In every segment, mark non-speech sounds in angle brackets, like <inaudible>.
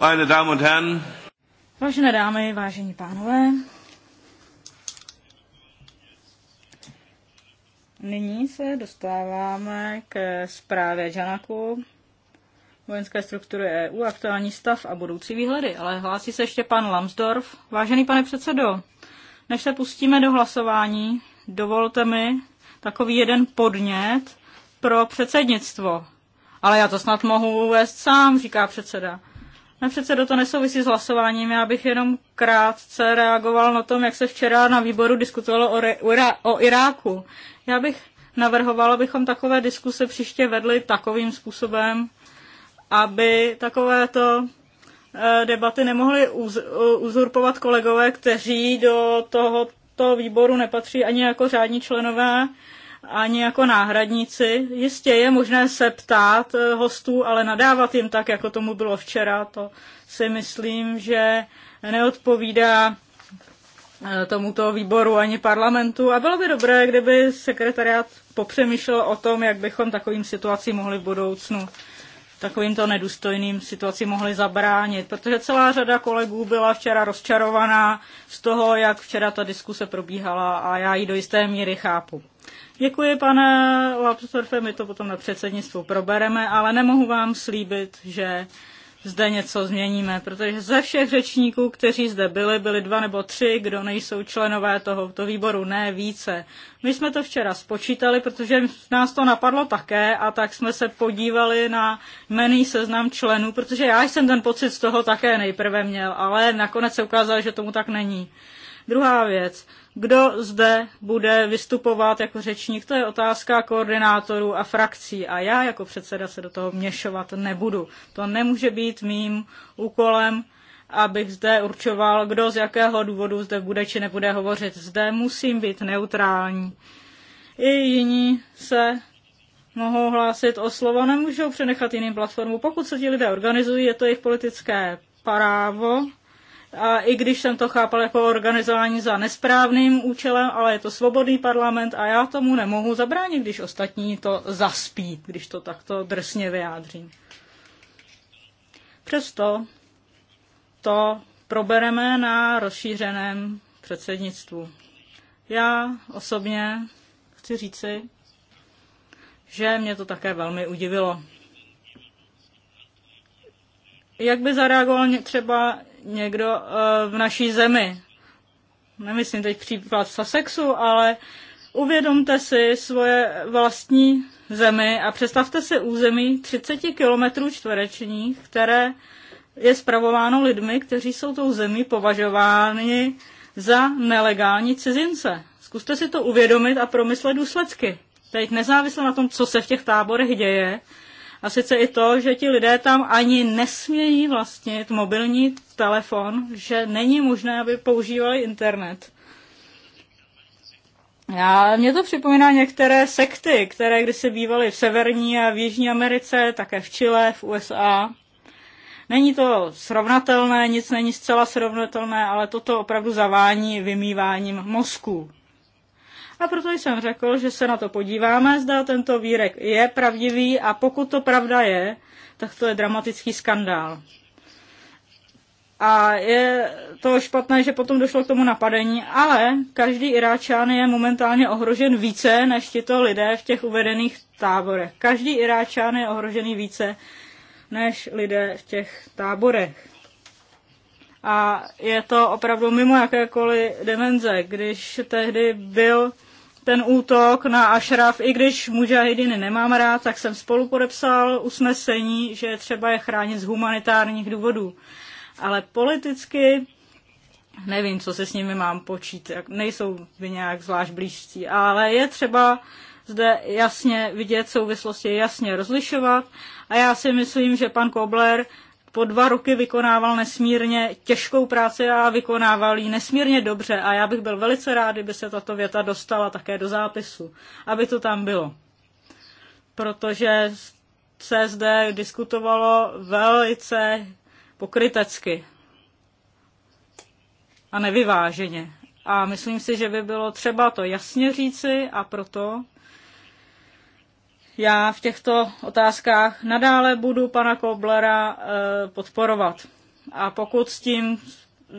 Meine Damen und Herren. Vážené dámy, vážení pánové. Nyní se dostáváme k zprávě Janaku, vojenské struktury EU, aktuální stav a budoucí výhledy. Ale hlásí se ještě pan Lambsdorff. Vážený pane předsedo, než se pustíme do hlasování, dovolte mi takový jeden podnět pro předsednictvo ale já to snad mohu uvést sám, říká předseda. Ne, předsedo, to nesouvisí s hlasováním. Já bych jenom krátce reagoval na tom, jak se včera na výboru diskutovalo o, re, o Iráku. Já bych navrhoval, abychom takové diskuse příště vedli takovým způsobem, aby takovéto eh, debaty nemohly uz, uzurpovat kolegové, kteří do tohoto výboru nepatří ani jako řádní členové ani jako náhradníci. Jistě je možné se ptát eh, hostů, ale nadávat jim tak, jako tomu bylo včera, to si myslím, že neodpovídá eh, tomuto výboru ani parlamentu. A bylo by dobré, kdyby sekretariát popřemýšlel o tom, jak bychom takovým situacím mohli v budoucnu takovýmto nedůstojným situacím mohli zabránit, protože celá řada kolegů byla včera rozčarovaná z toho, jak včera ta diskuse probíhala a já ji do jisté míry chápu. Děkuji, pane Lapsdorfe, my to potom na předsednictvu probereme, ale nemohu vám slíbit, že zde něco změníme, protože ze všech řečníků, kteří zde byli, byli dva nebo tři, kdo nejsou členové tohoto výboru, ne více. My jsme to včera spočítali, protože nás to napadlo také a tak jsme se podívali na jmený seznam členů, protože já jsem ten pocit z toho také nejprve měl, ale nakonec se ukázalo, že tomu tak není. Druhá věc. Kdo zde bude vystupovat jako řečník, to je otázka koordinátorů a frakcí a já jako předseda se do toho měšovat nebudu. To nemůže být mým úkolem, abych zde určoval, kdo z jakého důvodu zde bude či nebude hovořit. Zde musím být neutrální. I jiní se mohou hlásit o slovo, nemůžou přenechat jiným platformu. Pokud se ti lidé organizují, je to jejich politické právo a i když jsem to chápal jako organizování za nesprávným účelem, ale je to svobodný parlament a já tomu nemohu zabránit, když ostatní to zaspí, když to takto drsně vyjádřím. Přesto to probereme na rozšířeném předsednictvu. Já osobně chci říci, že mě to také velmi udivilo. Jak by zareagoval třeba někdo eh, v naší zemi. Nemyslím teď příklad sexu, ale uvědomte si svoje vlastní zemi a představte si území 30 km čtverečních, které je spravováno lidmi, kteří jsou tou zemí považováni za nelegální cizince. Zkuste si to uvědomit a promyslet důsledky. Teď nezávisle na tom, co se v těch táborech děje, a sice i to, že ti lidé tam ani nesmějí vlastnit mobilní telefon, že není možné, aby používali internet. Já, mě to připomíná některé sekty, které kdysi bývaly v Severní a v Jižní Americe, také v Chile, v USA. Není to srovnatelné, nic není zcela srovnatelné, ale toto opravdu zavání vymýváním mozku. A proto jsem řekl, že se na to podíváme, zda tento výrek je pravdivý a pokud to pravda je, tak to je dramatický skandál. A je to špatné, že potom došlo k tomu napadení, ale každý Iráčan je momentálně ohrožen více než tito lidé v těch uvedených táborech. Každý Iráčan je ohrožený více než lidé v těch táborech. A je to opravdu mimo jakékoliv demenze, Když tehdy byl ten útok na Ashraf, i když mujahidiny nemám rád, tak jsem spolu podepsal usnesení, že je třeba je chránit z humanitárních důvodů. Ale politicky nevím, co se s nimi mám počít, nejsou by nějak zvlášť blízcí, ale je třeba zde jasně vidět souvislosti, jasně rozlišovat a já si myslím, že pan Kobler po dva roky vykonával nesmírně těžkou práci a vykonával ji nesmírně dobře a já bych byl velice rád, kdyby se tato věta dostala také do zápisu, aby to tam bylo. Protože se zde diskutovalo velice pokrytecky a nevyváženě. A myslím si, že by bylo třeba to jasně říci a proto já v těchto otázkách nadále budu pana Koblera eh, podporovat. A pokud s tím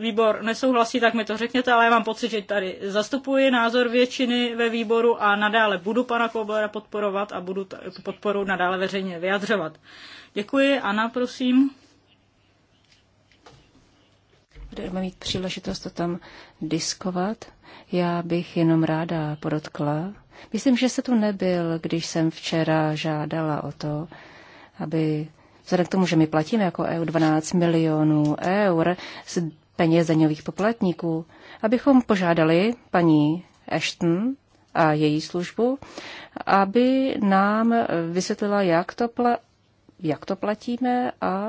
výbor nesouhlasí, tak mi to řekněte, ale já mám pocit, že tady zastupuji názor většiny ve výboru a nadále budu pana Koblera podporovat a budu tu podporu nadále veřejně vyjadřovat. Děkuji. Ana, prosím budeme mít příležitost to tam diskovat. Já bych jenom ráda podotkla. Myslím, že se tu nebyl, když jsem včera žádala o to, aby vzhledem k tomu, že my platíme jako EU 12 milionů eur z peněz daňových poplatníků, abychom požádali paní Ashton a její službu, aby nám vysvětlila, jak to, pla- jak to platíme a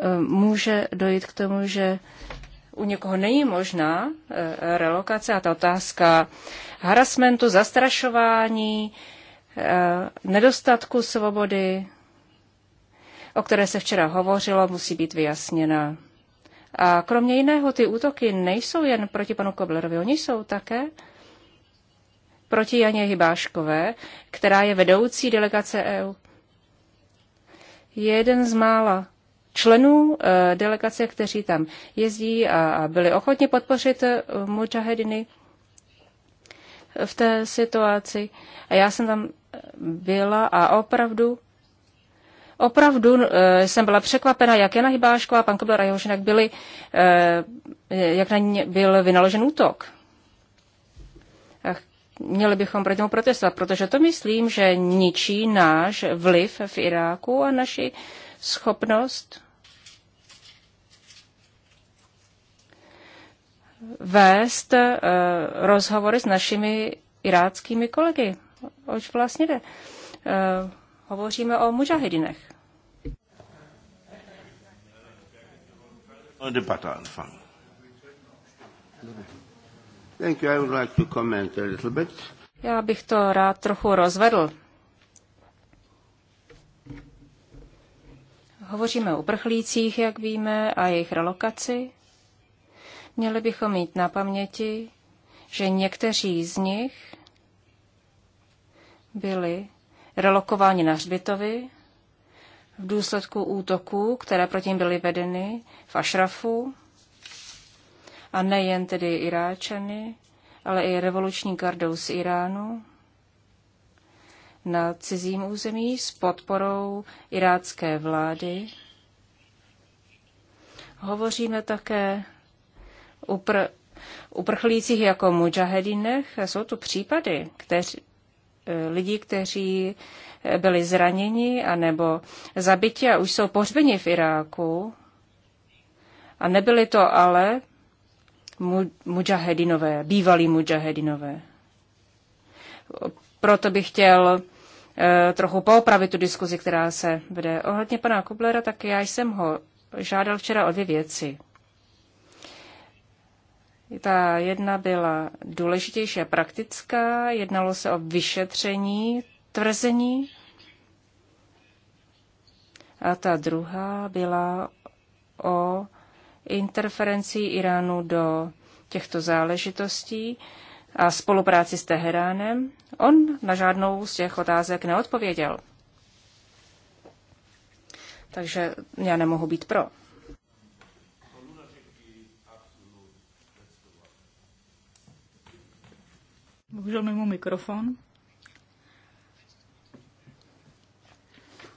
Eh, může dojít k tomu, že u někoho není možná eh, relokace a ta otázka harasmentu, zastrašování, eh, nedostatku svobody, o které se včera hovořilo, musí být vyjasněna. A kromě jiného ty útoky nejsou jen proti panu Koblerovi, oni jsou také proti Janě Hybáškové, která je vedoucí delegace EU. Jeden z mála členů eh, delegace, kteří tam jezdí a byli ochotni podpořit eh, mučahediny v té situaci. A já jsem tam eh, byla a opravdu Opravdu jsem byla překvapena, jak Jana Hybášková a pan Kobler a jeho byli, jak na ně byl vynaložen útok. měli bychom proti tomu protestovat, protože to myslím, že ničí náš vliv v Iráku a naši schopnost vést eh, rozhovory s našimi iráckými kolegy. Oč vlastně jde? Eh, hovoříme o mužahedinech. Debata Thank you. I would like to comment a little bit. Já bych to rád trochu rozvedl. Hovoříme o prchlících, jak víme, a jejich relokaci. Měli bychom mít na paměti, že někteří z nich byli relokováni na hřbitovy v důsledku útoků, které proti ním byly vedeny v Ašrafu, a nejen tedy Iráčany, ale i revoluční gardou z Iránu na cizím území s podporou irácké vlády. Hovoříme také upr- uprchlících jako mujahedinech. Jsou tu případy kteři, eh, lidí, kteří eh, byli zraněni anebo zabiti a už jsou pohřbeni v Iráku. A nebyli to ale mujahedinové, bývalí mujahedinové. Proto bych chtěl eh, trochu poupravit tu diskuzi, která se vede. Ohledně pana Kublera, tak já jsem ho žádal včera o dvě věci. Ta jedna byla důležitější a praktická, jednalo se o vyšetření tvrzení a ta druhá byla o interferenci Iránu do těchto záležitostí a spolupráci s Teheránem. On na žádnou z těch otázek neodpověděl. Takže já nemohu být pro. Bohužel mimo mikrofon.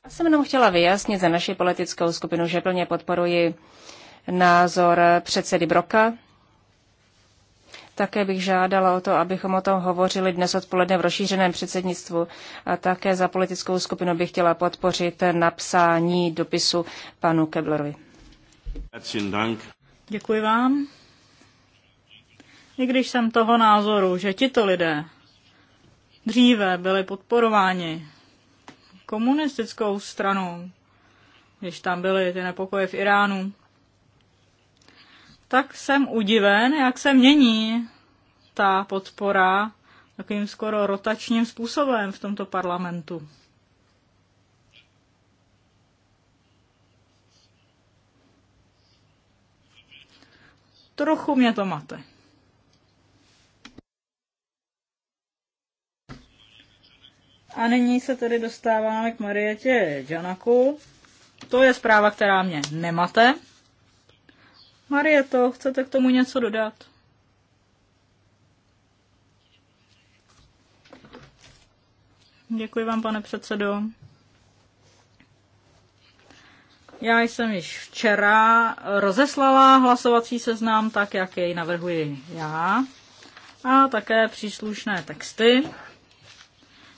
Já jsem jenom chtěla vyjasnit za naši politickou skupinu, že plně podporuji názor předsedy Broka. Také bych žádala o to, abychom o tom hovořili dnes odpoledne v rozšířeném předsednictvu a také za politickou skupinu bych chtěla podpořit napsání dopisu panu Keblerovi. Děkuji vám. I když jsem toho názoru, že tito lidé dříve byli podporováni komunistickou stranou, když tam byly ty nepokoje v Iránu, tak jsem udiven, jak se mění ta podpora takovým skoro rotačním způsobem v tomto parlamentu. Trochu mě to mate. A nyní se tedy dostáváme k Marietě Janaku. To je zpráva, která mě nemate. Marieto, chcete k tomu něco dodat? Děkuji vám, pane předsedo. Já jsem již včera rozeslala hlasovací seznam tak, jak jej navrhuji já a také příslušné texty.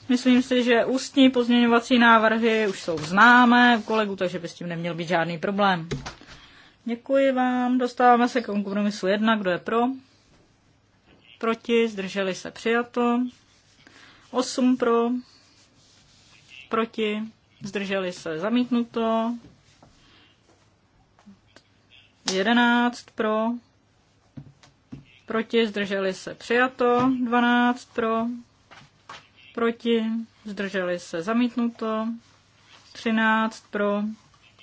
Myslím si, že ústní pozměňovací návrhy už jsou známé u kolegů, takže by s tím neměl být žádný problém. Děkuji vám. Dostáváme se k kompromisu 1. Kdo je pro? Proti? Zdrželi se přijato. 8 pro. Proti? Zdrželi se zamítnuto. 11 pro. Proti? Zdrželi se přijato. 12 pro proti, zdrželi se zamítnuto, 13 pro,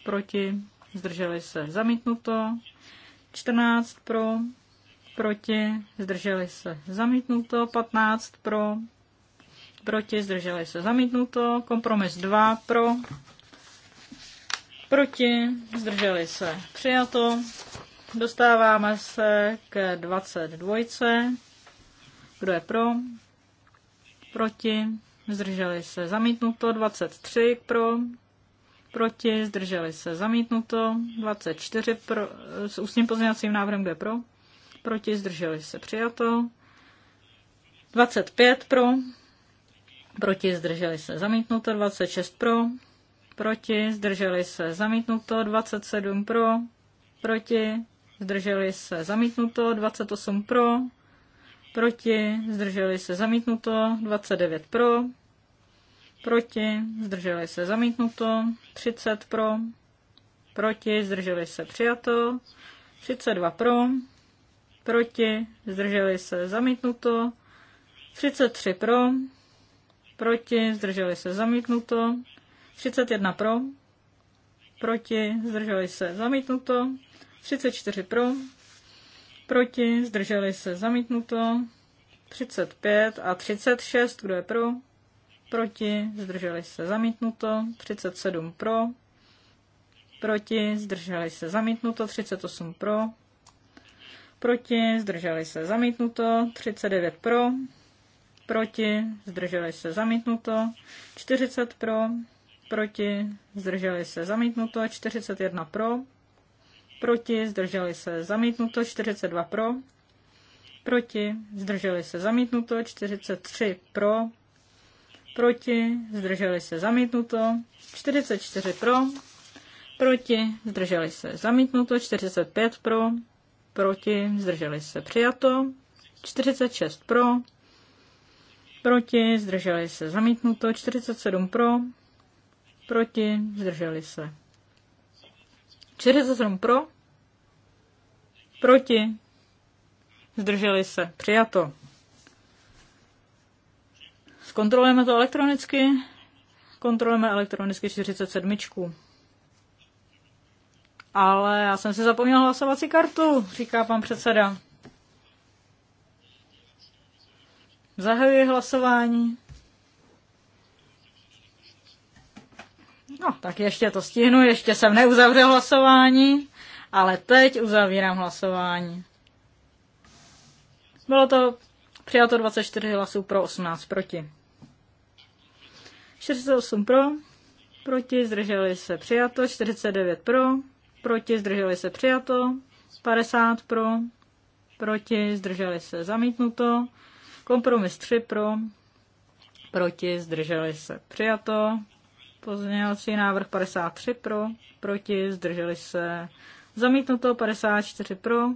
proti, zdrželi se zamítnuto, 14 pro, proti, zdrželi se zamítnuto, 15 pro, proti, zdrželi se zamítnuto, kompromis 2 pro, proti, zdrželi se přijato, dostáváme se k 22, kdo je pro, proti, zdrželi se zamítnuto, 23 pro, proti, zdrželi se zamítnuto, 24 pro, s ústním pozměňovacím návrhem, kde pro, proti, zdrželi se přijato, 25 pro, proti, zdrželi se zamítnuto, 26 pro, proti, zdrželi se zamítnuto, 27 pro, proti, zdrželi se zamítnuto, 28 pro, proti, zdrželi se zamítnuto, 29 pro, proti, zdrželi se zamítnuto, 30 pro, proti, zdrželi se přijato, 32 pro, proti, zdrželi se zamítnuto, 33 pro, proti, zdrželi se zamítnuto, 31 pro, proti, zdrželi se zamítnuto, 34 pro, proti, zdrželi se zamítnuto, 35 a 36, kdo je pro, proti, zdrželi se zamítnuto, 37 pro, proti, zdrželi se zamítnuto, 38 pro, proti, zdrželi se zamítnuto, 39 pro, proti, zdrželi se zamítnuto, 40 pro, proti, zdrželi se zamítnuto, 41 pro, proti, zdrželi se zamítnuto, 42 pro, proti, zdrželi se zamítnuto, 43 pro, proti, zdrželi se zamítnuto, 44 pro, proti, zdrželi se zamítnuto, 45 pro, proti, zdrželi se přijato, 46 pro, proti, zdrželi se zamítnuto, 47 pro, proti, zdrželi se 47 pro, proti, zdrželi se, přijato. Zkontrolujeme to elektronicky, kontrolujeme elektronicky 47. Ale já jsem si zapomněl hlasovací kartu, říká pan předseda. Zahajuji hlasování. No, tak ještě to stihnu, ještě jsem neuzavřel hlasování, ale teď uzavírám hlasování. Bylo to přijato 24 hlasů pro 18 proti. 48 pro, proti, zdrželi se přijato, 49 pro, proti, zdrželi se přijato, 50 pro, proti, zdrželi se zamítnuto, kompromis 3 pro, proti, zdrželi se přijato, Pozměňovací návrh 53 pro, proti, zdrželi se. Zamítnuto 54 pro,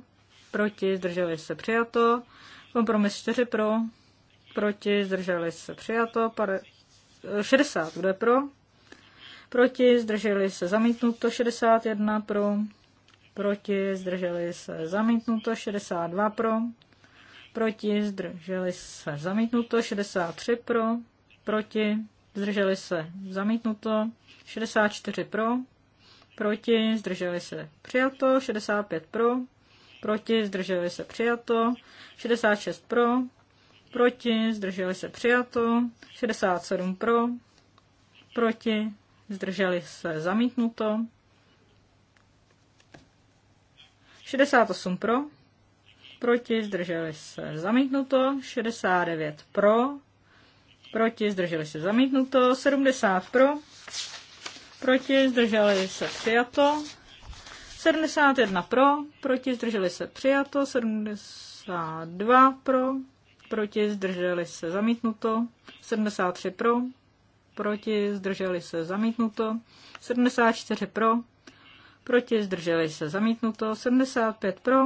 proti, zdrželi se přijato. Kompromis 4 pro, proti, zdrželi se přijato. 60, kdo je pro? Proti, zdrželi se zamítnuto 61 pro, proti, zdrželi se zamítnuto 62 pro, proti, zdrželi se zamítnuto 63 pro, proti, zdrželi se zamítnuto, 64 pro, proti, zdrželi se přijato, 65 pro, proti, zdrželi se přijato, 66 pro, proti, zdrželi se přijato, 67 pro, proti, zdrželi se zamítnuto, 68 pro, proti, zdrželi se zamítnuto, 69 pro, proti, zdrželi se zamítnuto, 70 pro, proti, zdrželi se přijato, 71 pro, proti, zdrželi se přijato, 72 pro, proti, zdrželi se zamítnuto, 73 pro, proti, zdrželi se zamítnuto, 74 pro, proti, zdrželi se zamítnuto, 75 pro,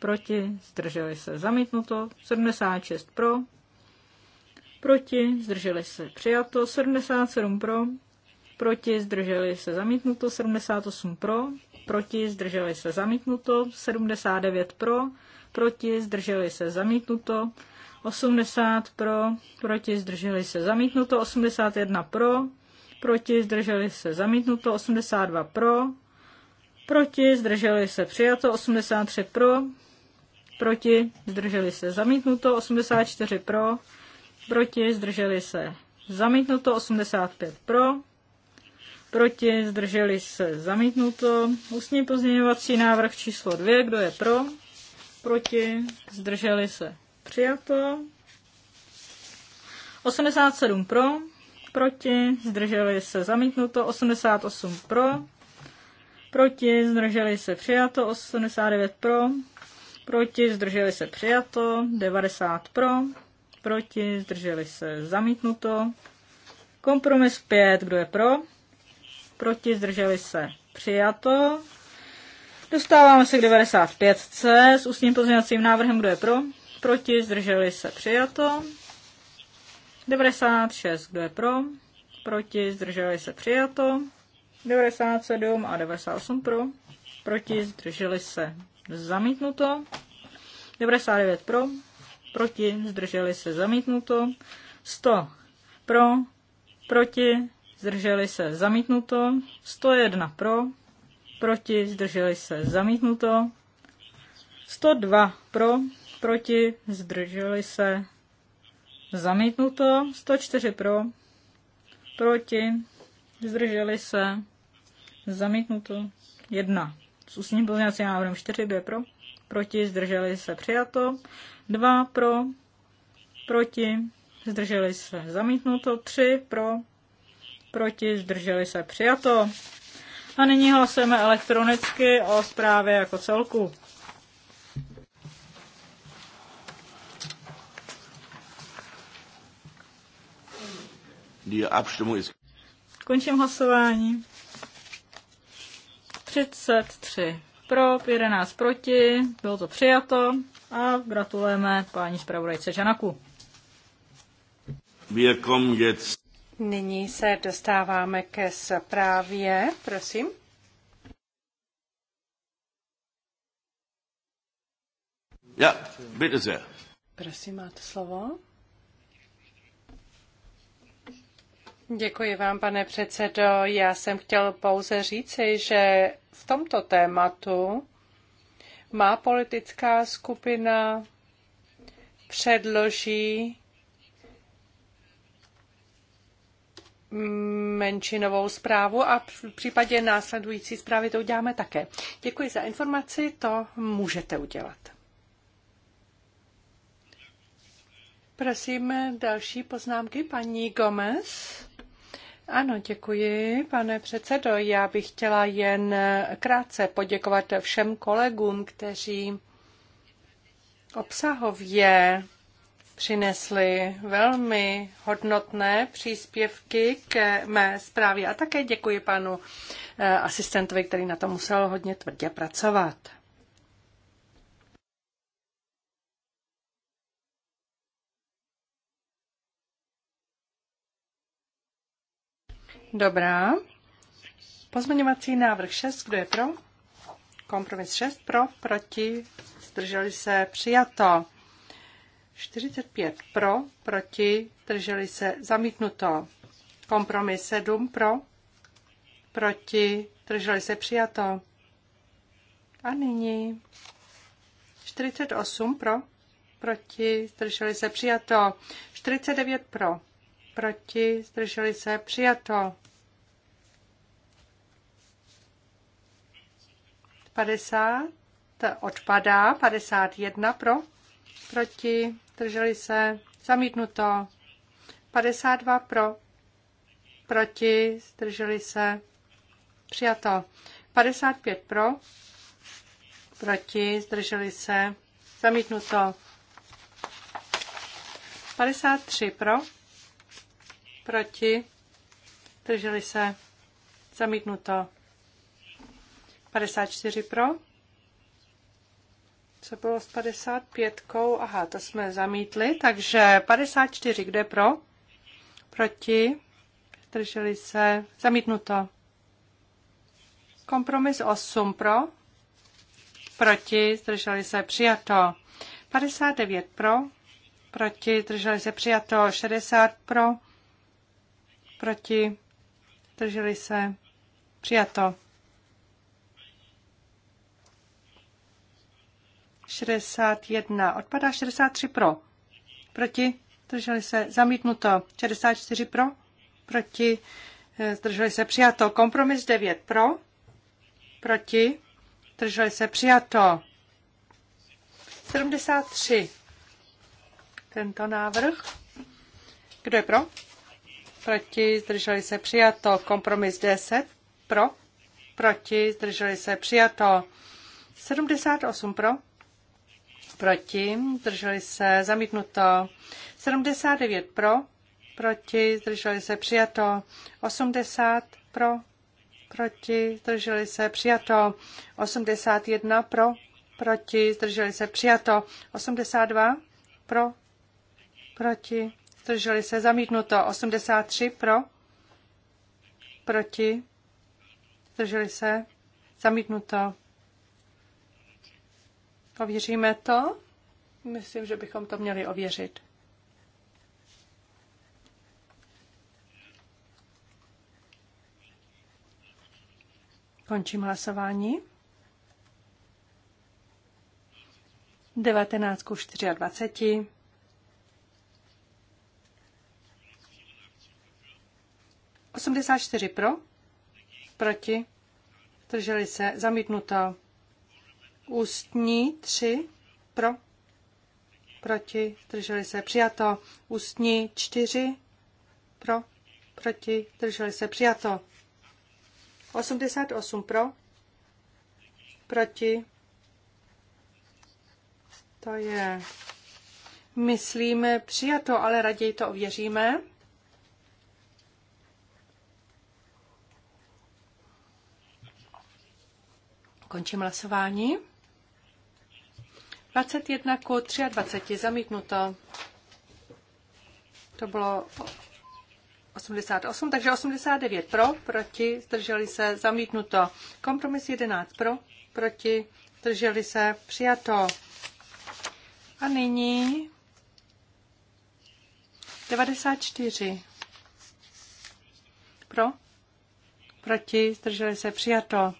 proti, zdrželi se zamítnuto, 76 pro, proti, zdrželi se přijato, 77 pro, proti, zdrželi se zamítnuto, 78 pro, proti, zdrželi se zamítnuto, 79 pro, proti, zdrželi se zamítnuto, 80 pro, proti, zdrželi se zamítnuto, 81 pro, proti, zdrželi se zamítnuto, 82 pro, proti, zdrželi se přijato, 83 pro, proti, zdrželi se zamítnuto, 84 pro, proti, zdrželi se zamítnuto, 85 pro, proti, zdrželi se zamítnuto, ústní pozměňovací návrh číslo 2, kdo je pro, proti, zdrželi se přijato, 87 pro, proti, zdrželi se zamítnuto, 88 pro, proti, zdrželi se přijato, 89 pro, proti, zdrželi se přijato, 90 pro, proti, zdrželi se, zamítnuto. Kompromis 5, kdo je pro, proti, zdrželi se, přijato. Dostáváme se k 95C s ústním pozměňovacím návrhem, kdo je pro, proti, zdrželi se, přijato. 96, kdo je pro, proti, zdrželi se, přijato. 97 a 98 pro, proti, zdrželi se, zamítnuto. 99 pro, proti, zdrželi se zamítnuto, 100 pro, proti, zdrželi se zamítnuto, 101 pro, proti, zdrželi se zamítnuto, 102 pro, proti, zdrželi se zamítnuto, 104 pro, proti, zdrželi se zamítnuto, 1 s ústním pozměňovacím návrhem 4 je pro, proti, zdrželi se přijato, 2 pro, proti, zdrželi se zamítnuto, 3 pro, proti, zdrželi se přijato. A nyní hlasujeme elektronicky o zprávě jako celku. Končím hlasování. 33 pro, 11 proti, bylo to přijato a gratulujeme paní zpravodajce Žanaku. Nyní se dostáváme ke zprávě, prosím. Ja, bitte sehr. Prosím, máte slovo. Děkuji vám, pane předsedo. Já jsem chtěl pouze říci, že v tomto tématu má politická skupina předloží menšinovou zprávu a v případě následující zprávy to uděláme také. Děkuji za informaci, to můžete udělat. Prosím, další poznámky paní Gomez. Ano, děkuji, pane předsedo. Já bych chtěla jen krátce poděkovat všem kolegům, kteří obsahově přinesli velmi hodnotné příspěvky k mé zprávě. A také děkuji panu eh, asistentovi, který na to musel hodně tvrdě pracovat. Dobrá. Pozměňovací návrh 6, kdo je pro? Kompromis 6 pro, proti, zdrželi se, přijato. 45 pro, proti, zdrželi se, zamítnuto. Kompromis 7 pro, proti, zdrželi se, přijato. A nyní 48 pro, proti, zdrželi se, přijato. 49 pro, proti, zdrželi se, přijato. 50 odpadá, 51 pro, proti, zdrželi se, zamítnuto. 52 pro, proti, zdrželi se, přijato. 55 pro, proti, zdrželi se, zamítnuto. 53 pro, proti, drželi se, zamítnuto. 54 pro. Co bylo s 55? Aha, to jsme zamítli, takže 54, kde pro? Proti, drželi se, zamítnuto. Kompromis 8 pro, proti, zdrželi se, přijato. 59 pro, proti, zdrželi se, přijato. 60 pro, proti, drželi se, přijato. 61 odpadá, 63 pro, proti, drželi se, zamítnuto, 64 pro, proti, zdrželi se, přijato. Kompromis 9 pro, proti, drželi se, přijato. 73 tento návrh. Kdo je pro? proti, zdrželi se přijato. Kompromis 10 pro, proti, zdrželi se přijato. 78 pro, proti, zdrželi se zamítnuto. 79 pro, proti, zdrželi se přijato. 80 pro, proti, zdrželi se přijato. 81 pro, proti, zdrželi se přijato. 82 pro, proti, Zdrželi se zamítnuto 83 pro. Proti. Zdrželi se zamítnuto. Ověříme to. Myslím, že bychom to měli ověřit. Končím hlasování. 19 ku 24. 84 pro, proti, drželi se, zamítnuto. Ústní 3 pro, proti, drželi se, přijato. Ústní 4 pro, proti, drželi se, přijato. 88 pro, proti, to je, myslíme, přijato, ale raději to ověříme. Končím hlasování. 21 k 23 zamítnuto. To bylo 88, takže 89 pro, proti, zdrželi se, zamítnuto. Kompromis 11 pro, proti, zdrželi se, přijato. A nyní 94 pro, proti, zdrželi se, přijato.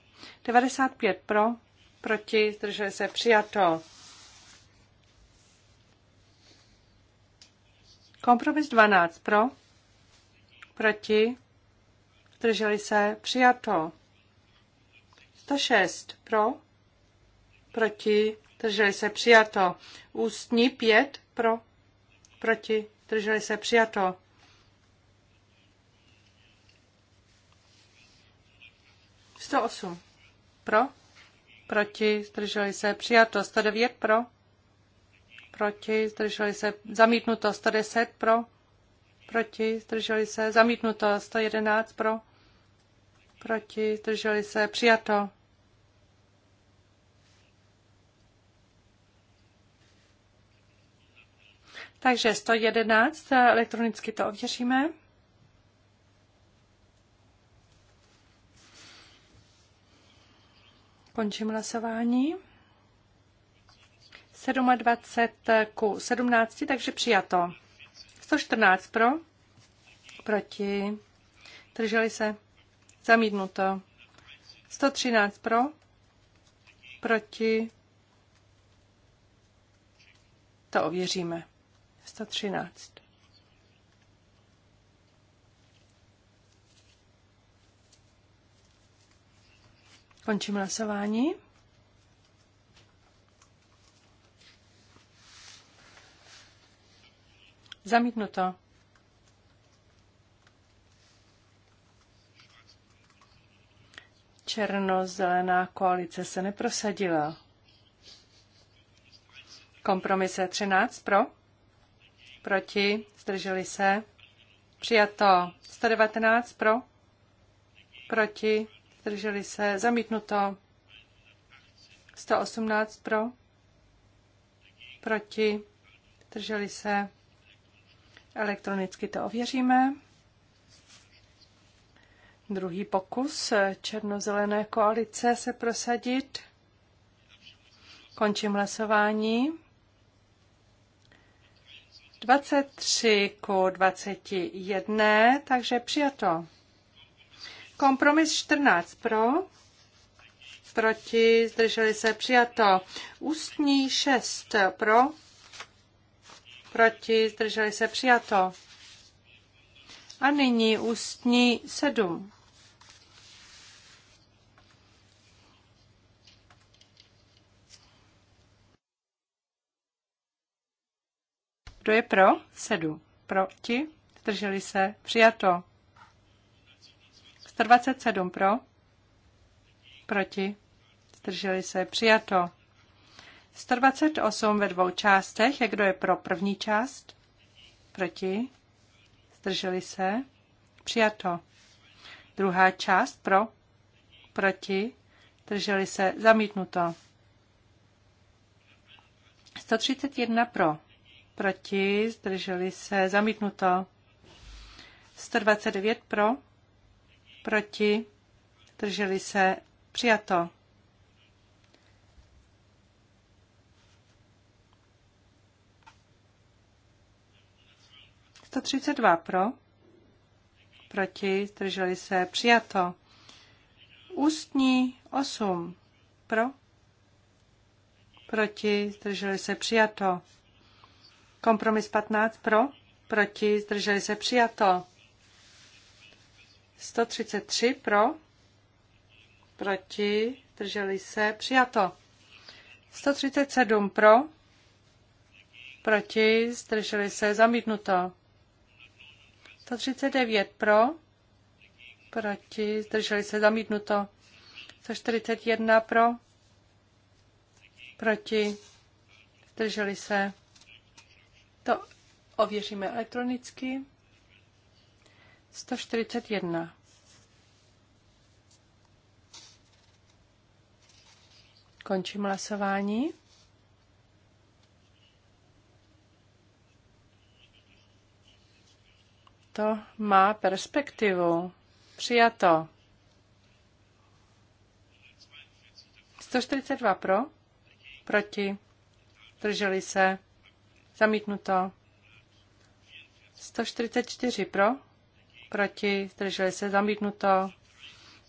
95 pro, proti, zdrželi se přijato. Kompromis 12 pro, proti, zdrželi se přijato. 106 pro, proti, zdrželi se přijato. Ústní 5 pro, proti, zdrželi se přijato. Sto osm. Pro? Proti? Zdrželi se. Přijato. 109 pro? Proti? Zdrželi se. Zamítnuto. 110 pro? Proti? Zdrželi se. Zamítnuto. 111 pro? Proti? Zdrželi se. Přijato. Takže 111, elektronicky to ověříme. Končím hlasování. 27 ku 17, takže přijato. 114 pro, proti, drželi se, zamítnuto. 113 pro, proti, to ověříme. 113. Končím hlasování. Zamítnuto. Černo-zelená koalice se neprosadila. Kompromise 13 pro, proti, zdrželi se. Přijato 119 pro, proti, Zdrželi se. Zamítnuto. 118 pro. Proti. Zdrželi se. Elektronicky to ověříme. Druhý pokus černozelené koalice se prosadit. Končím hlasování. 23 ku 21, takže přijato. Kompromis 14 pro, proti, zdrželi se přijato. Ústní 6 pro, proti, zdrželi se přijato. A nyní ústní 7. Kdo je pro? Sedm. Proti? Zdrželi se? Přijato. 127 pro, proti, zdrželi se, přijato. 128 ve dvou částech, jak kdo je pro první část, proti, zdrželi se, přijato. Druhá část pro, proti, zdrželi se, zamítnuto. 131 pro, proti, zdrželi se, zamítnuto. 129 pro, proti, drželi se, přijato. Sto třicet dva pro, proti, drželi se, přijato. Ústní osm pro, proti, drželi se přijato. Kompromis patnáct pro, proti, drželi se přijato. 133 pro, proti, drželi se, přijato. 137 pro, proti, zdrželi se, zamítnuto. 139 pro, proti, zdrželi se, zamítnuto. 141 pro, proti, zdrželi se. To ověříme elektronicky. 141. Končím hlasování. To má perspektivu. Přijato. 142 pro, proti, drželi se, zamítnuto. 144 pro, proti, zdrželi se zamítnuto.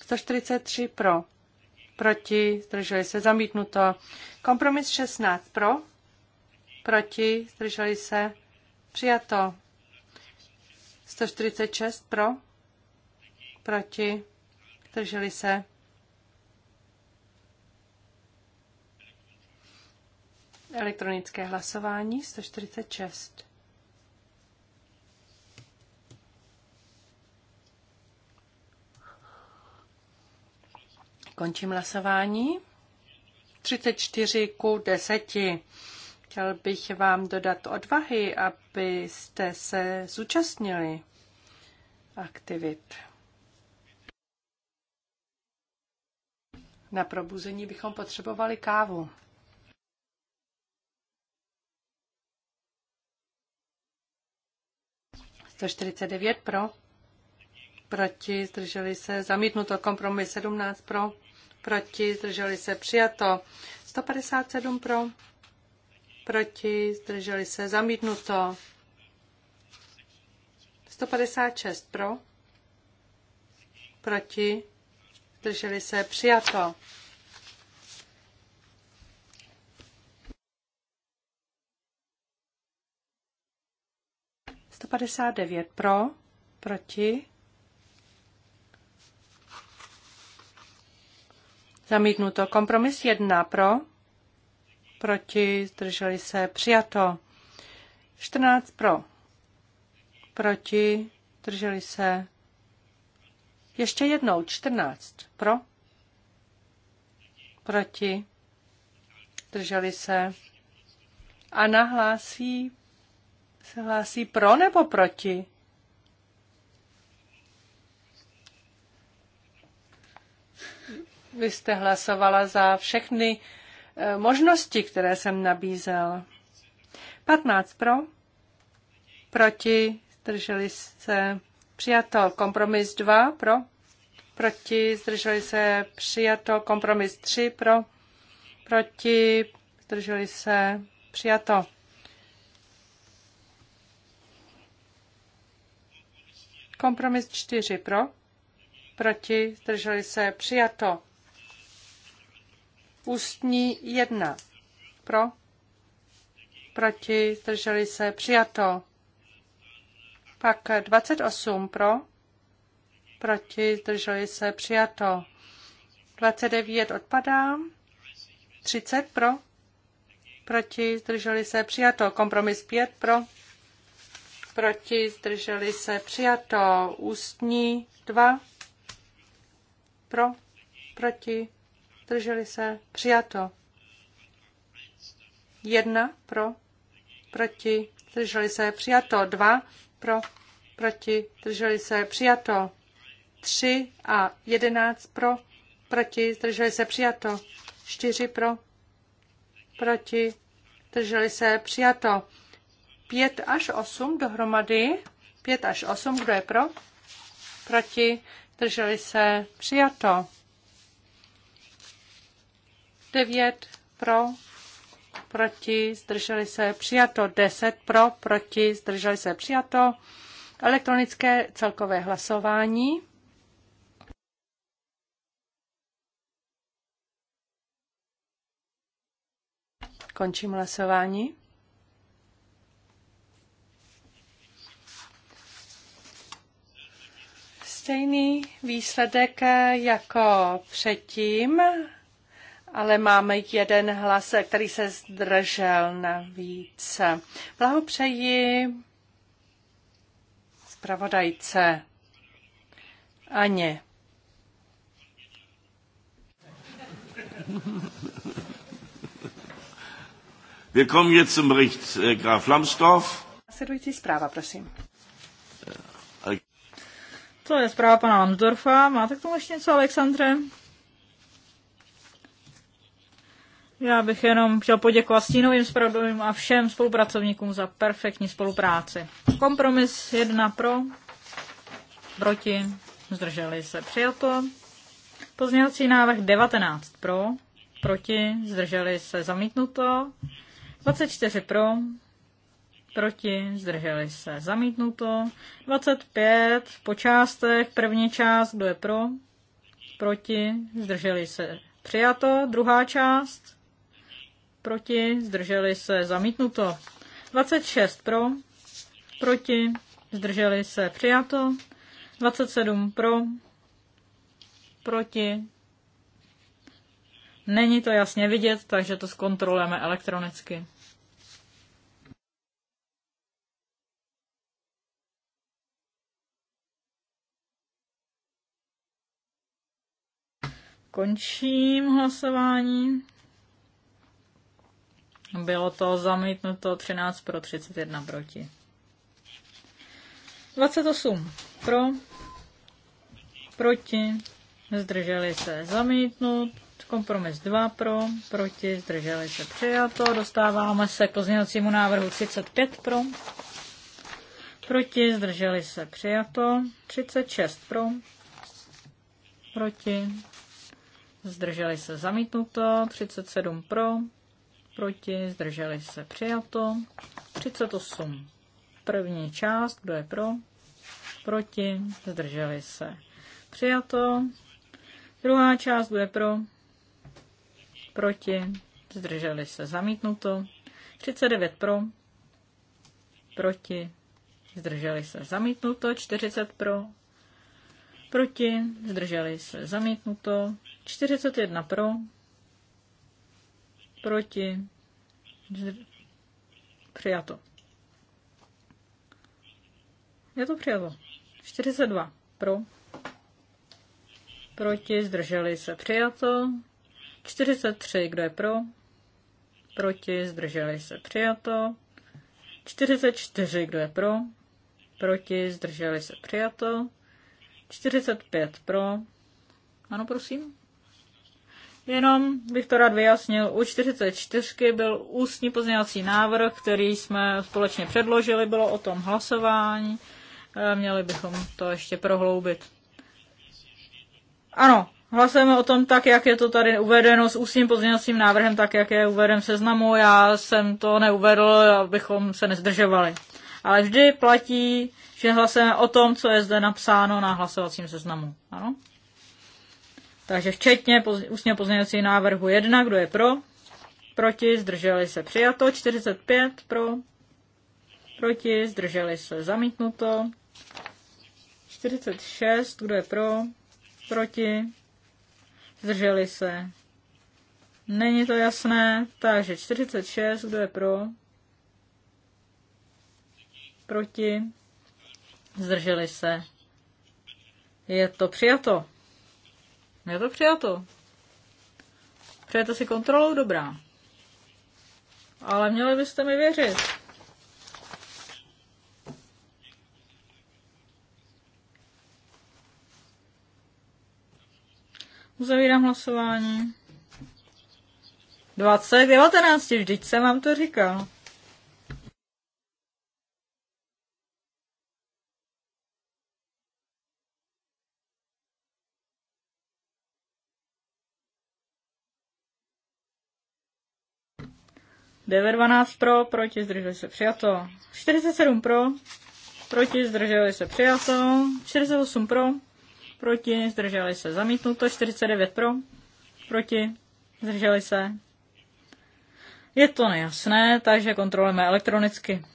143 pro, proti, zdrželi se zamítnuto. Kompromis 16 pro, proti, zdrželi se přijato. 146 pro, proti, zdrželi se. Elektronické hlasování 146. Končím hlasování. 34 ku 10. Chtěl bych vám dodat odvahy, abyste se zúčastnili aktivit. Na probuzení bychom potřebovali kávu. To 49 pro, proti, zdrželi se, zamítnuto kompromis 17 pro proti, zdrželi se přijato. 157 pro, proti, zdrželi se zamítnuto. 156 pro, proti, zdrželi se přijato. pro, proti, Zamítnuto. Kompromis 1 pro, proti, zdrželi se, přijato. 14 pro, proti, zdrželi se. Ještě jednou, 14 pro, proti, zdrželi se. A nahlásí. se hlásí pro nebo proti? Vy jste hlasovala za všechny eh, možnosti, které jsem nabízel. 15 pro, proti, zdrželi se, přijato, kompromis 2 pro, proti, zdrželi se, přijato, kompromis 3 pro, proti, zdrželi se, přijato. Kompromis 4 pro, proti, zdrželi se, přijato. Ústní jedna. Pro? Proti? Zdrželi se? Přijato. Pak 28 pro, proti, zdrželi se, přijato. 29 odpadá, 30 pro, proti, zdrželi se, přijato. Kompromis 5 pro, proti, zdrželi se, přijato. Ústní 2 pro, proti, Drželi se? Přijato. Jedna pro, proti, drželi se, přijato. Dva pro, proti, drželi se, přijato. Tři a jedenáct pro, proti, drželi se, přijato. Čtyři pro, proti, drželi se, přijato. Pět až osm dohromady. Pět až osm, kdo je pro? Proti, drželi se, přijato. 9 pro, proti, zdrželi se, přijato 10 pro, proti, zdrželi se, přijato. Elektronické celkové hlasování. Končím hlasování. Stejný výsledek jako předtím ale máme jeden hlas, který se zdržel navíc. Blahopřeji zpravodajce Aně. Wir kommen jetzt zum Bericht äh, Graf Lambsdorff. Sledující zpráva, prosím. Äh, to je zpráva pana Lambsdorffa. Máte k tomu ještě něco, Alexandre? Já bych jenom chtěl poděkovat stínovým zpravodajům a všem spolupracovníkům za perfektní spolupráci. Kompromis jedna pro, proti, zdrželi se, přijato. Pozměňovací návrh 19 pro, proti, zdrželi se, zamítnuto. 24 pro, proti, zdrželi se, zamítnuto. 25 po částech, první část, kdo je pro, proti, zdrželi se, přijato. Druhá část, proti, zdrželi se, zamítnuto. 26 pro, proti, zdrželi se, přijato. 27 pro, proti. Není to jasně vidět, takže to zkontrolujeme elektronicky. Končím hlasování. Bylo to zamítnuto 13 pro 31 proti. 28 pro, proti, zdrželi se zamítnut, kompromis 2 pro, proti, zdrželi se přijato, dostáváme se k pozměňovacímu návrhu 35 pro, proti, zdrželi se přijato, 36 pro, proti, zdrželi se zamítnuto, 37 pro, proti, zdrželi se přijato. 38. První část, kdo je pro, proti, zdrželi se přijato. Druhá část, kdo je pro, proti, zdrželi se zamítnuto. 39 pro, proti, zdrželi se zamítnuto. 40 pro, proti, zdrželi se zamítnuto. 41 pro, proti, přijato. Je to přijato. 42 pro, proti, zdrželi se, přijato. 43, kdo je pro, proti, zdrželi se, přijato. 44, kdo je pro, proti, zdrželi se, přijato. 45 pro, ano, prosím. Jenom bych to rád vyjasnil, u 44 byl ústní pozměňovací návrh, který jsme společně předložili, bylo o tom hlasování, eh, měli bychom to ještě prohloubit. Ano, hlasujeme o tom tak, jak je to tady uvedeno s ústním pozměňovacím návrhem, tak jak je uveden v seznamu. Já jsem to neuvedl, abychom se nezdržovali. Ale vždy platí, že hlasujeme o tom, co je zde napsáno na hlasovacím seznamu. Ano? Takže včetně ústního pozměňovací návrhu 1, kdo je pro, proti, zdrželi se přijato, 45 pro, proti, zdrželi se zamítnuto, 46, kdo je pro, proti, zdrželi se. Není to jasné, takže 46, kdo je pro, proti, zdrželi se. Je to přijato. Je to přijato. Přejete si kontrolou? Dobrá. Ale měli byste mi věřit. Uzavírám hlasování. 20 19, vždyť jsem vám to říkal. 912 pro, proti zdrželi se přijato. 47 pro, proti zdrželi se přijato. 48 pro, proti zdrželi se zamítnuto. 49 pro, proti zdrželi se. Je to nejasné, takže kontrolujeme elektronicky.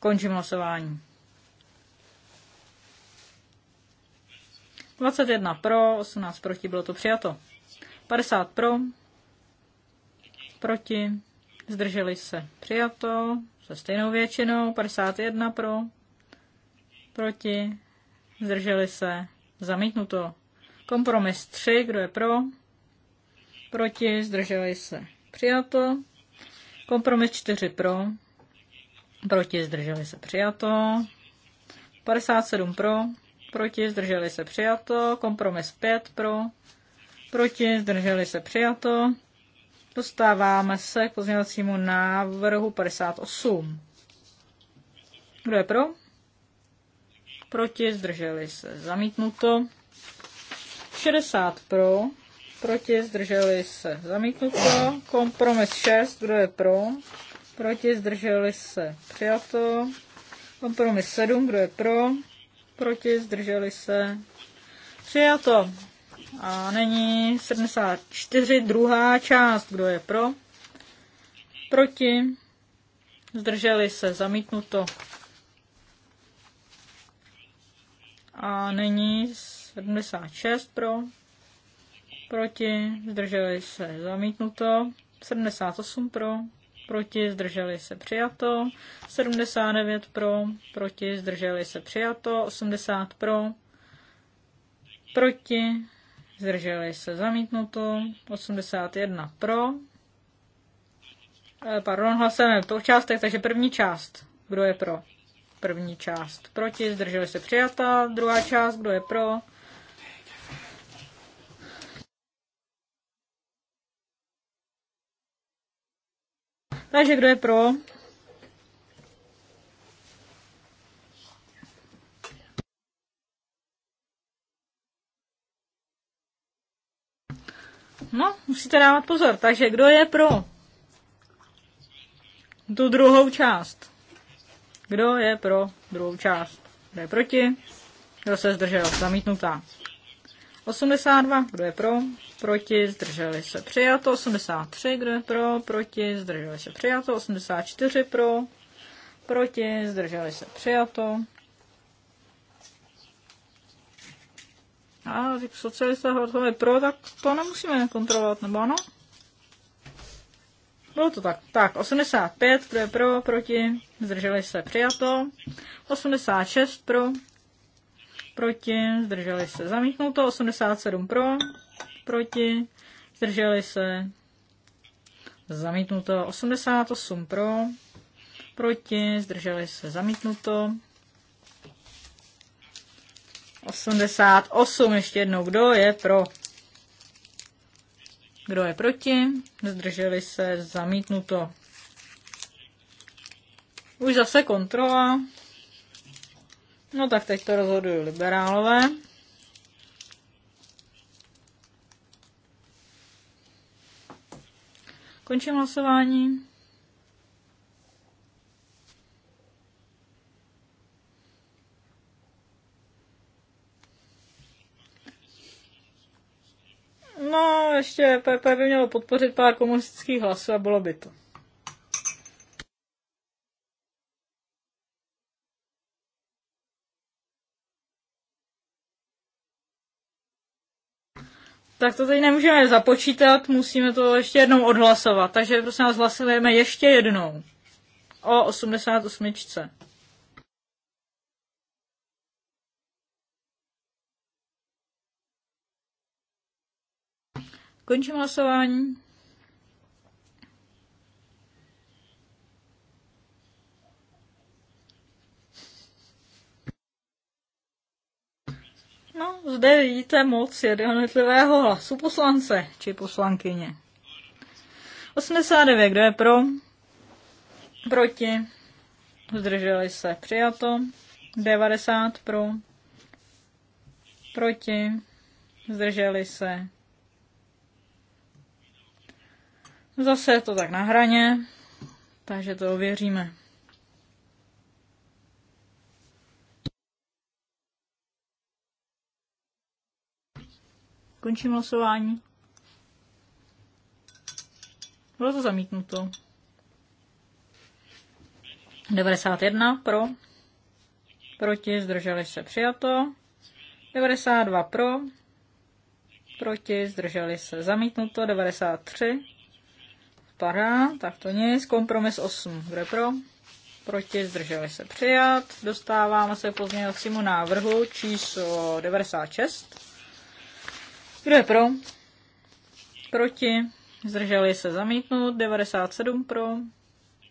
Končím hlasování. 21 pro, 18 proti, bylo to přijato. 50 pro, proti, zdrželi se přijato, se stejnou většinou, 51 pro, proti, zdrželi se, zamítnuto. Kompromis 3, kdo je pro, proti, zdrželi se, přijato. Kompromis 4 pro, proti, zdrželi se, přijato. 57 pro, proti, zdrželi se přijato, kompromis 5 pro, proti, zdrželi se přijato. Dostáváme se k pozměňovacímu návrhu 58. Kdo je pro? Proti, zdrželi se zamítnuto. 60 pro, proti, zdrželi se zamítnuto. Kompromis 6, kdo je pro? Proti, zdrželi se přijato. Kompromis 7, kdo je pro? proti, zdrželi se. Přijato. A není 74, druhá část, kdo je pro, proti, zdrželi se, zamítnuto. A není 76 pro, proti, zdrželi se, zamítnuto. 78 pro, proti, zdrželi se přijato, 79 pro, proti, zdrželi se přijato, 80 pro, proti, zdrželi se zamítnuto, 81 pro, eh, pardon, hlasujeme to částek, takže první část, kdo je pro? První část proti, zdrželi se přijata, druhá část, kdo je pro? Takže kdo je pro? No, musíte dávat pozor. Takže kdo je pro? Tu druhou část. Kdo je pro druhou část? Kdo je proti? Kdo se zdržel? Zamítnutá. 82. Kdo je pro? proti, zdrželi se přijato, 83, kdo je pro, proti, zdrželi se přijato, 84 pro, proti, zdrželi se přijato. A když socialista hlasovali pro, tak to nemusíme kontrolovat, nebo ano? Bylo to tak. Tak, 85, kdo je pro, proti, zdrželi se přijato. 86 pro, proti, zdrželi se zamítnuto. 87 pro, proti, zdrželi se, zamítnuto 88 pro, proti, zdrželi se, zamítnuto 88, ještě jednou, kdo je pro, kdo je proti, zdrželi se, zamítnuto. Už zase kontrola. No tak teď to rozhodují liberálové. Končím hlasování. No, ještě PP by mělo podpořit pár komunistických hlasů a bylo by to. tak to teď nemůžeme započítat, musíme to ještě jednou odhlasovat. Takže prosím vás, hlasujeme ještě jednou o 88. Končím hlasování. No, zde vidíte moc jednotlivého hlasu poslance či poslankyně. 89, kdo je pro? Proti? Zdrželi se. Přijato. 90 pro. Proti? Zdrželi se. Zase je to tak na hraně, takže to ověříme. Končím hlasování. Bylo to zamítnuto. 91 pro, proti, zdrželi se přijato. 92 pro, proti, zdrželi se zamítnuto. 93 padá, tak to nic. Kompromis 8, je pro, proti, zdrželi se přijat. Dostáváme se k pozměňovacímu návrhu číslo 96. Kdo je pro? Proti? Zdrželi se zamítnout. 97 pro.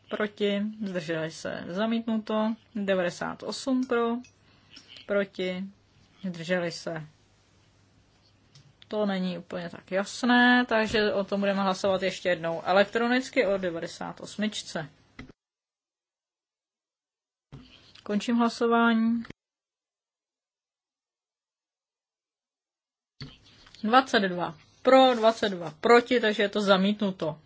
Proti? Zdrželi se zamítnuto. 98 pro. Proti? Zdrželi se. To není úplně tak jasné, takže o tom budeme hlasovat ještě jednou elektronicky o 98. Končím hlasování. 22 pro, 22 proti, takže je to zamítnuto.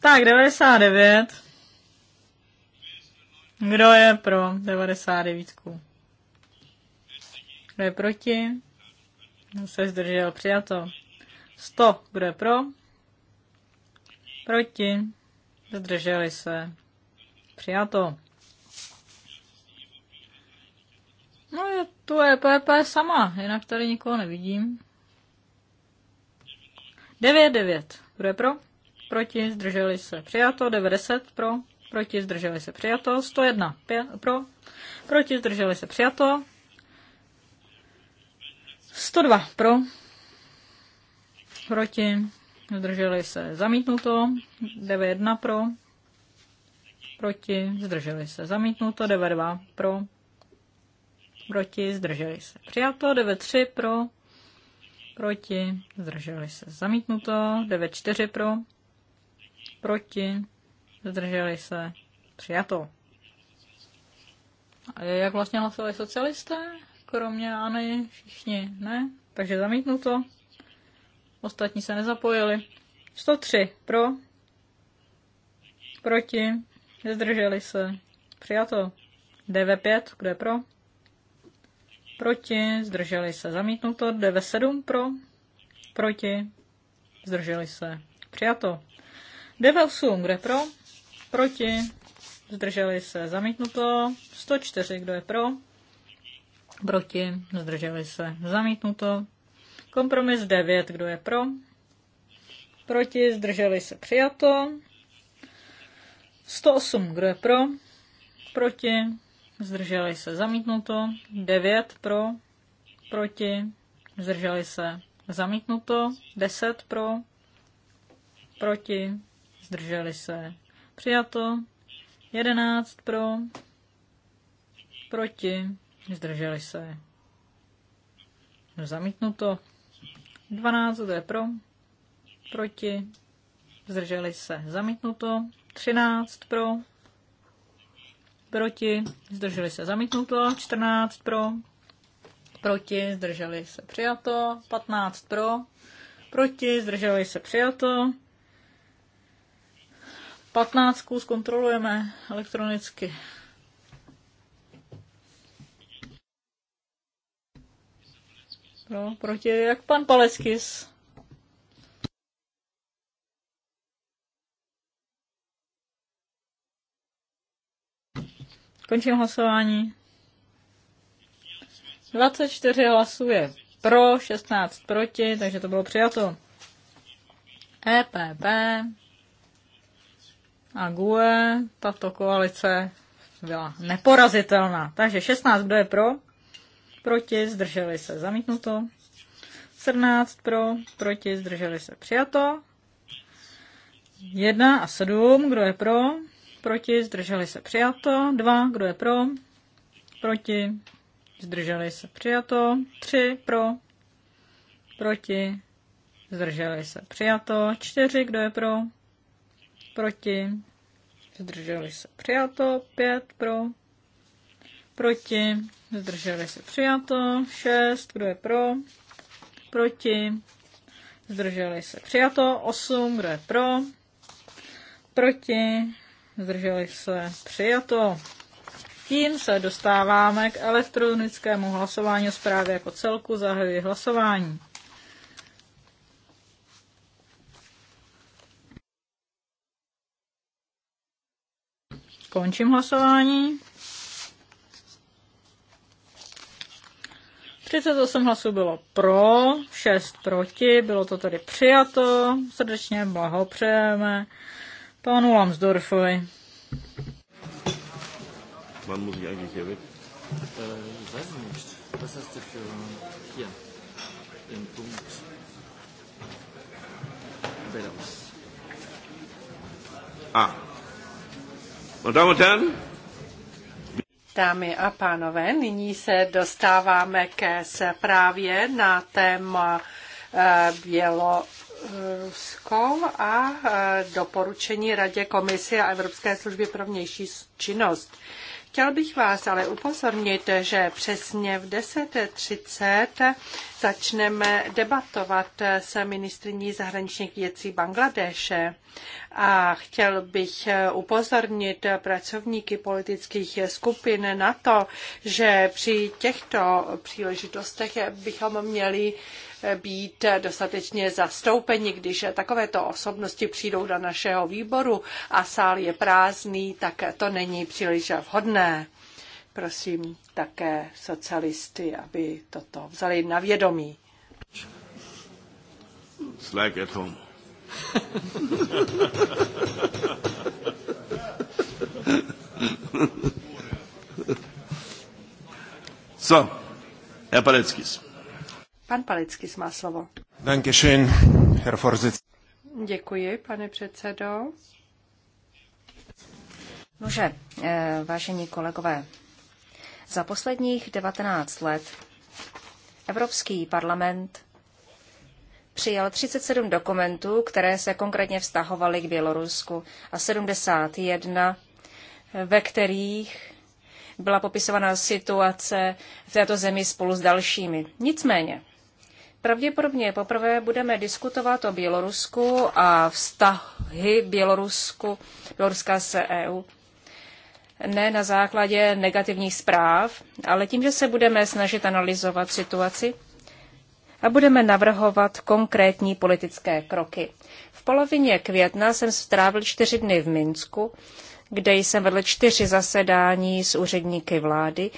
Tak, 99. Kdo je pro 99? Kdo je proti? se zdržel, přijato. 100, kdo je pro? Proti, zdrželi se, přijato. No je tu EPP sama, jinak tady nikoho nevidím. 9-9. Kdo je pro? Proti, zdrželi se. Přijato. 90 pro. Proti, zdrželi se. Přijato. 101 pě- pro. Proti, zdrželi se. Přijato. 102 pro, proti, zdrželi se zamítnuto, 91 pro, proti, zdrželi se zamítnuto, 92 pro, proti, zdrželi se přijato, 93 pro, proti, zdrželi se zamítnuto, 94 pro, proti, zdrželi se přijato. A jak vlastně hlasovali socialisté? kromě Ani, všichni ne, takže zamítnu to. Ostatní se nezapojili. 103 pro, proti, nezdrželi se, přijato. DV5, kde pro? Proti, zdrželi se, zamítnuto. DV7 pro, proti, zdrželi se, přijato. DV8, kde pro? Proti, zdrželi se, zamítnuto. 104, kdo je pro? Proti? Zdrželi se. Zamítnuto. Kompromis 9. Kdo je pro? Proti? Zdrželi se. Přijato. 108. Kdo je pro? Proti? Zdrželi se. Zamítnuto. 9. Pro? Proti? Zdrželi se. Zamítnuto. 10. Pro? Proti? Zdrželi se. Přijato. 11. Pro? Proti? Zdrželi se. Zamítnuto. 12, to je pro? Proti. Zdrželi se. Zamítnuto. 13 pro. Proti. Zdrželi se. Zamítnuto. 14 pro. Proti. Zdrželi se. Přijato. 15 pro. Proti. Zdrželi se. Přijato. 15 zkontrolujeme elektronicky. Pro, no, proti, jak pan Paleskis. Končím hlasování. 24 hlasuje. pro, 16 proti, takže to bylo přijato. EPP a GUE, tato koalice byla neporazitelná. Takže 16, kdo je pro? proti, zdrželi se zamítnuto. 17 pro, proti, zdrželi se přijato. 1 a 7, kdo je pro, proti, zdrželi se přijato. 2, kdo je pro, proti, zdrželi se přijato. 3 pro, proti, zdrželi se přijato. 4, kdo je pro, proti, zdrželi se přijato. 5 pro, proti, Zdrželi se přijato. 6. Kdo je pro? Proti. Zdrželi se přijato. 8. Kdo je pro? Proti. Zdrželi se přijato. Tím se dostáváme k elektronickému hlasování o zprávě jako celku. Zahajuji hlasování. Končím hlasování. 38 hlasů bylo pro, 6 proti, bylo to tedy přijato. Srdečně blahopřejeme panu Lamsdorfovi. Wann muss ich eigentlich hier weg? Äh, ich nicht. Was hast du für hier? Punkt. Ah. Meine Damen und Herren, Dámy a pánové, nyní se dostáváme ke zprávě na téma eh, Bělorusko a eh, doporučení Radě komise a Evropské služby pro vnější činnost. Chtěl bych vás ale upozornit, že přesně v 10.30 začneme debatovat s ministriní zahraničních věcí Bangladeše. A chtěl bych upozornit pracovníky politických skupin na to, že při těchto příležitostech bychom měli být dostatečně zastoupeni. Když takovéto osobnosti přijdou do našeho výboru a sál je prázdný, tak to není příliš vhodné. Prosím také socialisty, aby toto vzali na vědomí. It's like at home. <laughs> so, Herr Paleckis. Pan Palický má slovo. Dankeschön, Herr Vorsitz. Děkuji, pane předsedo. Nože, eh, vážení kolegové, za posledních 19 let Evropský parlament přijal 37 dokumentů, které se konkrétně vztahovaly k Bělorusku a 71, eh, ve kterých byla popisována situace v této zemi spolu s dalšími. Nicméně, Pravděpodobně poprvé budeme diskutovat o Bělorusku a vztahy Bělorusku, Bělorska se EU. Ne na základě negativních zpráv, ale tím, že se budeme snažit analyzovat situaci a budeme navrhovat konkrétní politické kroky. V polovině května jsem strávil čtyři dny v Minsku, kde jsem vedl čtyři zasedání s úředníky vlády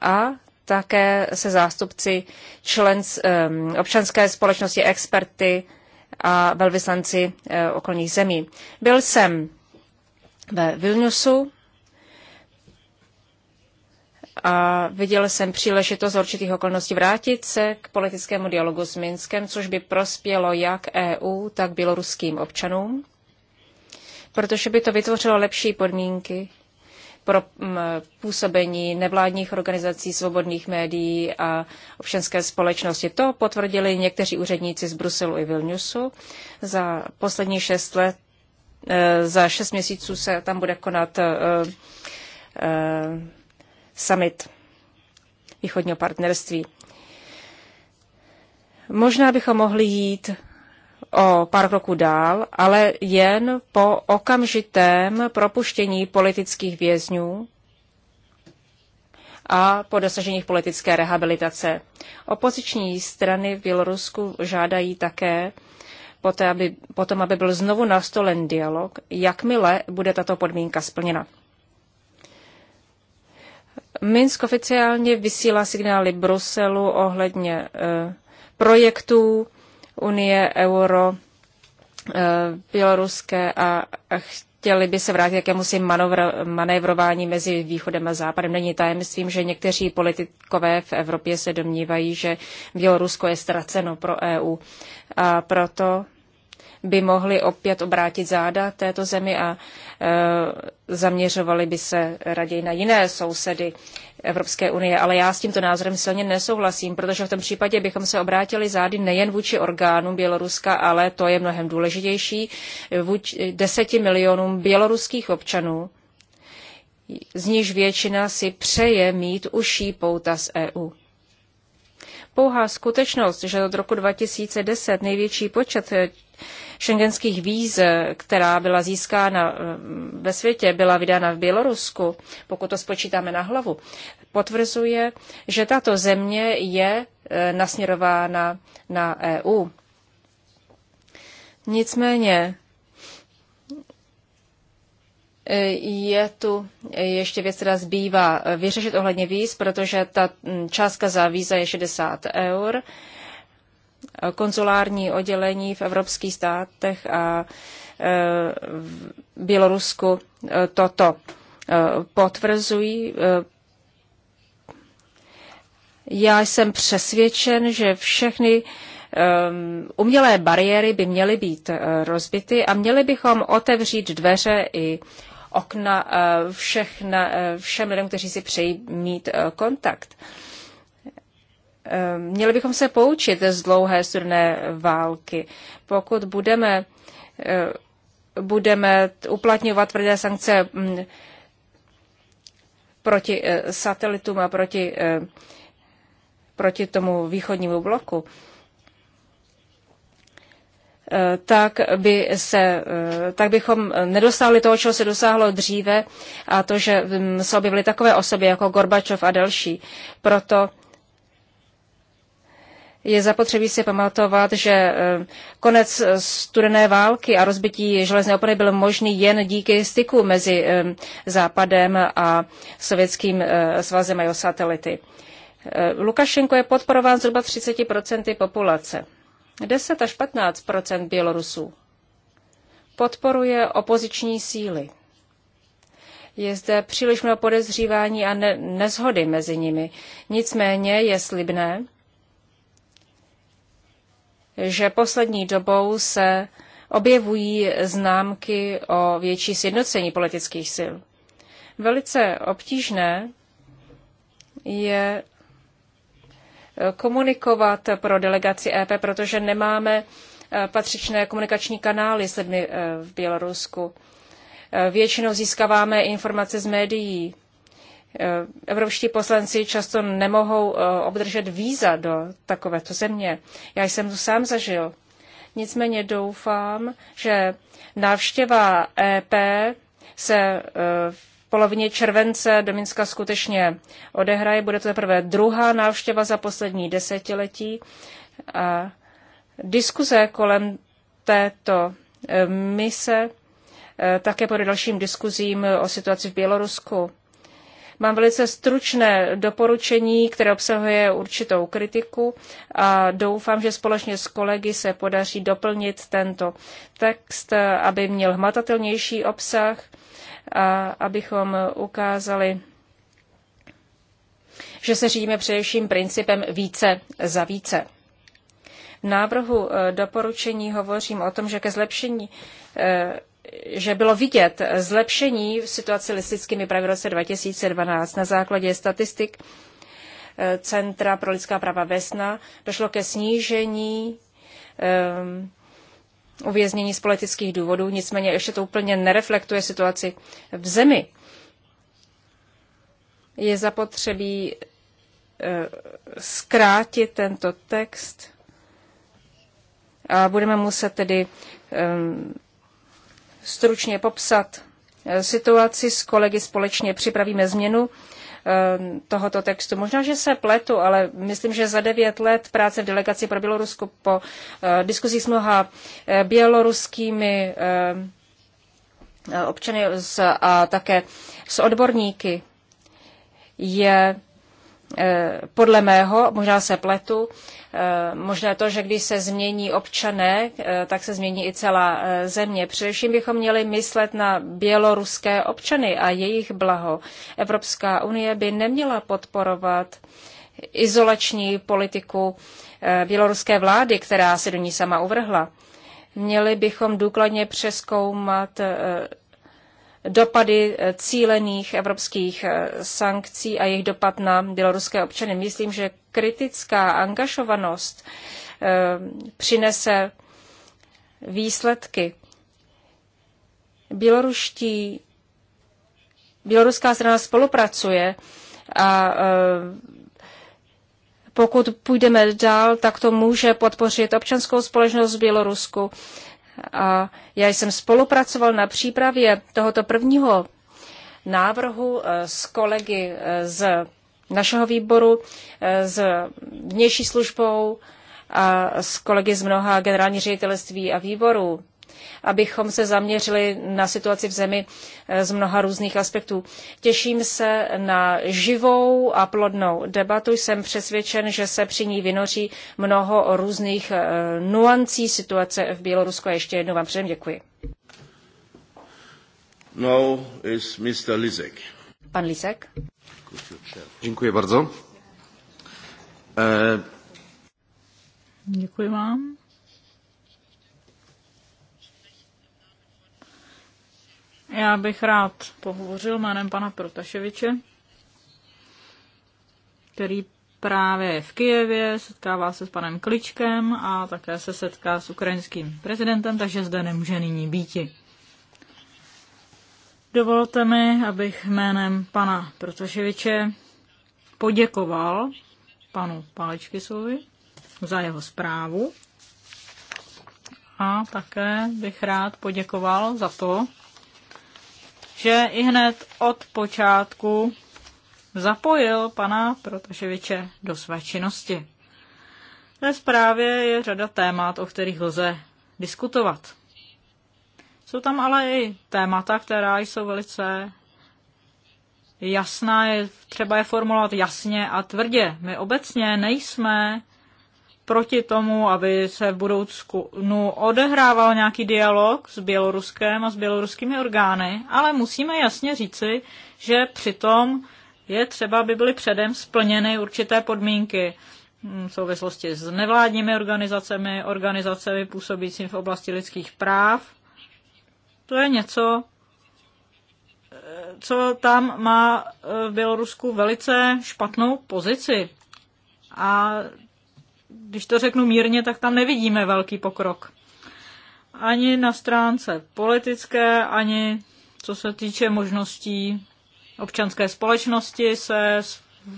a také se zástupci člens, občanské společnosti, experty a velvyslanci eh, okolních zemí. Byl jsem ve Vilniusu a viděl jsem příležitost z určitých okolností vrátit se k politickému dialogu s Minskem, což by prospělo jak EU, tak běloruským občanům, protože by to vytvořilo lepší podmínky pro působení nevládních organizací, svobodných médií a občanské společnosti. To potvrdili někteří úředníci z Bruselu i Vilniusu. Za poslední šest let, e, za šest měsíců se tam bude konat e, e, summit východního partnerství. Možná bychom mohli jít o pár roků dál, ale jen po okamžitém propuštění politických vězňů a po dosažení politické rehabilitace. Opoziční strany v Bělorusku žádají také poté, aby, potom, aby byl znovu nastolen dialog, jakmile bude tato podmínka splněna. Minsk oficiálně vysílá signály Bruselu ohledně e, projektů unie, euro, eh, běloruské a, chtěli by se vrátit k jakémusi manévrování mezi východem a západem. Není tajemstvím, že někteří politikové v Evropě se domnívají, že Bělorusko je ztraceno pro EU. A proto by mohli opět obrátit záda této zemi a e, zaměřovali by se raději na jiné sousedy Evropské unie. Ale já s tímto názorem silně nesouhlasím, protože v tom případě bychom se obrátili zády nejen vůči orgánům Běloruska, ale to je mnohem důležitější, vůči deseti milionům běloruských občanů, z níž většina si přeje mít uší pouta z EU. Pouhá skutečnost, že od roku 2010 největší počet šengenských víz, eh, která byla získána eh, ve světě, byla vydána v Bělorusku, pokud to spočítáme na hlavu, potvrzuje, že tato země je eh, nasměrována na EU. Nicméně je tu ještě věc, která zbývá vyřešit ohledně víz, protože ta hm, částka za víza je 60 eur konzulární oddělení v evropských státech a e, v Bělorusku e, toto e, potvrzují. Já jsem přesvědčen, že všechny umělé bariéry by měly být rozbity a měli bychom otevřít dveře i okna všech, všem lidem, kteří si přejí mít kontakt. Ehm, měli bychom se poučit z dlouhé studené války. Pokud budeme, eh, budeme uplatňovat tvrdé sankce mm, proti eh, satelitům a proti, eh, proti tomu východnímu bloku, tak, by se, tak bychom nedosáhli toho, čeho se dosáhlo dříve, a to, že mm, se objevily takové osoby jako Gorbačov a další. Proto je zapotřebí si pamatovat, že eh, konec eh, studené války a rozbití železné opony byl možný jen díky styku mezi eh, Západem a Sovětským svazem a jeho satelity. Lukašenko je podporován zhruba 30% populace. 10 až 15 Bělorusů podporuje opoziční síly. Je zde příliš mnoho podezřívání a ne- nezhody mezi nimi. Nicméně je slibné, že poslední dobou se objevují známky o větší sjednocení politických sil. Velice obtížné je komunikovat pro delegaci EP, protože nemáme e, patřičné komunikační kanály s lidmi e, v Bělorusku. E, většinou získáváme informace z médií, Eh, evropští poslanci často nemohou eh, obdržet víza do takovéto země. Já jsem to sám zažil. Nicméně doufám, že návštěva EP se eh, v polovině července do Minska skutečně odehraje. Bude to teprve druhá návštěva za poslední desetiletí. A diskuze kolem této mise také pod dalším diskuzím o situaci v Bělorusku. Mám velice stručné doporučení, které obsahuje určitou kritiku a doufám, že společně s kolegy se podaří doplnit tento text, aby měl hmatatelnější obsah a abychom ukázali, že se řídíme především principem více za více. V návrhu eh, doporučení hovořím o tom, že ke zlepšení eh, že bylo vidět zlepšení v situaci listickými právy v roce 2012 na základě statistik eh, Centra pro lidská práva Vesna došlo ke snížení um, uvěznění z politických důvodů, nicméně ještě to úplně nereflektuje situaci v zemi. Je zapotřebí uh, zkrátit tento text a budeme muset tedy um, stručně popsat eh, situaci. S kolegy společně připravíme změnu eh, tohoto textu. Možná, že se pletu, ale myslím, že za devět let práce v delegaci pro Bělorusko po eh, diskuzích s mnoha běloruskými občany a také s odborníky je Eh, podle mého, možná se pletu, eh, možná to, že když se změní občané, eh, tak se změní i celá země. Především bychom měli myslet na běloruské občany a jejich blaho. Evropská unie by neměla podporovat izolační politiku běloruské vlády, která se do ní sama uvrhla. Měli bychom důkladně přeskoumat dopady eh, cílených evropských eh, sankcí a jejich dopad na běloruské občany. Myslím, že kritická angažovanost eh, přinese výsledky. Běloruští, běloruská strana spolupracuje a pokud půjdeme dál, tak to může podpořit občanskou společnost v Bělorusku a já jsem spolupracoval na přípravě tohoto prvního návrhu eh, s kolegy eh, z našeho výboru, eh, s vnější službou a s kolegy z mnoha generální ředitelství a výborů abychom se zaměřili na situaci v zemi eh, z mnoha různých aspektů. Těším se na živou a plodnou debatu. Jsem přesvědčen, že se při ní vynoří mnoho různých eh, nuancí situace v Bělorusku. A ještě jednou vám předem děkuji. Now is Mr. Lisek. Pan Lisek. Dziękuję bardzo. Eh, děkuji vám. Já bych rád pohovořil jménem pana Protaševiče, který právě je v Kijevě, setkává se s panem Kličkem a také se setká s ukrajinským prezidentem, takže zde nemůže nyní býti. Dovolte mi, abych jménem pana Protaševiče poděkoval panu Palečkisovi za jeho zprávu a také bych rád poděkoval za to, že i hned od počátku zapojil pana Protaševiče do své činnosti. Ve zprávě je řada témat, o kterých lze diskutovat. Jsou tam ale i témata, která jsou velice jasná, je třeba je formulovat jasně a tvrdě. My obecně nejsme proti tomu, aby se v budoucnu odehrával nějaký dialog s Běloruskem a s běloruskými orgány, ale musíme jasně říci, že přitom je třeba, aby byly předem splněny určité podmínky v souvislosti s nevládními organizacemi, organizacemi působícími v oblasti lidských práv. To je něco, co tam má v Bělorusku velice špatnou pozici. A když to řeknu mírně, tak tam nevidíme velký pokrok. Ani na stránce politické, ani co se týče možností občanské společnosti se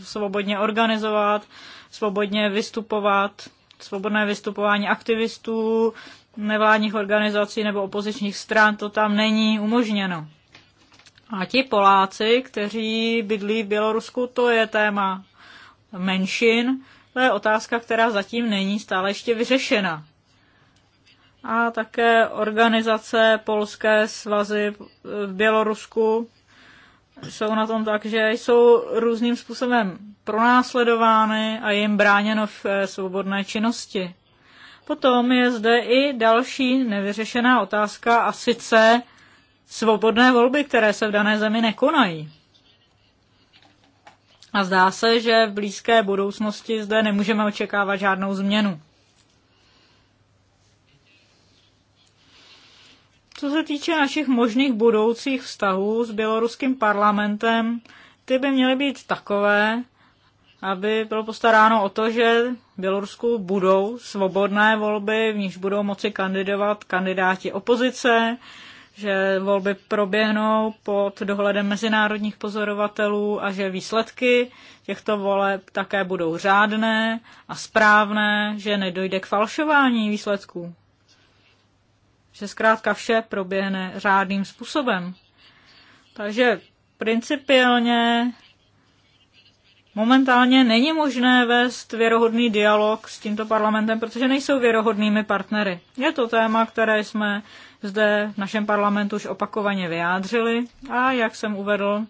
svobodně organizovat, svobodně vystupovat, svobodné vystupování aktivistů, nevládních organizací nebo opozičních stran, to tam není umožněno. A ti Poláci, kteří bydlí v Bělorusku, to je téma menšin, to je otázka, která zatím není stále ještě vyřešena. A také organizace Polské svazy v Bělorusku jsou na tom tak, že jsou různým způsobem pronásledovány a jim bráněno v eh, svobodné činnosti. Potom je zde i další nevyřešená otázka a sice svobodné volby, které se v dané zemi nekonají. A zdá se, že v blízké budoucnosti zde nemůžeme očekávat žádnou změnu. Co se týče našich možných budoucích vztahů s běloruským parlamentem, ty by měly být takové, aby bylo postaráno o to, že v Bělorusku budou svobodné volby, v níž budou moci kandidovat kandidáti opozice, že volby proběhnou pod dohledem mezinárodních pozorovatelů a že výsledky těchto voleb také budou řádné a správné, že nedojde k falšování výsledků. Že zkrátka vše proběhne řádným způsobem. Takže principiálně momentálně není možné vést věrohodný dialog s tímto parlamentem, protože nejsou věrohodnými partnery. Je to téma, které jsme zde v našem parlamentu už opakovaně vyjádřili a jak jsem uvedl,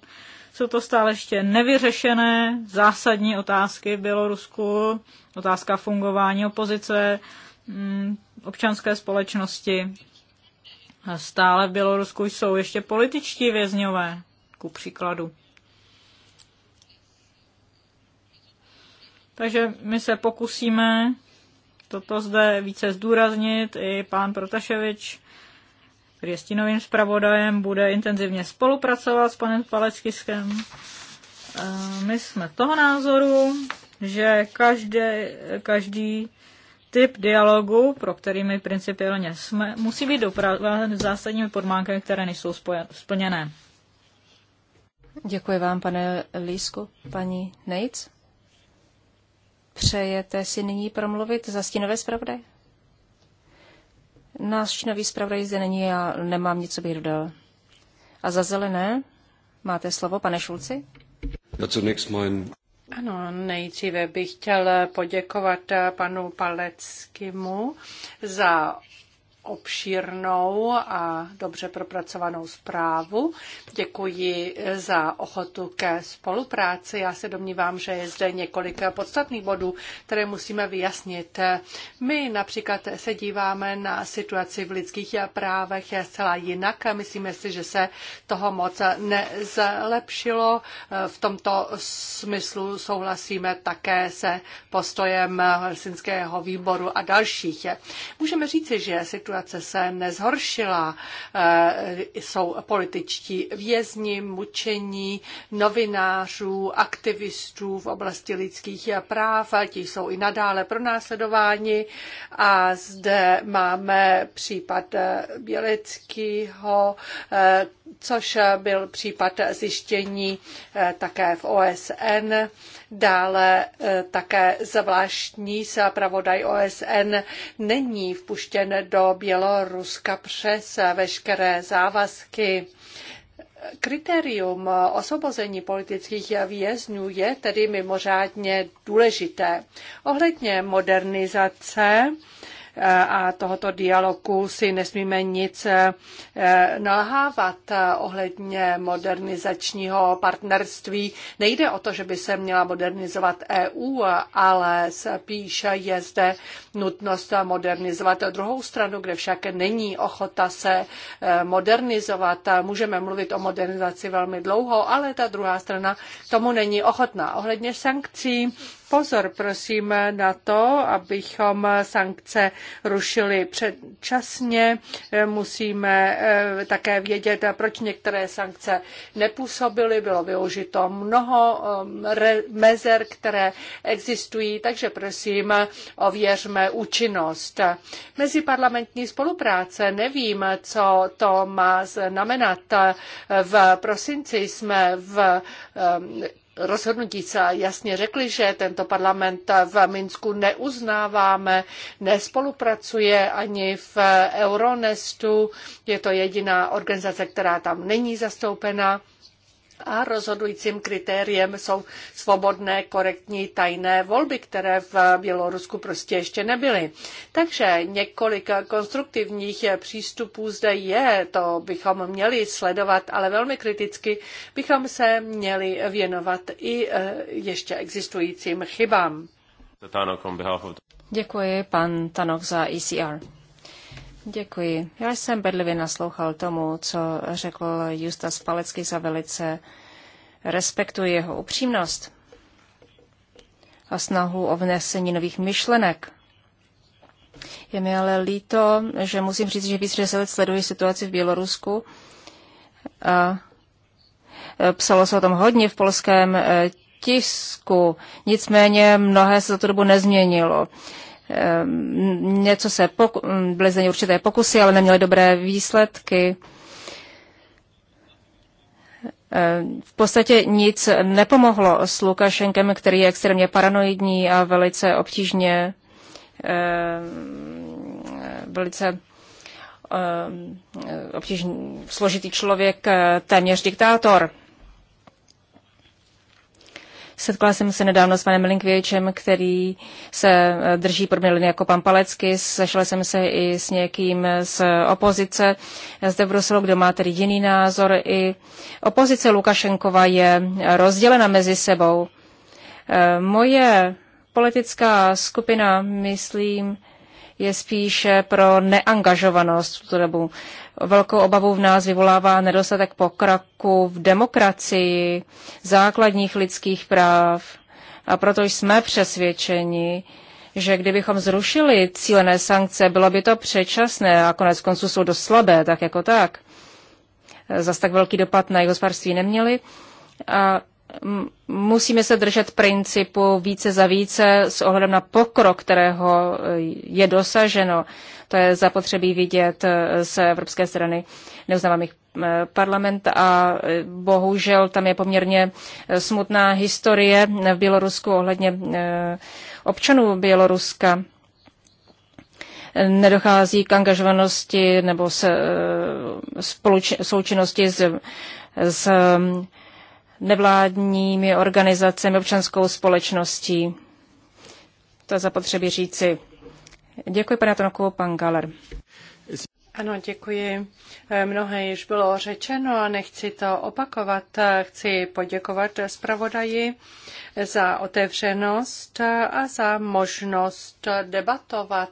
jsou to stále ještě nevyřešené zásadní otázky v Bělorusku, otázka fungování opozice, mm, občanské společnosti. Stále v Bělorusku jsou ještě političtí vězňové, ku příkladu. Takže my se pokusíme toto zde více zdůraznit. I pán Protaševič který je stínovým zpravodajem, bude intenzivně spolupracovat s panem Paleckiskem. My jsme toho názoru, že každý, každý typ dialogu, pro který my principiálně jsme, musí být dopraven zásadními podmánkami, které nejsou splněné. Děkuji vám, pane Lísku. Paní Nejc? Přejete si nyní promluvit za stínové zpravodaje? Náš nový zpravodaj zde není, a nemám nic, co bych dodal. A za zelené máte slovo, pane Šulci? Ano, nejdříve bych chtěl poděkovat panu Paleckému za obšírnou a dobře propracovanou zprávu. Děkuji za ochotu ke spolupráci. Já se domnívám, že je zde několik podstatných bodů, které musíme vyjasnit. My například se díváme na situaci v lidských právech je zcela jinak. Myslíme si, že se toho moc nezlepšilo. V tomto smyslu souhlasíme také se postojem Helsinského výboru a dalších. Můžeme říci, že situace situace se nezhoršila. Eh, jsou političtí vězni, mučení novinářů, aktivistů v oblasti lidských práv, ti jsou i nadále pronásledováni. A zde máme případ eh, Běleckého, eh, což byl případ zjištění eh, také v OSN. Dále eh, také zvláštní zpravodaj OSN není vpuštěn do Běloruska přes veškeré závazky. Kritérium osvobození politických vězňů je tedy mimořádně důležité. Ohledně modernizace a tohoto dialogu si nesmíme nic eh, nalhávat eh, ohledně modernizačního partnerství. Nejde o to, že by se měla modernizovat EU, ale spíše je zde nutnost modernizovat druhou stranu, kde však není ochota se eh, modernizovat. Můžeme mluvit o modernizaci velmi dlouho, ale ta druhá strana tomu není ochotná. Ohledně sankcí Pozor prosím na to, abychom sankce rušili předčasně. Musíme eh, také vědět, proč některé sankce nepůsobily. Bylo využito mnoho eh, mezer, které existují, takže prosím, ověřme účinnost. Meziparlamentní spolupráce, nevím, co to má znamenat. V prosinci jsme v eh, rozhodnutí se jasně řekli, že tento parlament v Minsku neuznáváme, nespolupracuje ani v Euronestu. Je to jediná organizace, která tam není zastoupena. A rozhodujícím kritériem jsou svobodné, korektní, tajné volby, které v Bělorusku prostě ještě nebyly. Takže několik konstruktivních přístupů zde je, to bychom měli sledovat, ale velmi kriticky bychom se měli věnovat i eh, ještě existujícím chybám. Děkuji, pan Tanok za ECR. Děkuji. Já jsem bedlivě naslouchal tomu, co řekl Justas Palecký za velice. Respektuji jeho upřímnost a snahu o vnesení nových myšlenek. Je mi ale líto, že musím říct, že víc let sleduji situaci v Bělorusku. A e, psalo se o tom hodně v polském e, tisku, nicméně mnohé se za tu dobu nezměnilo. Ehm, něco se poku- byly zde určité pokusy, ale neměly dobré výsledky. Ehm, v podstatě nic nepomohlo s Lukašenkem, který je extrémně paranoidní a velice obtížně ehm, velice obtížně složitý člověk, téměř diktátor. Setkala jsem se nedávno s panem Linkvěčem, který se eh, drží podobně linie jako pan Palecky. Sešla jsem se i s někým z opozice eh, zde v Bruselu, kdo má tedy jiný názor. I opozice Lukašenkova je rozdělena mezi sebou. Eh, moje politická skupina, myslím, je spíše pro neangažovanost v tu dobu. Velkou obavu v nás vyvolává nedostatek pokraku v demokracii, základních lidských práv. A proto jsme přesvědčeni, že kdybychom zrušili cílené sankce, bylo by to předčasné a konec konců jsou dost slabé, tak jako tak. Zas tak velký dopad na jeho hospodářství neměli. A musíme se držet principu více za více s ohledem na pokrok, kterého e, je dosaženo. To je zapotřebí vidět e, z evropské strany neuznávám jich e, parlament a bohužel tam je poměrně smutná historie v Bělorusku ohledně občanů Běloruska. Nedochází k angažovanosti nebo se, spoluč, součinnosti s, s nevládními organizacemi, občanskou společností. To zapotřebí říci. Děkuji, pane Tonku, pan Galer. Ano, děkuji. Mnohé již bylo řečeno a nechci to opakovat. Chci poděkovat zpravodaji za otevřenost a za možnost debatovat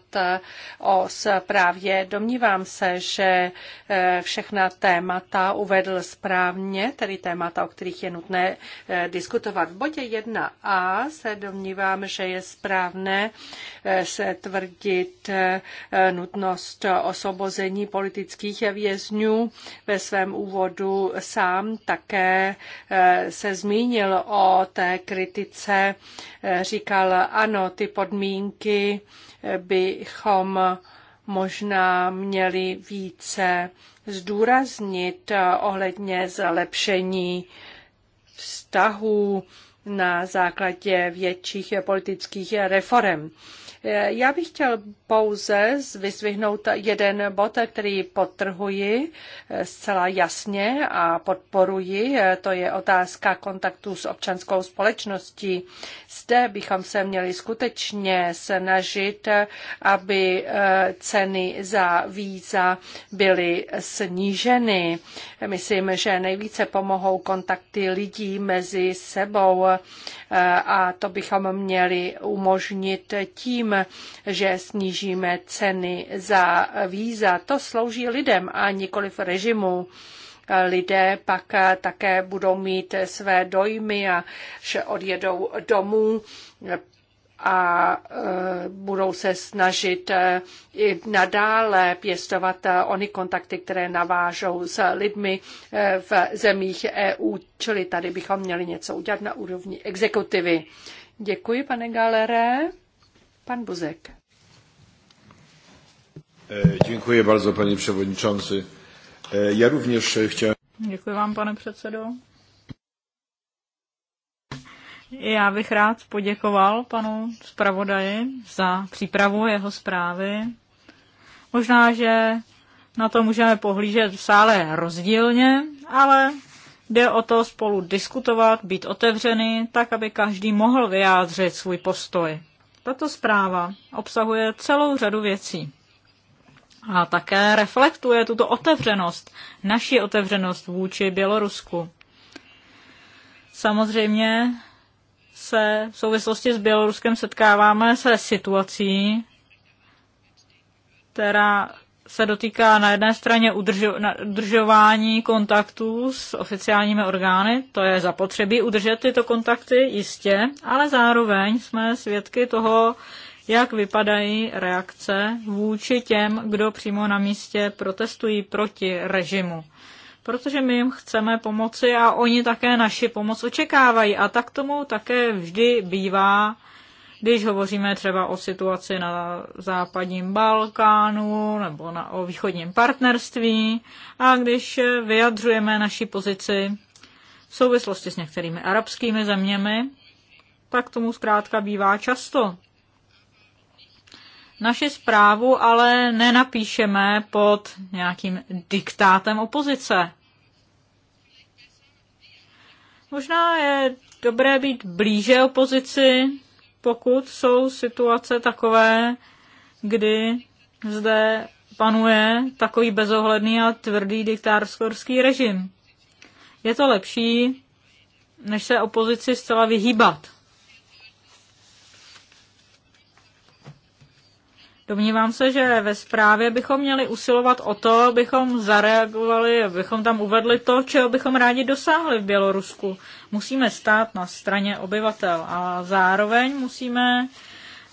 o zprávě. Domnívám se, že eh, všechna témata uvedl správně, tedy témata, o kterých je nutné eh, diskutovat. V bodě 1a se domnívám, že je správné eh, se tvrdit nutnost osobození politických vězňů. Ve svém úvodu sám také se zmínil o té kritice politice eh, říkal, ano, ty podmínky eh, bychom možná měli více zdůraznit eh, ohledně zlepšení vztahů na základě větších politických reform. Eh, já bych chtěl pouze vyzvihnout jeden bod, který potrhuji eh, zcela jasně a podporuji. Eh, to je otázka kontaktu s občanskou společností. Zde bychom se měli skutečně snažit, aby ceny za víza byly sníženy. Myslím, že nejvíce pomohou kontakty lidí mezi sebou a to bychom měli umožnit tím, že snížíme ceny za víza. To slouží lidem a nikoliv režimu lidé pak také budou mít své dojmy a že odjedou domů a e, budou se snažit e, i nadále pěstovat e, ony kontakty, které navážou s lidmi v zemích EU, čili tady bychom měli něco udělat na úrovni exekutivy. Děkuji, pane Galere. Pan Buzek. E, Děkuji bardzo, panie przewodniczący. E, Děkuji vám, pane předsedo. Já bych rád poděkoval panu zpravodaji za přípravu jeho zprávy. Možná, že na to můžeme pohlížet v sále rozdílně, ale jde o to spolu diskutovat, být otevřený, tak aby každý mohl vyjádřit svůj postoj. Tato zpráva obsahuje celou řadu věcí a také reflektuje tuto otevřenost, naši otevřenost vůči Bělorusku. Samozřejmě se v souvislosti s Běloruskem setkáváme se situací, která se dotýká na jedné straně udržování kontaktů s oficiálními orgány, to je zapotřebí udržet tyto kontakty, jistě, ale zároveň jsme svědky toho, jak vypadají reakce vůči těm, kdo přímo na místě protestují proti režimu. Protože my jim chceme pomoci a oni také naši pomoc očekávají. A tak tomu také vždy bývá když hovoříme třeba o situaci na západním Balkánu nebo na, o východním partnerství a když vyjadřujeme naši pozici v souvislosti s některými arabskými zeměmi, tak tomu zkrátka bývá často. Naši zprávu ale nenapíšeme pod nějakým diktátem opozice. Možná je dobré být blíže opozici pokud jsou situace takové, kdy zde panuje takový bezohledný a tvrdý diktátorský režim. Je to lepší, než se opozici zcela vyhýbat. Domnívám se, že ve zprávě bychom měli usilovat o to, abychom zareagovali, abychom tam uvedli to, čeho bychom rádi dosáhli v Bělorusku. Musíme stát na straně obyvatel a zároveň musíme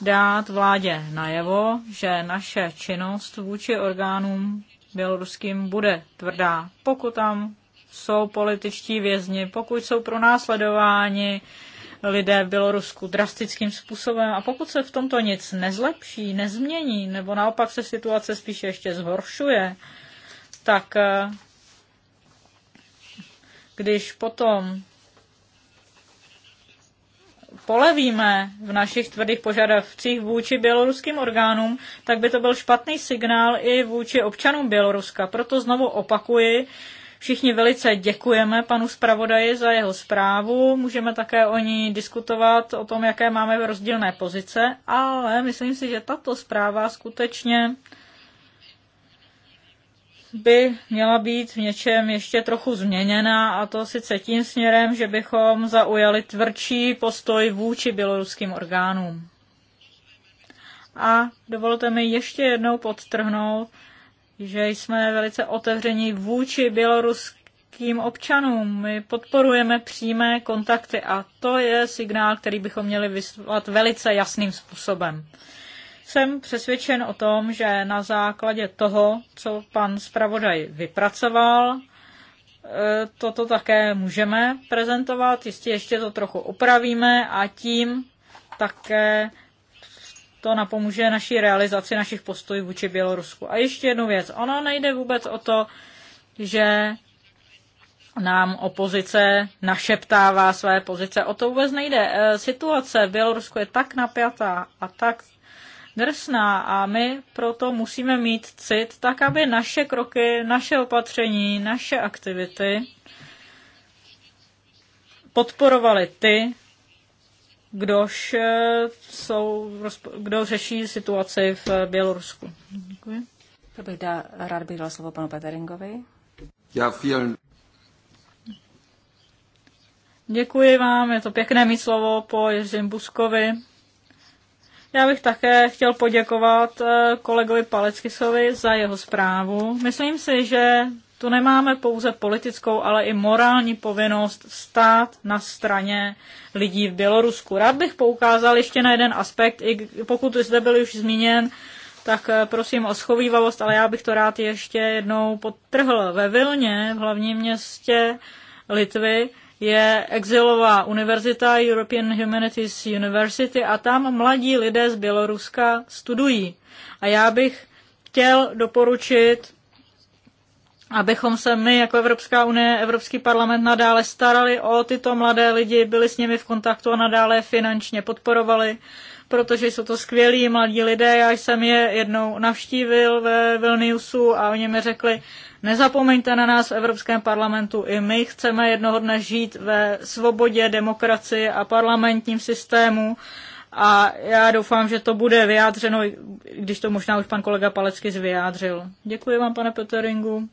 dát vládě najevo, že naše činnost vůči orgánům běloruským bude tvrdá. Pokud tam jsou političtí vězni, pokud jsou pronásledováni lidé v Bělorusku drastickým způsobem a pokud se v tomto nic nezlepší, nezmění, nebo naopak se situace spíše ještě zhoršuje, tak eh, když potom polevíme v našich tvrdých požadavcích vůči běloruským orgánům, tak by to byl špatný signál i vůči občanům Běloruska. Proto znovu opakuji, Všichni velice děkujeme panu zpravodaji za jeho zprávu. Můžeme také o ní diskutovat, o tom, jaké máme rozdílné pozice, ale myslím si, že tato zpráva skutečně by měla být v něčem ještě trochu změněna a to sice tím směrem, že bychom zaujali tvrdší postoj vůči běloruským orgánům. A dovolte mi ještě jednou podtrhnout, že jsme velice otevření vůči běloruským občanům. My podporujeme přímé kontakty a to je signál, který bychom měli vyslat velice jasným způsobem. Jsem přesvědčen o tom, že na základě toho, co pan zpravodaj vypracoval, e, toto také můžeme prezentovat. Jistě ještě to trochu opravíme a tím také to napomůže naší realizaci našich postojů vůči Bělorusku. A ještě jednu věc. Ono nejde vůbec o to, že nám opozice našeptává své pozice. O to vůbec nejde. E, situace v Bělorusku je tak napjatá a tak drsná a my proto musíme mít cit, tak aby naše kroky, naše opatření, naše aktivity podporovaly ty, kdož, eh, jsou, kdo řeší situaci v Bělorusku. Děkuji. To bych dá, rád bych dal slovo panu Peteringovi. Já vielen. Děkuji vám, je to pěkné mít slovo po Jiřím Buskovi. Já bych také chtěl poděkovat eh, kolegovi Paleckisovi za jeho zprávu. Myslím si, že tu nemáme pouze politickou, ale i morální povinnost stát na straně lidí v Bělorusku. Rád bych poukázal ještě na jeden aspekt, i pokud zde byl už zmíněn, tak eh, prosím o schovývavost, ale já bych to rád ještě jednou potrhl. Ve Vilně, v hlavním městě Litvy, je exilová univerzita European Humanities University a tam mladí lidé z Běloruska studují. A já bych chtěl doporučit, abychom se my jako Evropská unie, Evropský parlament nadále starali o tyto mladé lidi, byli s nimi v kontaktu a nadále finančně podporovali, protože jsou to skvělí mladí lidé. Já jsem je jednou navštívil ve Vilniusu a oni mi řekli, Nezapomeňte na nás v Evropském parlamentu. I my chceme jednoho dne žít ve svobodě, demokracii a parlamentním systému. A já doufám, že to bude vyjádřeno, když to možná už pan kolega Palecky zvyjádřil. Děkuji vám, pane Peteringu.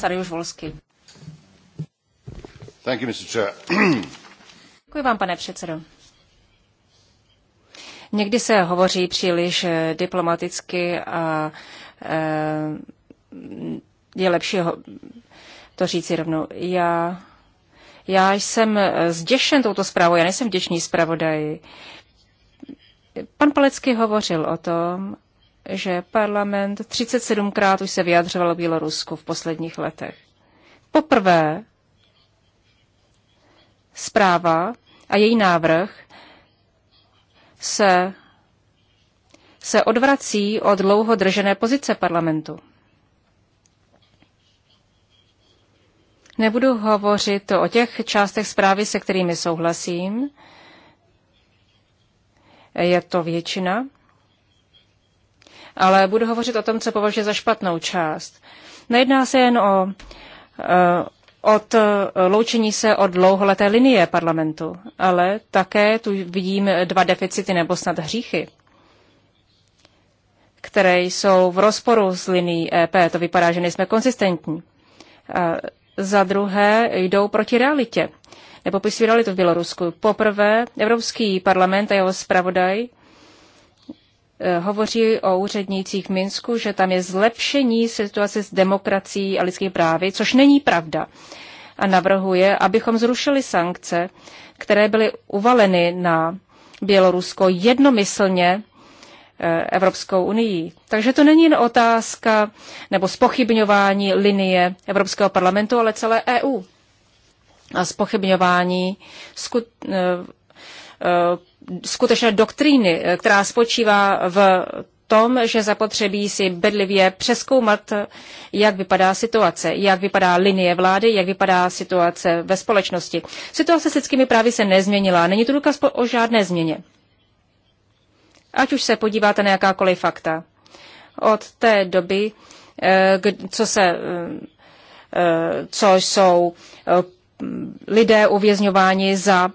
Pan Volsky. Thank you, Mr. Chair. Děkuji vám, pane předsedo. Někdy se hovoří příliš eh, diplomaticky a eh, je lepší ho, to říci rovnou. Já, já jsem eh, zděšen touto zprávou, já nejsem vděčný zpravodaj. Pan Palecký hovořil o tom, že parlament 37krát už se vyjadřoval Bělorusku v posledních letech. Poprvé zpráva a její návrh se, se odvrací od dlouho držené pozice parlamentu. Nebudu hovořit o těch částech zprávy, se kterými souhlasím. Je to většina. Ale budu hovořit o tom, co považuji za špatnou část. Nejedná se jen o eh, od eh, loučení se od dlouholeté linie parlamentu, ale také tu vidím dva deficity nebo snad hříchy, které jsou v rozporu s linií EP. To vypadá, že nejsme konsistentní. A za druhé jdou proti realitě. Nepopisují realitu v Bělorusku. Poprvé Evropský parlament a jeho zpravodaj Eh, hovoří o úřednících v Minsku, že tam je zlepšení situace s demokracií a lidskými právy, což není pravda. A navrhuje, abychom zrušili sankce, které byly uvaleny na Bělorusko jednomyslně eh, Evropskou unii. Takže to není jen otázka nebo spochybňování linie Evropského parlamentu, ale celé EU a spochybňování skut- eh, Eh, skutečné doktríny, eh, která spočívá v tom, že zapotřebí si bedlivě přeskoumat, eh, jak vypadá situace, jak vypadá linie vlády, jak vypadá situace ve společnosti. Situace s lidskými právy se nezměnila, není to důkaz o žádné změně. Ať už se podíváte na jakákoliv fakta. Od té doby, co, se, co jsou lidé uvězňováni za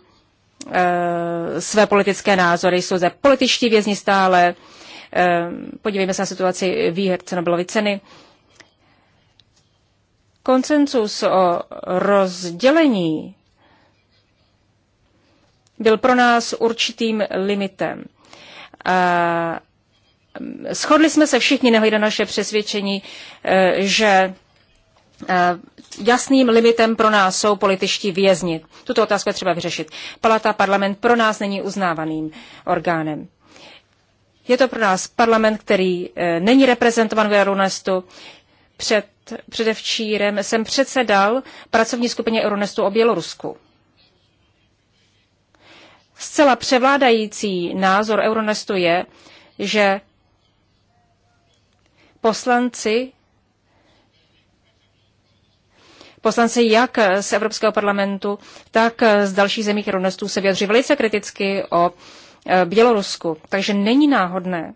Eh, své politické názory, jsou zde političtí vězni stále. Eh, podívejme se na situaci výherce Nobelovy ceny. Koncensus o rozdělení byl pro nás určitým limitem. A eh, shodli jsme se všichni, nehledě naše přesvědčení, že Eh, jasným limitem pro nás jsou političtí vězni. Tuto otázku je třeba vyřešit. Palata parlament pro nás není uznávaným orgánem. Je to pro nás parlament, který eh, není reprezentovan v Euronestu. Před, předevčírem jsem předsedal pracovní skupině Euronestu o Bělorusku. Zcela převládající názor Euronestu je, že poslanci poslanci jak z Evropského parlamentu, tak z dalších zemí rovnostů se vyjadřují velice kriticky o e, Bělorusku. Takže není náhodné,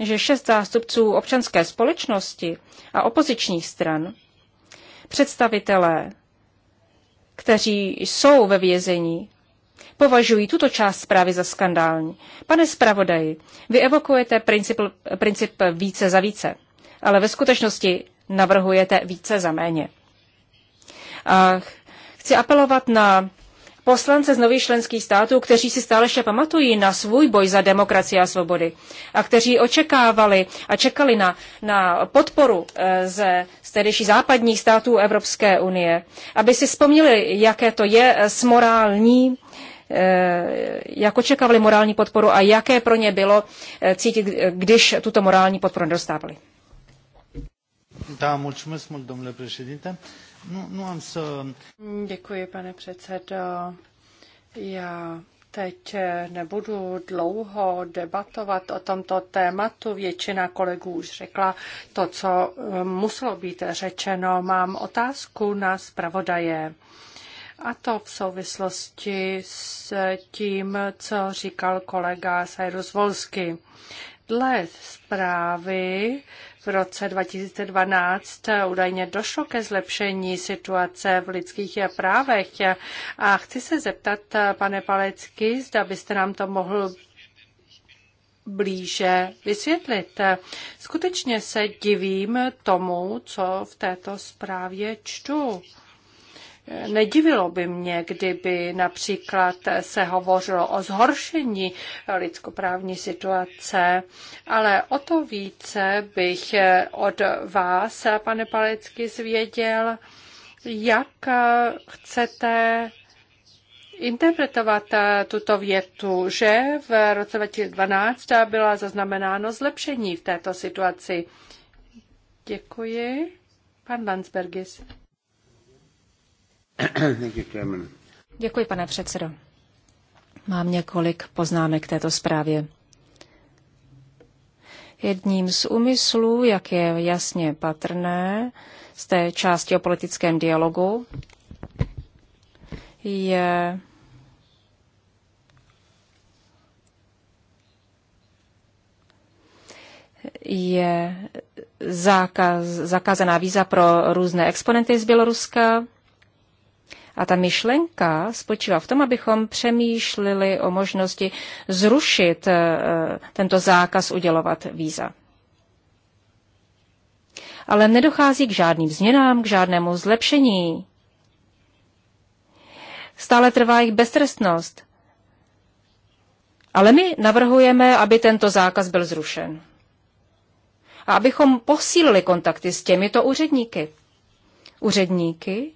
že šest zástupců občanské společnosti a opozičních stran, představitelé, kteří jsou ve vězení, považují tuto část zprávy za skandální. Pane zpravodaji, vy evokujete princip, princip více za více, ale ve skutečnosti navrhujete více za méně. A chci apelovat na poslance z nových členských států, kteří si stále ještě pamatují na svůj boj za demokracii a svobody a kteří očekávali a čekali na, na podporu eh, ze tehdejší západních států Evropské unie, aby si vzpomněli, jaké to je eh, s morální eh, jak očekávali morální podporu a jaké pro ně bylo cítit, když tuto morální podporu nedostávali. Da, mulțumesc mult, domnule președinte. Nu, nu am să... Děkuji, pane předsedo. Já teď nebudu dlouho debatovat o tomto tématu. Většina kolegů už řekla to, co eh, muselo být řečeno. Mám otázku na zpravodaje. A to v souvislosti s tím, co říkal kolega Cyrus Volsky. Dle zprávy v roce 2012 údajně došlo ke zlepšení situace v lidských právech a chci se zeptat, pane Palecky, zda byste nám to mohl blíže vysvětlit. Skutečně se divím tomu, co v této zprávě čtu. Nedivilo by mě, kdyby například se hovořilo o zhoršení lidskoprávní situace, ale o to více bych od vás, pane Palecky, zvěděl, jak chcete interpretovat tuto větu, že v roce 2012 byla zaznamenáno zlepšení v této situaci. Děkuji. Pan Landsbergis. Děkuji, pane předsedo. Mám několik poznámek k této zprávě. Jedním z úmyslů, jak je jasně patrné z té části o politickém dialogu, je je zákaz, zakázaná víza pro různé exponenty z Běloruska, a ta myšlenka spočívá v tom, abychom přemýšleli o možnosti zrušit eh, tento zákaz udělovat víza. Ale nedochází k žádným změnám, k žádnému zlepšení. Stále trvá jich beztrestnost. Ale my navrhujeme, aby tento zákaz byl zrušen. A abychom posílili kontakty s těmito úředníky. Úředníky,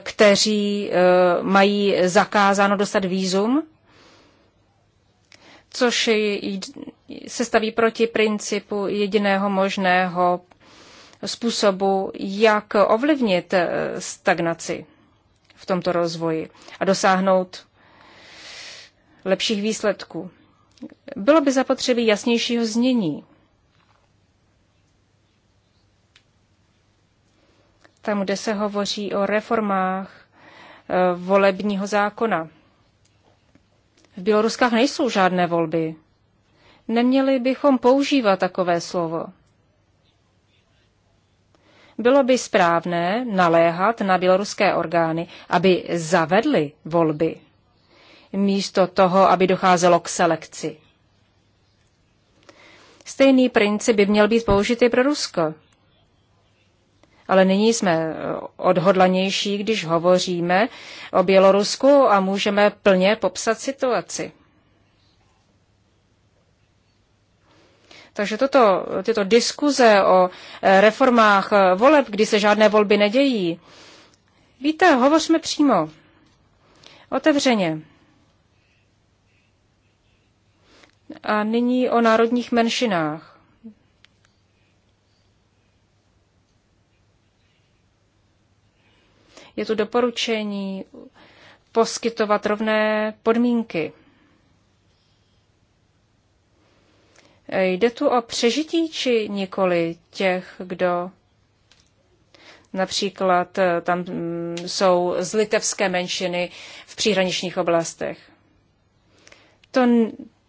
kteří eh, mají zakázáno dostat výzum, což se staví proti principu jediného možného způsobu, jak ovlivnit eh, stagnaci v tomto rozvoji a dosáhnout lepších výsledků. Bylo by zapotřebí jasnějšího znění tam, kde se hovoří o reformách eh, volebního zákona. V Běloruskách nejsou žádné volby. Neměli bychom používat takové slovo. Bylo by správné naléhat na běloruské orgány, aby zavedly volby, místo toho, aby docházelo k selekci. Stejný princip by měl být použitý pro Rusko ale nyní jsme eh, odhodlanější, když hovoříme o Bělorusku a můžeme plně popsat situaci. Takže toto, tyto diskuze o eh, reformách eh, voleb, kdy se žádné volby nedějí, víte, hovořme přímo, otevřeně. A nyní o národních menšinách. Je tu doporučení poskytovat rovné podmínky. Jde tu o přežití či nikoli těch, kdo například eh, tam mm, jsou z litevské menšiny v příhraničních oblastech. To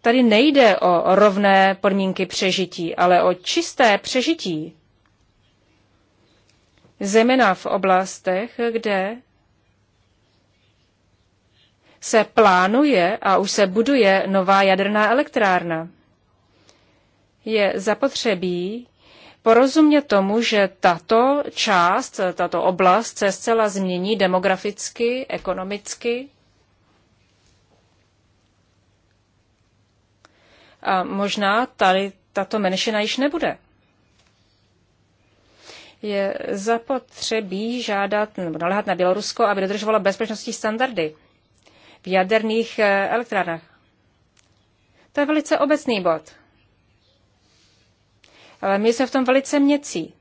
tady nejde o rovné podmínky přežití, ale o čisté přežití zejména v oblastech, kde se plánuje a už se buduje nová jaderná elektrárna. Je zapotřebí porozumět tomu, že tato část, tato oblast se zcela změní demograficky, ekonomicky. A možná tady tato menšina již nebude je zapotřebí žádat nebo naléhat na Bělorusko, aby dodržovalo bezpečnostní standardy v jaderných eh, elektrárnách. To je velice obecný bod. Ale my se v tom velice měcí.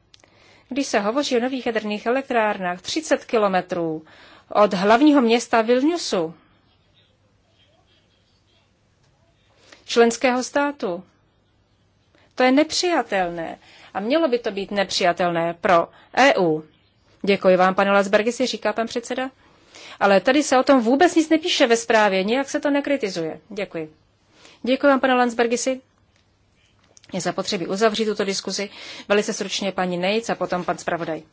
Když se hovoří o nových jaderných elektrárnách 30 kilometrů od hlavního města Vilniusu, členského státu, to je nepřijatelné. A mělo by to být nepřijatelné pro EU. Děkuji vám, pane Lasbergi, si říká pan předseda. Ale tady se o tom vůbec nic nepíše ve zprávě, nijak se to nekritizuje. Děkuji. Děkuji vám, pane Landsbergisi. Je zapotřebí uzavřít tuto diskuzi. Velice stručně paní Nejc a potom pan zpravodaj.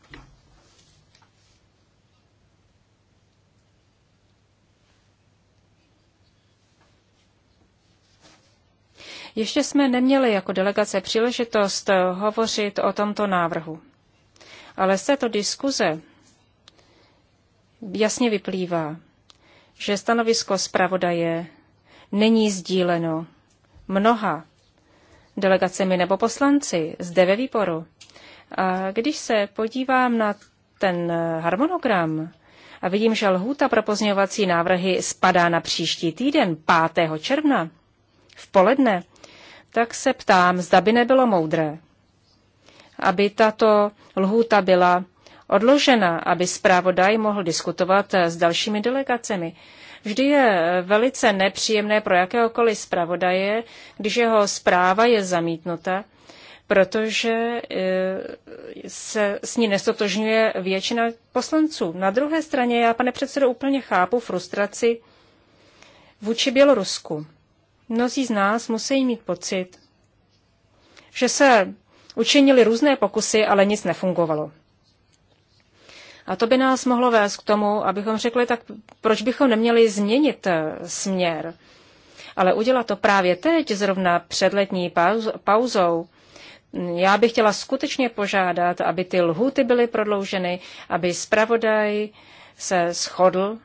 Ještě jsme neměli jako delegace příležitost eh, hovořit o tomto návrhu. Ale z této diskuze jasně vyplývá, že stanovisko zpravodaje není sdíleno mnoha delegacemi nebo poslanci zde ve výboru. A když se podívám na ten eh, harmonogram a vidím, že lhůta pro pozměňovací návrhy spadá na příští týden, 5. června, v poledne, tak se ptám, zda by nebylo moudré, aby tato lhůta byla odložena, aby zprávodaj mohl diskutovat s dalšími delegacemi. Vždy je velice nepříjemné pro jakéhokoliv zpravodaje, když jeho zpráva je zamítnuta, protože eh, se s ní nestotožňuje většina poslanců. Na druhé straně já, pane předsedo, úplně chápu frustraci vůči Bělorusku. Mnozí z nás musí mít pocit, že se učinili různé pokusy, ale nic nefungovalo. A to by nás mohlo vést k tomu, abychom řekli, tak proč bychom neměli změnit eh, směr, ale udělat to právě teď, zrovna před letní pauzou. Já bych chtěla skutečně požádat, aby ty lhuty byly prodlouženy, aby zpravodaj se shodl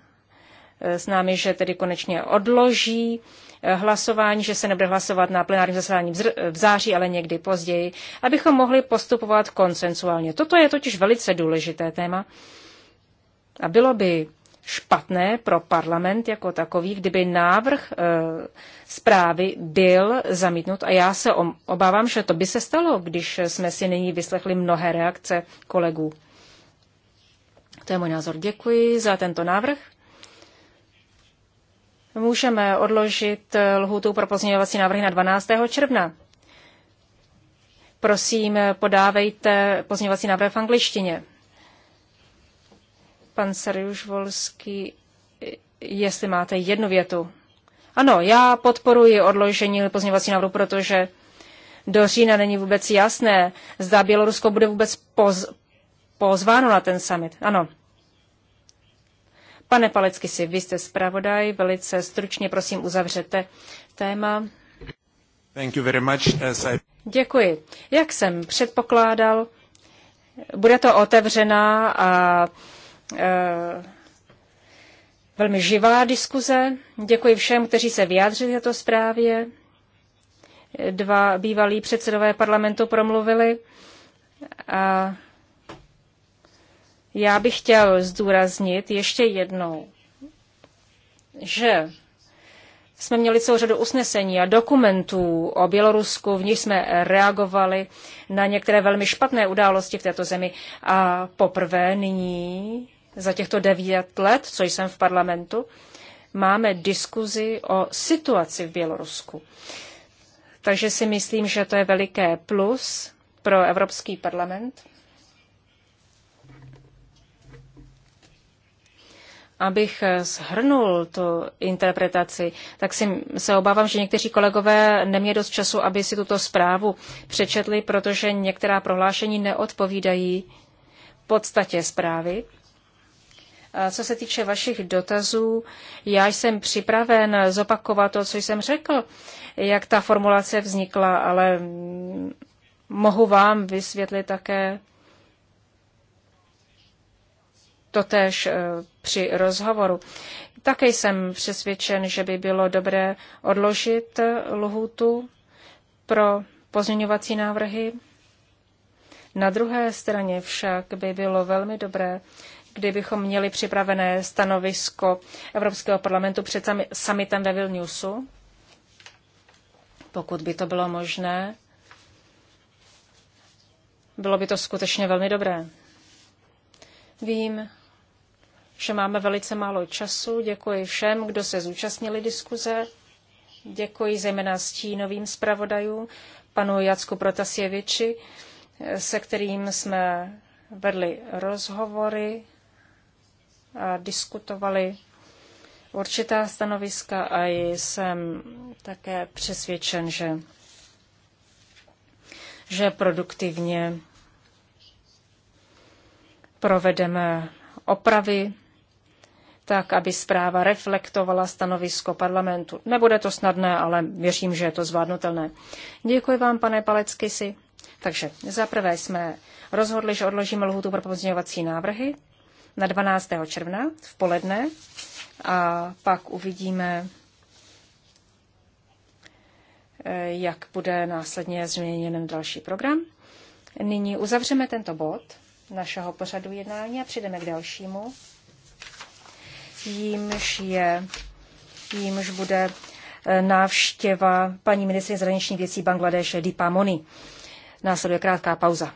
eh, s námi, že tedy konečně odloží hlasování, že se nebude hlasovat na plenárním zasedání v září, ale někdy později, abychom mohli postupovat konsensuálně. Toto je totiž velice důležité téma a bylo by špatné pro parlament jako takový, kdyby návrh e, zprávy byl zamítnut. A já se obávám, že to by se stalo, když jsme si nyní vyslechli mnohé reakce kolegů. To je můj názor. Děkuji za tento návrh můžeme odložit eh, lhůtu pro pozměňovací návrhy na 12. června. Prosím, eh, podávejte pozměňovací návrh v angličtině. Pan Sariuš Volský, eh, jestli máte jednu větu. Ano, já podporuji odložení pozměňovací návrhu, protože do října není vůbec jasné, zda Bělorusko bude vůbec poz, pozváno na ten summit. Ano. Pane Palecky, si vy jste zpravodaj, velice stručně prosím uzavřete téma. Thank you very much, I... Děkuji. Jak jsem předpokládal, bude to otevřená a e, velmi živá diskuze. Děkuji všem, kteří se vyjádřili na to zprávě. Dva bývalí předsedové parlamentu promluvili. A já bych chtěl zdůraznit ještě jednou, že jsme měli celou řadu usnesení a dokumentů o Bělorusku, v nich jsme reagovali na některé velmi špatné události v této zemi. A poprvé nyní, za těchto devět let, co jsem v parlamentu, máme diskuzi o situaci v Bělorusku. Takže si myslím, že to je veliké plus pro Evropský parlament. abych eh, shrnul tu interpretaci, tak si, se obávám, že někteří kolegové neměli dost času, aby si tuto zprávu přečetli, protože některá prohlášení neodpovídají podstatě zprávy. A co se týče vašich dotazů, já jsem připraven zopakovat to, co jsem řekl, jak ta formulace vznikla, ale mm, mohu vám vysvětlit také totéž eh, při rozhovoru. Také jsem přesvědčen, že by bylo dobré odložit eh, lhůtu pro pozměňovací návrhy. Na druhé straně však by bylo velmi dobré, kdybychom měli připravené stanovisko Evropského parlamentu před summitem ve Vilniusu, pokud by to bylo možné. Bylo by to skutečně velmi dobré. Vím, že máme velice málo času. Děkuji všem, kdo se zúčastnili diskuze. Děkuji zejména stínovým zpravodajům, panu Jacku Protasěviči, se kterým jsme vedli rozhovory a diskutovali určitá stanoviska a jsem také přesvědčen, že, že produktivně provedeme opravy tak aby zpráva reflektovala stanovisko parlamentu. Nebude to snadné, ale věřím, že je to zvládnutelné. Děkuji vám, pane si. Takže za prvé jsme rozhodli, že odložíme lhutu pro pozměňovací návrhy na 12. června v poledne a pak uvidíme, eh, jak bude následně změněn další program. Nyní uzavřeme tento bod našeho pořadu jednání a přijdeme k dalšímu jímž je, jímž bude eh, návštěva paní ministrině zahraničních věcí Bangladeše Dipa Moni. Následuje krátká pauza.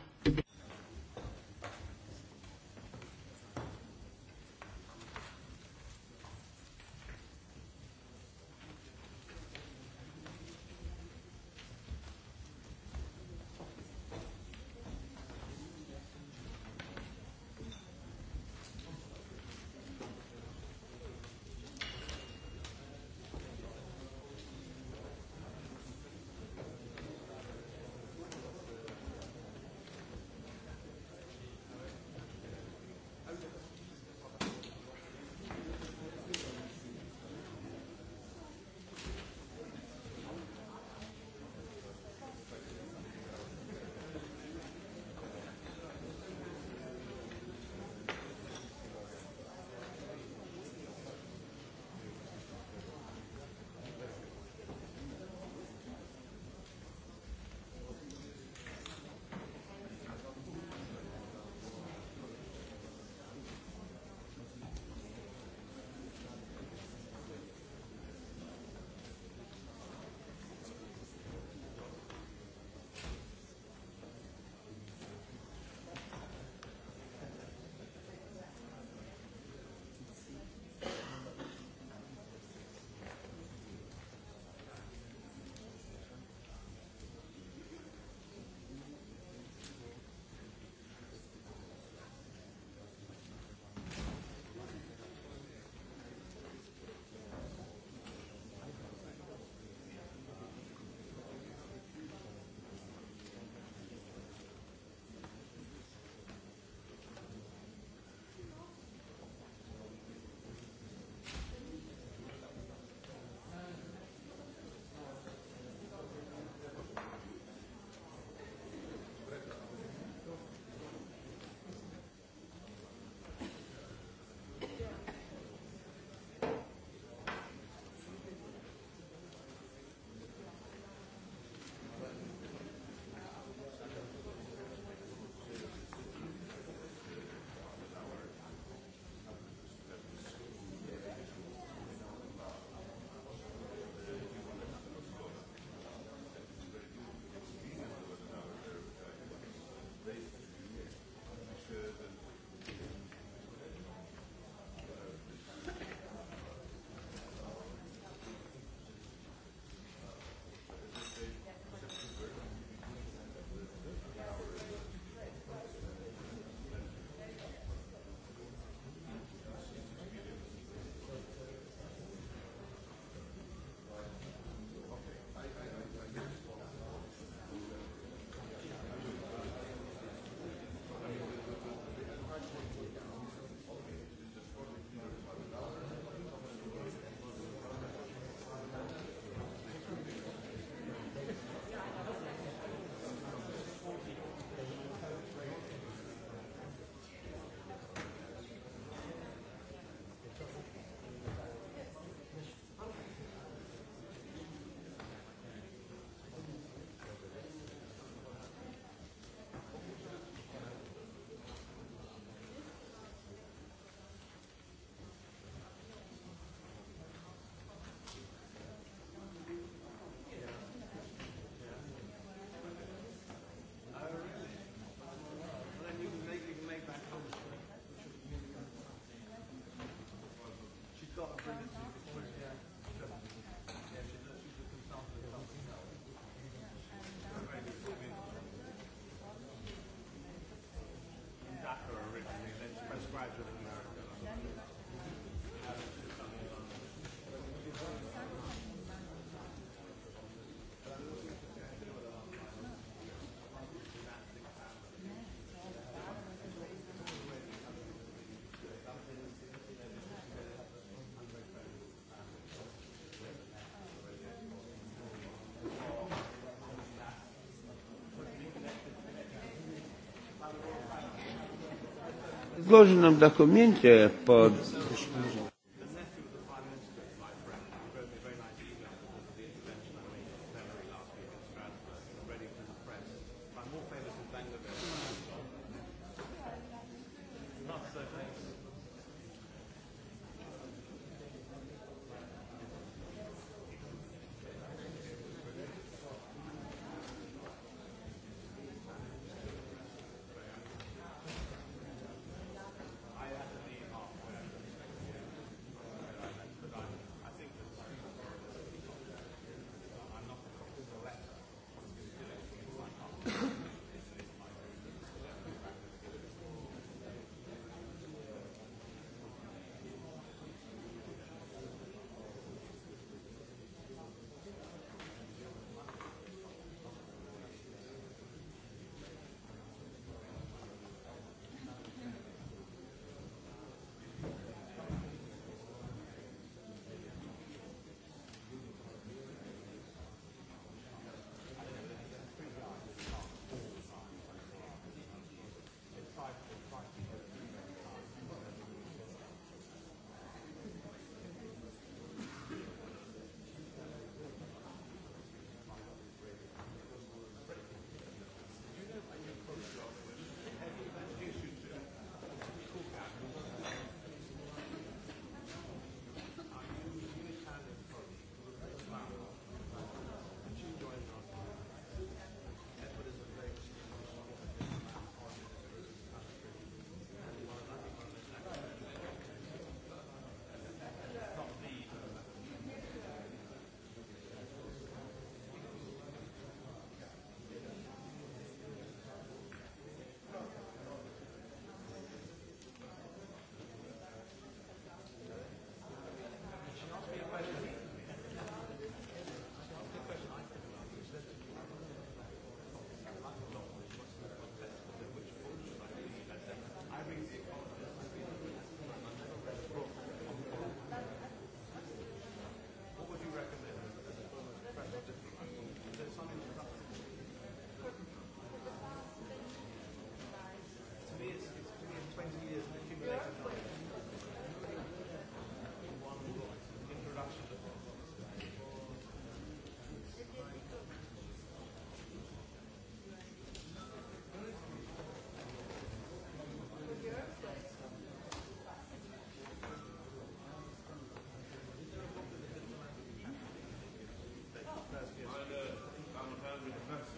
złożonym dokumencie pod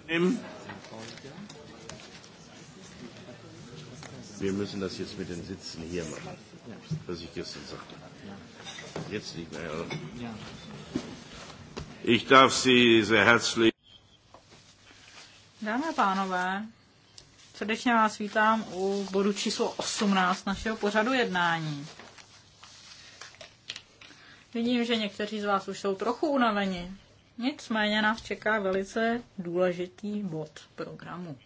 nehmen. Wir müssen das jetzt mit den Sitzen hier machen, was ich gestern sagte. Jetzt nicht mehr. Oder? Ich darf Sie sehr herzlich. Dámy a pánové, srdečně vás vítám u bodu číslo 18 našeho pořadu jednání. Vidím, že někteří z vás už jsou trochu unaveni, Nicméně nás čeká velice důležitý bod programu.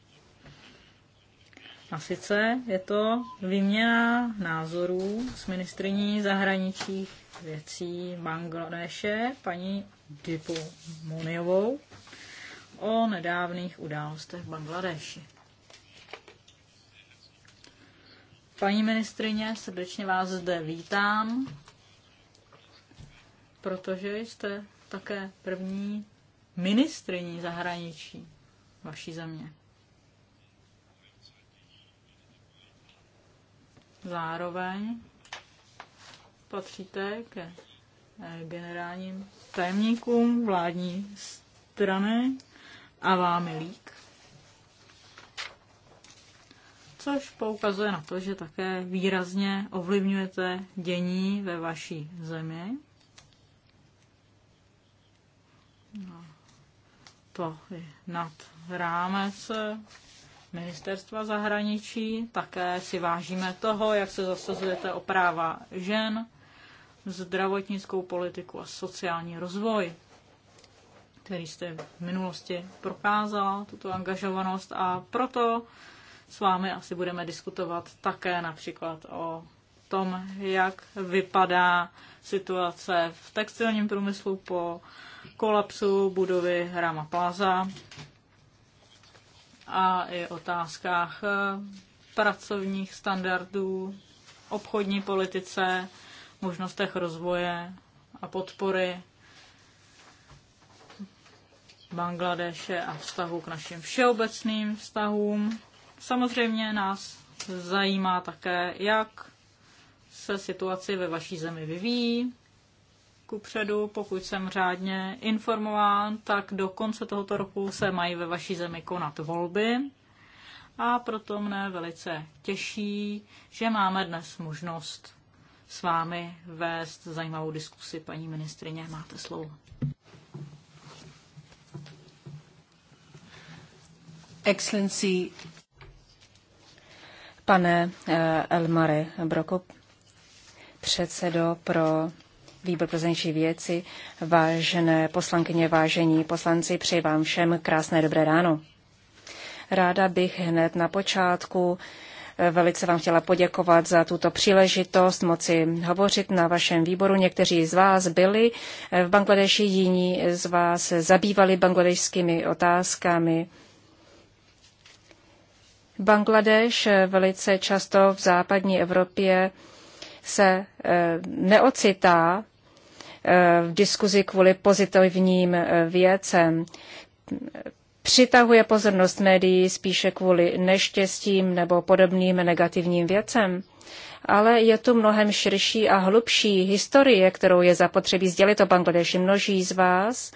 A sice je to výměna názorů s ministriní zahraničních věcí Bangladeše, paní Dipu Muniovou, o nedávných událostech v Bangladeši. Paní ministrině, srdečně vás zde vítám, protože jste také první ministrní zahraničí vaší země. Zároveň patříte ke eh, generálním tajemníkům vládní strany a vámi lík. Což poukazuje na to, že také výrazně ovlivňujete dění ve vaší zemi No. to je nad rámec ministerstva zahraničí. Také si vážíme toho, jak se zasazujete o práva žen, zdravotnickou politiku a sociální rozvoj, který jste v minulosti prokázala, tuto angažovanost a proto s vámi asi budeme diskutovat také například o tom, jak vypadá situace v textilním průmyslu po kolapsu budovy Rama Plaza a i otázkách eh, pracovních standardů, obchodní politice, možnostech rozvoje a podpory Bangladeše a vztahu k našim všeobecným vztahům. Samozřejmě nás zajímá také, jak se situaci ve vaší zemi vyvíjí, Předu, Pokud jsem řádně informován, tak do konce tohoto roku se mají ve vaší zemi konat volby. A proto mne velice těší, že máme dnes možnost s vámi vést zajímavou diskusi. Paní ministrině, máte slovo. Excellency. Pane eh, Elmary Broko, předsedo pro výbor pro zahraniční věci, vážené poslankyně, vážení poslanci, přeji vám všem krásné dobré ráno. Ráda bych hned na počátku eh, Velice vám chtěla poděkovat za tuto příležitost moci hovořit na vašem výboru. Někteří z vás byli eh, v Bangladeši, jiní z vás zabývali bangladešskými otázkami. Bangladeš eh, velice často v západní Evropě se eh, neocitá eh, v diskuzi kvůli pozitivním eh, věcem. Přitahuje pozornost médií spíše kvůli neštěstím nebo podobným negativním věcem. Ale je tu mnohem širší a hlubší historie, kterou je zapotřebí sdělit o Bangladeši. Množí z vás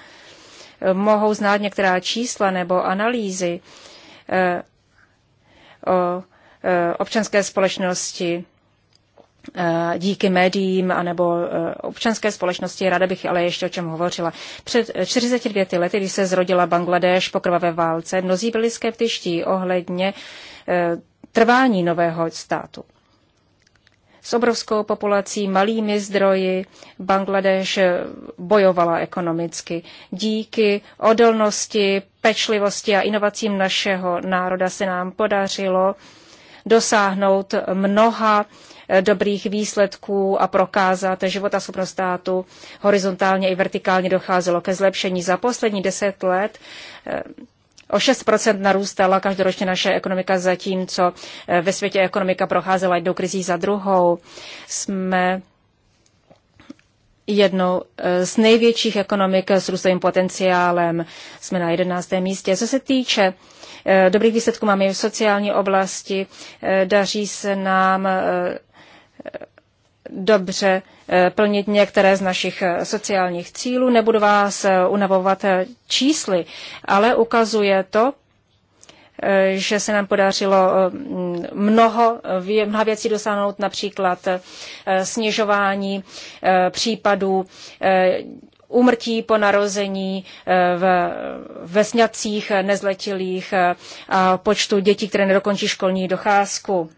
mohou znát některá čísla nebo analýzy o občanské společnosti Eh, díky médiím anebo eh, občanské společnosti. Ráda bych ale ještě o čem hovořila. Před 42 lety, když se zrodila Bangladeš po krvavé válce, mnozí byli skeptičtí ohledně eh, trvání nového státu. S obrovskou populací, malými zdroji Bangladeš bojovala ekonomicky. Díky odolnosti, pečlivosti a inovacím našeho národa se nám podařilo dosáhnout mnoha Eh, dobrých výsledků a prokázat života suprostátu státu. Horizontálně i vertikálně docházelo ke zlepšení. Za poslední deset let eh, o 6% narůstala každoročně naše ekonomika, co eh, ve světě ekonomika procházela jednou krizí za druhou. Jsme jednou z největších ekonomik s růstovým potenciálem. Jsme na 11. místě. Co se týče dobrých výsledků, máme i v sociální oblasti. Daří se nám dobře eh, plnit některé z našich eh, sociálních cílů. Nebudu vás eh, unavovat čísly, ale ukazuje to, že se nám podařilo mnoho, mnoha věcí dosáhnout, například snižování případů úmrtí po narození v, ve nezletilých a počtu dětí, které nedokončí školní docházku.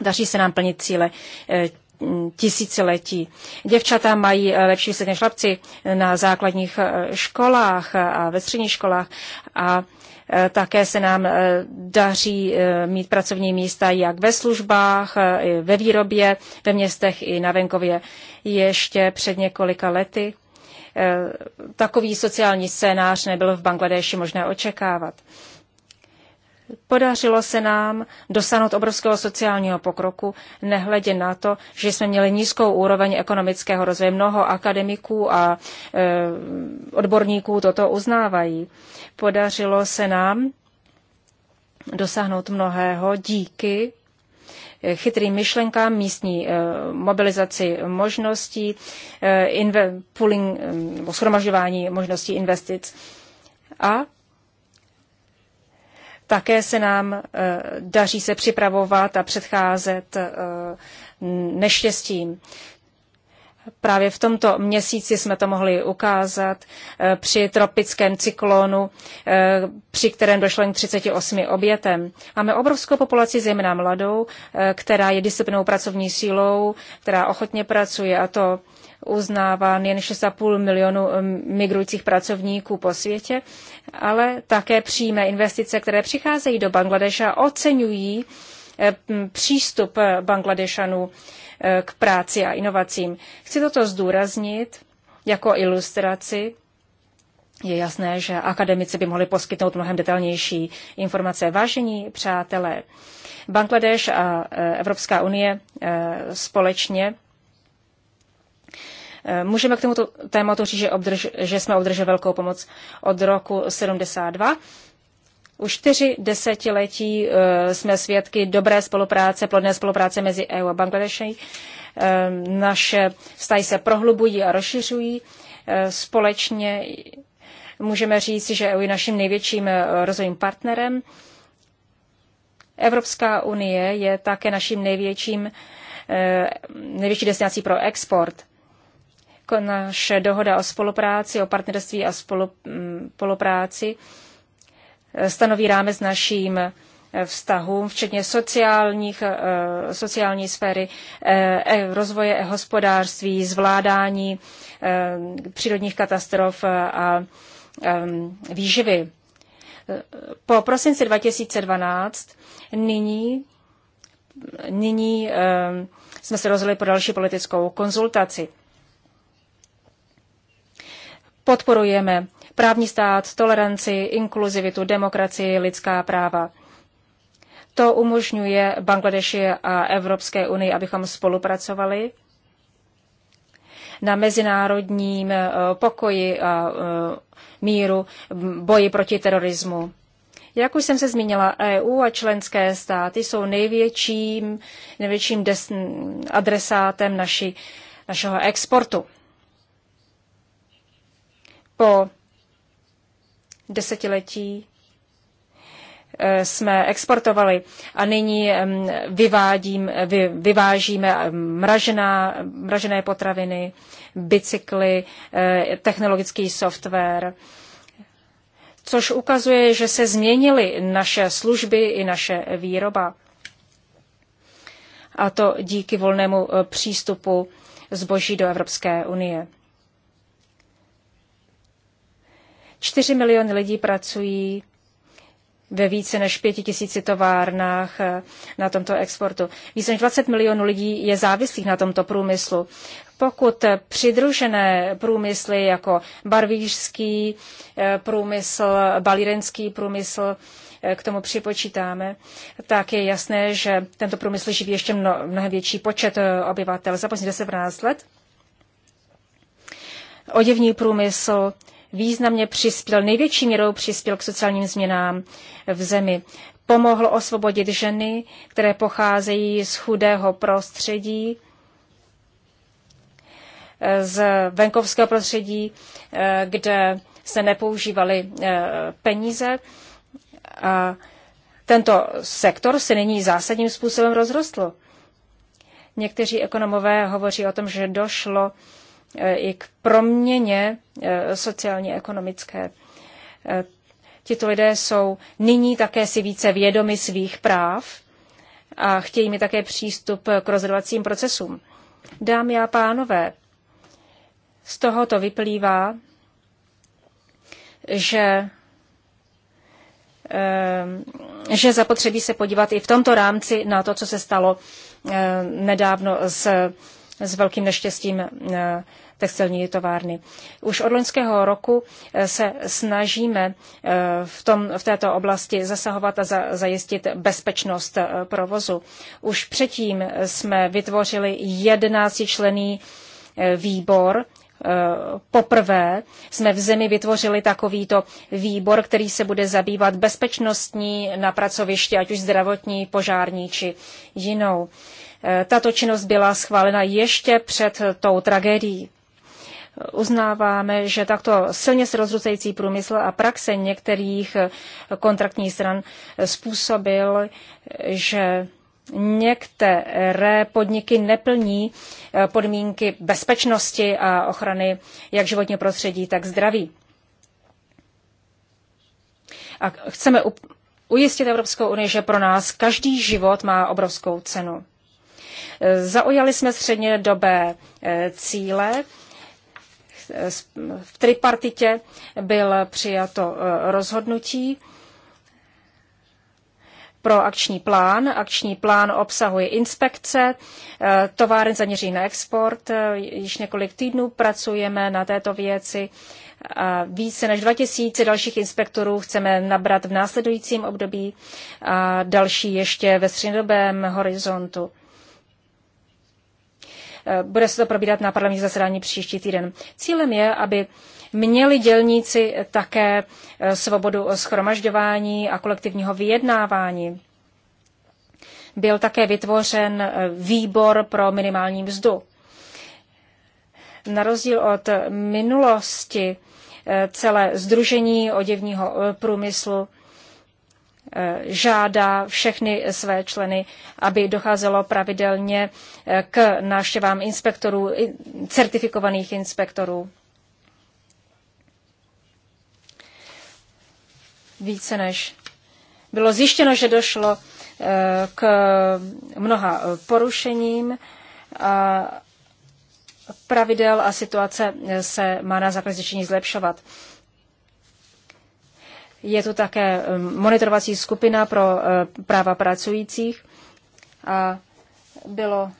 Daří se nám plnit cíle eh, tisíciletí. Děvčata mají eh, lepší výsledky než chlapci na základních eh, školách a ve středních školách a také se nám daří mít pracovní místa jak ve službách, ve výrobě, ve městech i na venkově. Ještě před několika lety takový sociální scénář nebyl v Bangladeši možné očekávat. Podařilo se nám dosáhnout obrovského sociálního pokroku, nehledě na to, že jsme měli nízkou úroveň ekonomického rozvoje. Mnoho akademiků a e, odborníků toto uznávají. Podařilo se nám dosáhnout mnohého díky e, chytrým myšlenkám, místní e, mobilizaci možností, e, inve, pooling, schromažďování možností investic a také se nám eh, daří se připravovat a předcházet eh, neštěstím. Právě v tomto měsíci jsme to mohli ukázat eh, při tropickém cyklonu, při kterém došlo k 38 obětem. Máme obrovskou populaci, zejména mladou, která je disciplinou pracovní sílou, která ochotně pracuje a to uznáván jen 6,5 milionu um, migrujících pracovníků po světě, ale také přímé investice, které přicházejí do Bangladeša, oceňují eh, přístup eh, Bangladešanů eh, k práci a inovacím. Chci toto zdůraznit jako ilustraci je jasné, že akademici by mohli poskytnout mnohem detailnější informace. Vážení přátelé, Bangladeš a Evropská unie společně Eh, můžeme k tomuto tématu říct, že, obdrž, že jsme obdrželi velkou pomoc od roku 72. Už čtyři desetiletí eh, jsme svědky dobré spolupráce, plodné spolupráce mezi EU a Bangladeši. Eh, naše vztahy se prohlubují a rozšiřují. Společně můžeme říct, že EU je naším největším rozvojovým partnerem. Evropská unie je také naším největším, největší destinací pro export. Jako naše dohoda o spolupráci, o partnerství a spolupráci eh, stanoví rámec naším eh, vztahům, včetně sociálních, eh, sociální sféry, e, rozvoje e, hospodářství, zvládání přírodních katastrof a výživy. Po prosinci 2012 nyní, nyní jsme se rozhodli pro další politickou konzultaci podporujeme právní stát, toleranci, inkluzivitu, demokracii, lidská práva. To umožňuje Bangladeši a Evropské unii, abychom spolupracovali na mezinárodním eh, pokoji a eh, míru, boji proti terorismu. Jak už jsem se zmínila, EU a členské státy jsou největším, největším adresátem naši, našeho exportu. Po desetiletí eh, jsme exportovali a nyní vyvádím, vy, vyvážíme mražená, mražené potraviny, bicykly, eh, technologický software, což ukazuje, že se změnily naše služby i naše výroba. A to díky volnému eh, přístupu zboží do Evropské unie. 4 miliony lidí pracují ve více než pěti tisíci továrnách eh, na tomto exportu. Více než 20 milionů lidí je závislých na tomto průmyslu. Pokud přidružené průmysly jako barvířský eh, průmysl, balírenský průmysl eh, k tomu připočítáme, tak je jasné, že tento průmysl živí ještě mnohem větší počet obyvatel za poslední 10-15 let. Oděvní průmysl významně přispěl, největší měrou přispěl k sociálním změnám v zemi. Pomohl osvobodit ženy, které pocházejí z chudého prostředí, z venkovského prostředí, eh, kde se nepoužívaly eh, peníze. A tento sektor se nyní zásadním způsobem rozrostl. Někteří ekonomové hovoří o tom, že došlo Eh, i k proměně eh, sociálně-ekonomické. Eh, tito lidé jsou nyní také si více vědomi svých práv a chtějí mi také přístup k rozhodovacím procesům. Dámy a pánové, z to vyplývá, že že zapotřebí se podívat i v tomto rámci na to, co se stalo nedávno s s velkým neštěstím e, textilní továrny. Už od loňského roku e, se snažíme e, v, tom, v této oblasti zasahovat a za, zajistit bezpečnost provozu. Už předtím jsme vytvořili 11 člený výbor poprvé jsme v zemi vytvořili takovýto výbor, který se bude zabývat bezpečnostní na pracovišti, ať už zdravotní, požární či jinou. Tato činnost byla schválena ještě před tou tragédií. Uznáváme, že takto silně se rozrucející průmysl a praxe některých kontraktních stran způsobil, že některé podniky neplní eh, podmínky bezpečnosti a ochrany jak životního prostředí, tak zdraví. A chceme ujistit Evropskou unii, že pro nás každý život má obrovskou cenu. Zaujali jsme středně eh, cíle. V tripartitě byl přijato eh, rozhodnutí pro akční plán. Akční plán obsahuje inspekce, eh, továren zaměří na export. Již několik týdnů pracujeme na této věci. A více než 2000 dalších inspektorů chceme nabrat v následujícím období a další ještě ve střednědobém horizontu. Eh, bude se to probírat na parlamentní zasedání příští týden. Cílem je, aby měli dělníci také eh, svobodu schromažďování a kolektivního vyjednávání. Byl také vytvořen eh, výbor pro minimální mzdu. Na rozdíl od minulosti celé združení oděvního průmyslu Eh, žádá všechny své členy, aby docházelo pravidelně eh, k návštěvám inspektorů, certifikovaných inspektorů. Více než bylo zjištěno, že došlo eh, k mnoha porušením a pravidel a situace se má na základě zlepšovat. Je tu také um, monitorovací skupina pro uh, práva pracujících a bylo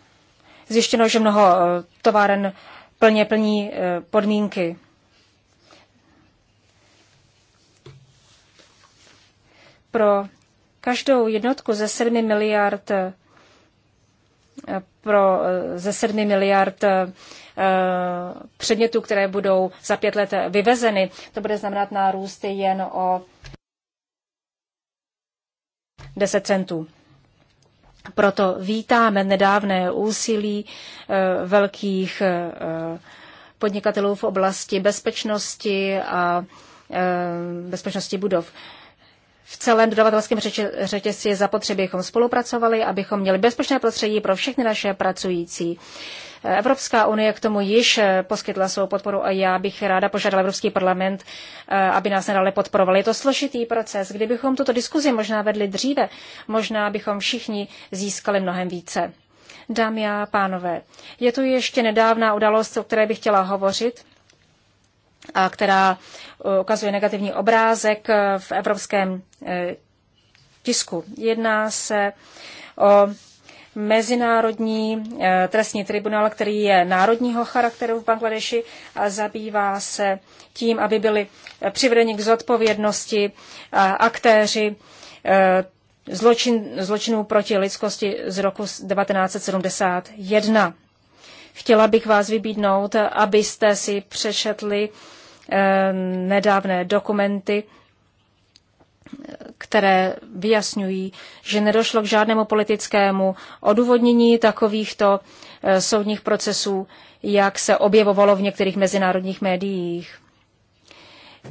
zjištěno, že mnoho uh, továren plně plní uh, podmínky. Pro každou jednotku ze 7 miliard pro, ze 7 miliard Eh, předmětů, které budou za pět let vyvezeny. To bude znamenat nárůst jen o 10 centů. Proto vítáme nedávné úsilí eh, velkých eh, podnikatelů v oblasti bezpečnosti a bezpečnosti budov v celém dodavatelském řetězci je zapotřebí, abychom spolupracovali, abychom měli bezpečné prostředí pro všechny naše pracující. Evropská unie k tomu již eh, poskytla svou podporu a já bych ráda požádala Evropský parlament, eh, aby nás nadále podporoval. Je to složitý proces. Kdybychom tuto diskuzi možná vedli dříve, možná bychom všichni získali mnohem více. Dámy a pánové, je tu ještě nedávná událost, o které bych chtěla hovořit která eh, ukazuje negativní obrázek eh, v evropském eh, tisku. Jedná se o mezinárodní trestní tribunál, který je národního charakteru v Bangladeši a zabývá se tím, aby byli přivedeni k zodpovědnosti aktéři zločin, zločinů proti lidskosti z roku 1971. Chtěla bych vás vybídnout, abyste si přešetli eh, nedávné dokumenty, které vyjasňují, že nedošlo k žádnému politickému odůvodnění takovýchto eh, soudních procesů, jak se objevovalo v některých mezinárodních médiích.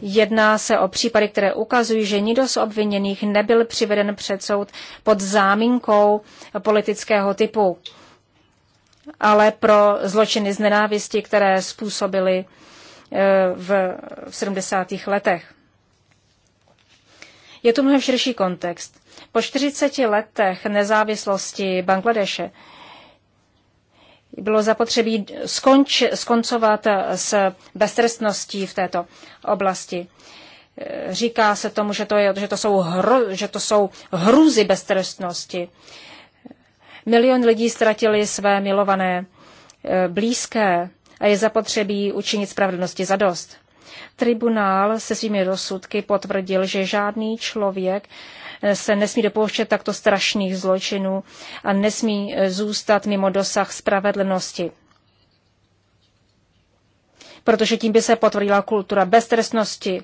Jedná se o případy, které ukazují, že nikdo z obviněných nebyl přiveden před soud pod záminkou politického typu ale pro zločiny z nenávisti, které způsobily eh, v 70. letech. Je tu mnohem širší kontext. Po 40 letech nezávislosti Bangladeše bylo zapotřebí skonč, skoncovat s beztrestností v této oblasti. Eh, říká se tomu, že to, je, že to, jsou, hro, že to jsou hrůzy beztrestnosti. Milion lidí ztratili své milované eh, blízké a je zapotřebí učinit spravedlnosti za dost. Tribunál se svými rozsudky potvrdil, že žádný člověk eh, se nesmí dopouštět takto strašných zločinů a nesmí eh, zůstat mimo dosah spravedlnosti. Protože tím by se potvrdila kultura beztrestnosti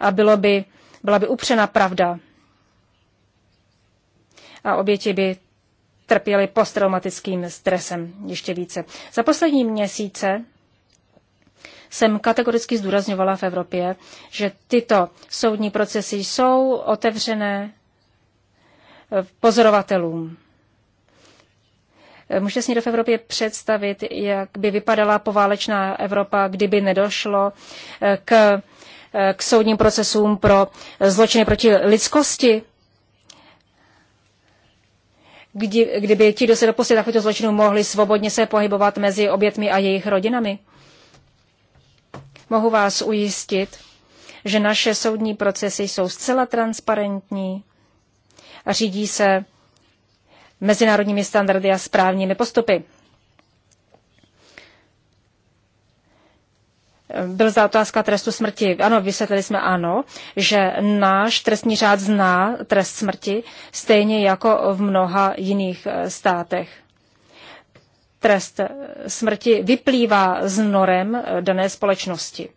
a bylo by, byla by upřena pravda. A oběti by trpěli posttraumatickým stresem ještě více. Za poslední měsíce jsem kategoricky zdůrazňovala v Evropě, že tyto soudní procesy jsou otevřené eh, pozorovatelům. Eh, můžete si v Evropě představit, jak by vypadala poválečná Evropa, kdyby nedošlo eh, k, k soudním procesům pro zločiny proti lidskosti, kdy, kdyby ti, kdo se dopustili takovýchto zločinů, mohli svobodně se pohybovat mezi obětmi a jejich rodinami? Mohu vás ujistit, že naše soudní procesy jsou zcela transparentní a řídí se mezinárodními standardy a správními postupy. byl za otázka trestu smrti. Ano, vysvětlili jsme ano, že náš trestní řád zná trest smrti, stejně jako v mnoha jiných eh, státech. Trest eh, smrti vyplývá z norem eh, dané společnosti.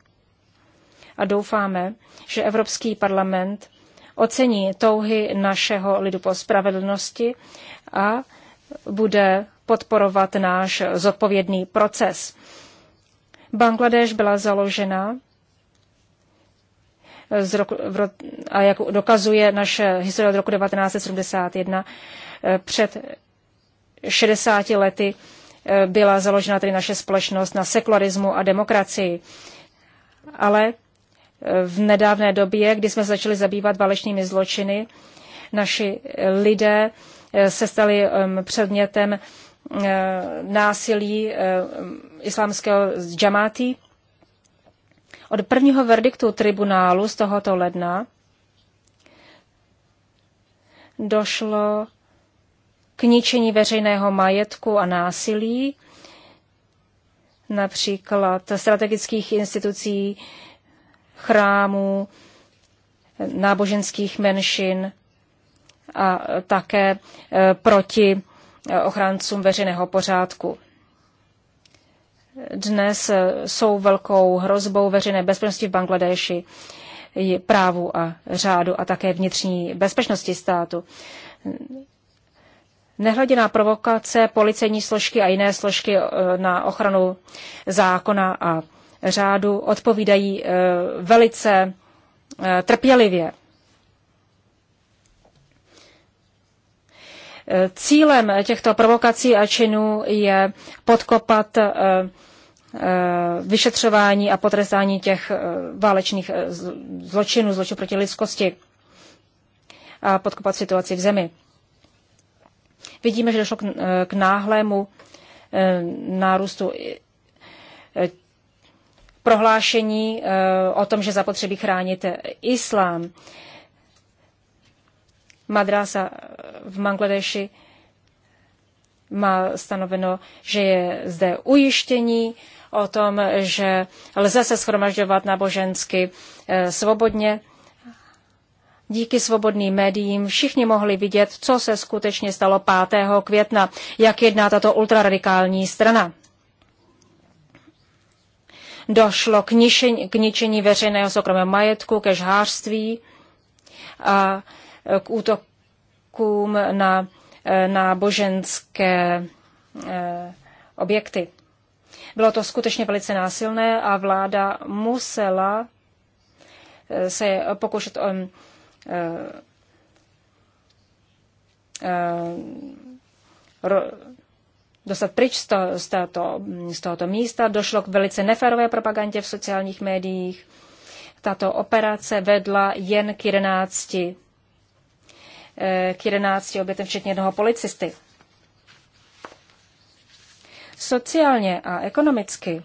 A doufáme, že Evropský parlament ocení touhy našeho lidu po spravedlnosti a bude podporovat náš zodpovědný proces Bangladeš byla založena z roku, a jak dokazuje naše historie od roku 1971, eh, před 60 lety eh, byla založena tedy naše společnost na sekularismu a demokracii. Ale eh, v nedávné době, kdy jsme začali zabývat válečnými zločiny, naši lidé se stali předmětem Eh, násilí eh, islámského džamáty. Od prvního verdiktu tribunálu z tohoto ledna došlo k ničení veřejného majetku a násilí, například strategických institucí, chrámů, náboženských menšin a také eh, proti Eh, ochráncům veřejného pořádku. Dnes eh, jsou velkou hrozbou veřejné bezpečnosti v Bangladeši právu a řádu a také vnitřní bezpečnosti státu. Nehleděná provokace policejní složky a jiné složky eh, na ochranu zákona a řádu odpovídají velice trpělivě Cílem těchto provokací a činů je podkopat eh, eh, vyšetřování a potrestání těch eh, válečných zločinů, zločinů proti lidskosti a podkopat situaci v zemi. Vidíme, že došlo k náhlému nárůstu prohlášení o tom, že zapotřebí chránit islám. Madrasa v Mangladeši má stanoveno, že je zde ujištění o tom, že lze se schromažďovat nábožensky eh, svobodně. Díky svobodným médiím všichni mohli vidět, co se skutečně stalo 5. května, jak jedná tato ultraradikální strana. Došlo k ničení, k ničení veřejného soukromého majetku, ke žhářství a k útokům na eh, náboženské eh, objekty. Bylo to skutečně velice násilné a vláda musela eh, se pokoušet o dostat pryč z, to, z, této, z tohoto místa. Došlo k velice neférové propagandě v sociálních médiích. Tato operace vedla jen k 11 Eh, k 11 obětem, včetně jednoho policisty. Sociálně a ekonomicky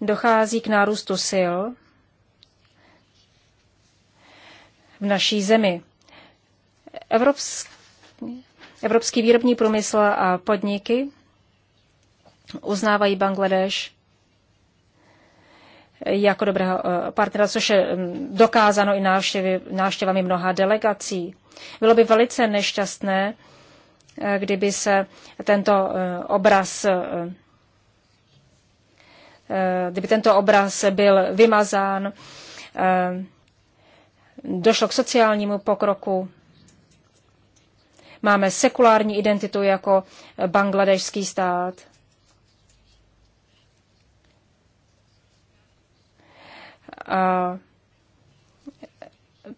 dochází k nárůstu sil v naší zemi. Evropský, evropský výrobní průmysl a podniky uznávají Bangladeš jako dobrého eh, partnera, což je mm, dokázáno i návštěvy, návštěvami mnoha delegací. Bylo by velice nešťastné, eh, kdyby se tento eh, obraz kdyby tento obraz byl vymazán, došlo k sociálnímu pokroku, máme sekulární identitu jako bangladežský stát.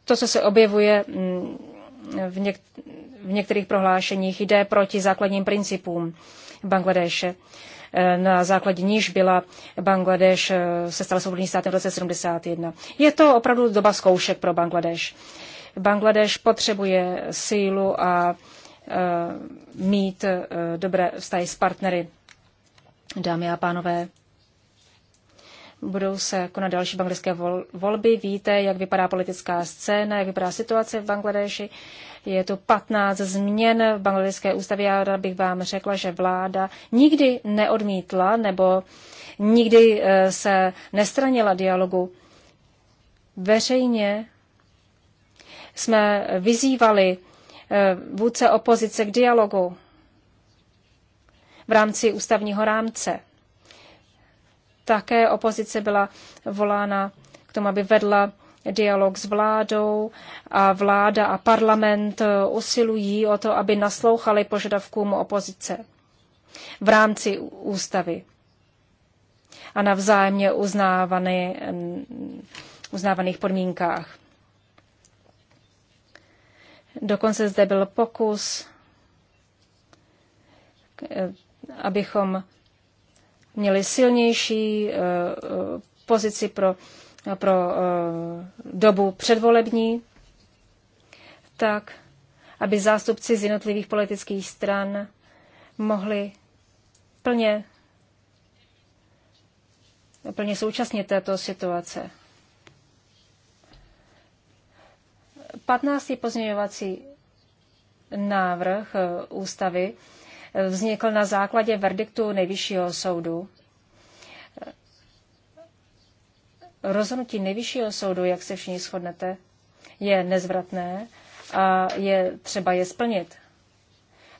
to, co se objevuje mm, v, něk- v některých prohlášeních, jde proti základním principům Bangladeše. E, na základě níž byla Bangladeš e, se stala svobodným státem v roce 71. Je to opravdu doba zkoušek pro Bangladeš. Bangladeš potřebuje sílu a e, mít dobré vztahy s partnery. Dámy a pánové, Budou se konat další bangladeské volby. Víte, jak vypadá politická scéna, jak vypadá situace v Bangladeši. Je to 15 změn v bangladeské ústavě. Já bych vám řekla, že vláda nikdy neodmítla nebo nikdy eh, se nestranila dialogu. Veřejně jsme vyzývali eh, vůdce opozice k dialogu v rámci ústavního rámce. Také opozice byla volána k tomu, aby vedla dialog s vládou a vláda a parlament eh, usilují o to, aby naslouchali požadavkům opozice v rámci ústavy a na vzájemně uznávaný, mm, uznávaných podmínkách. Dokonce zde byl pokus, eh, abychom měli silnější eh, eh, pozici pro, pro eh, dobu předvolební, tak aby zástupci z jednotlivých politických stran mohli plně, plně současně této situace. 15. pozměňovací návrh ústavy vznikl na základě verdiktu Nejvyššího soudu. Rozhodnutí Nejvyššího soudu, jak se všichni shodnete, je nezvratné a je třeba je splnit.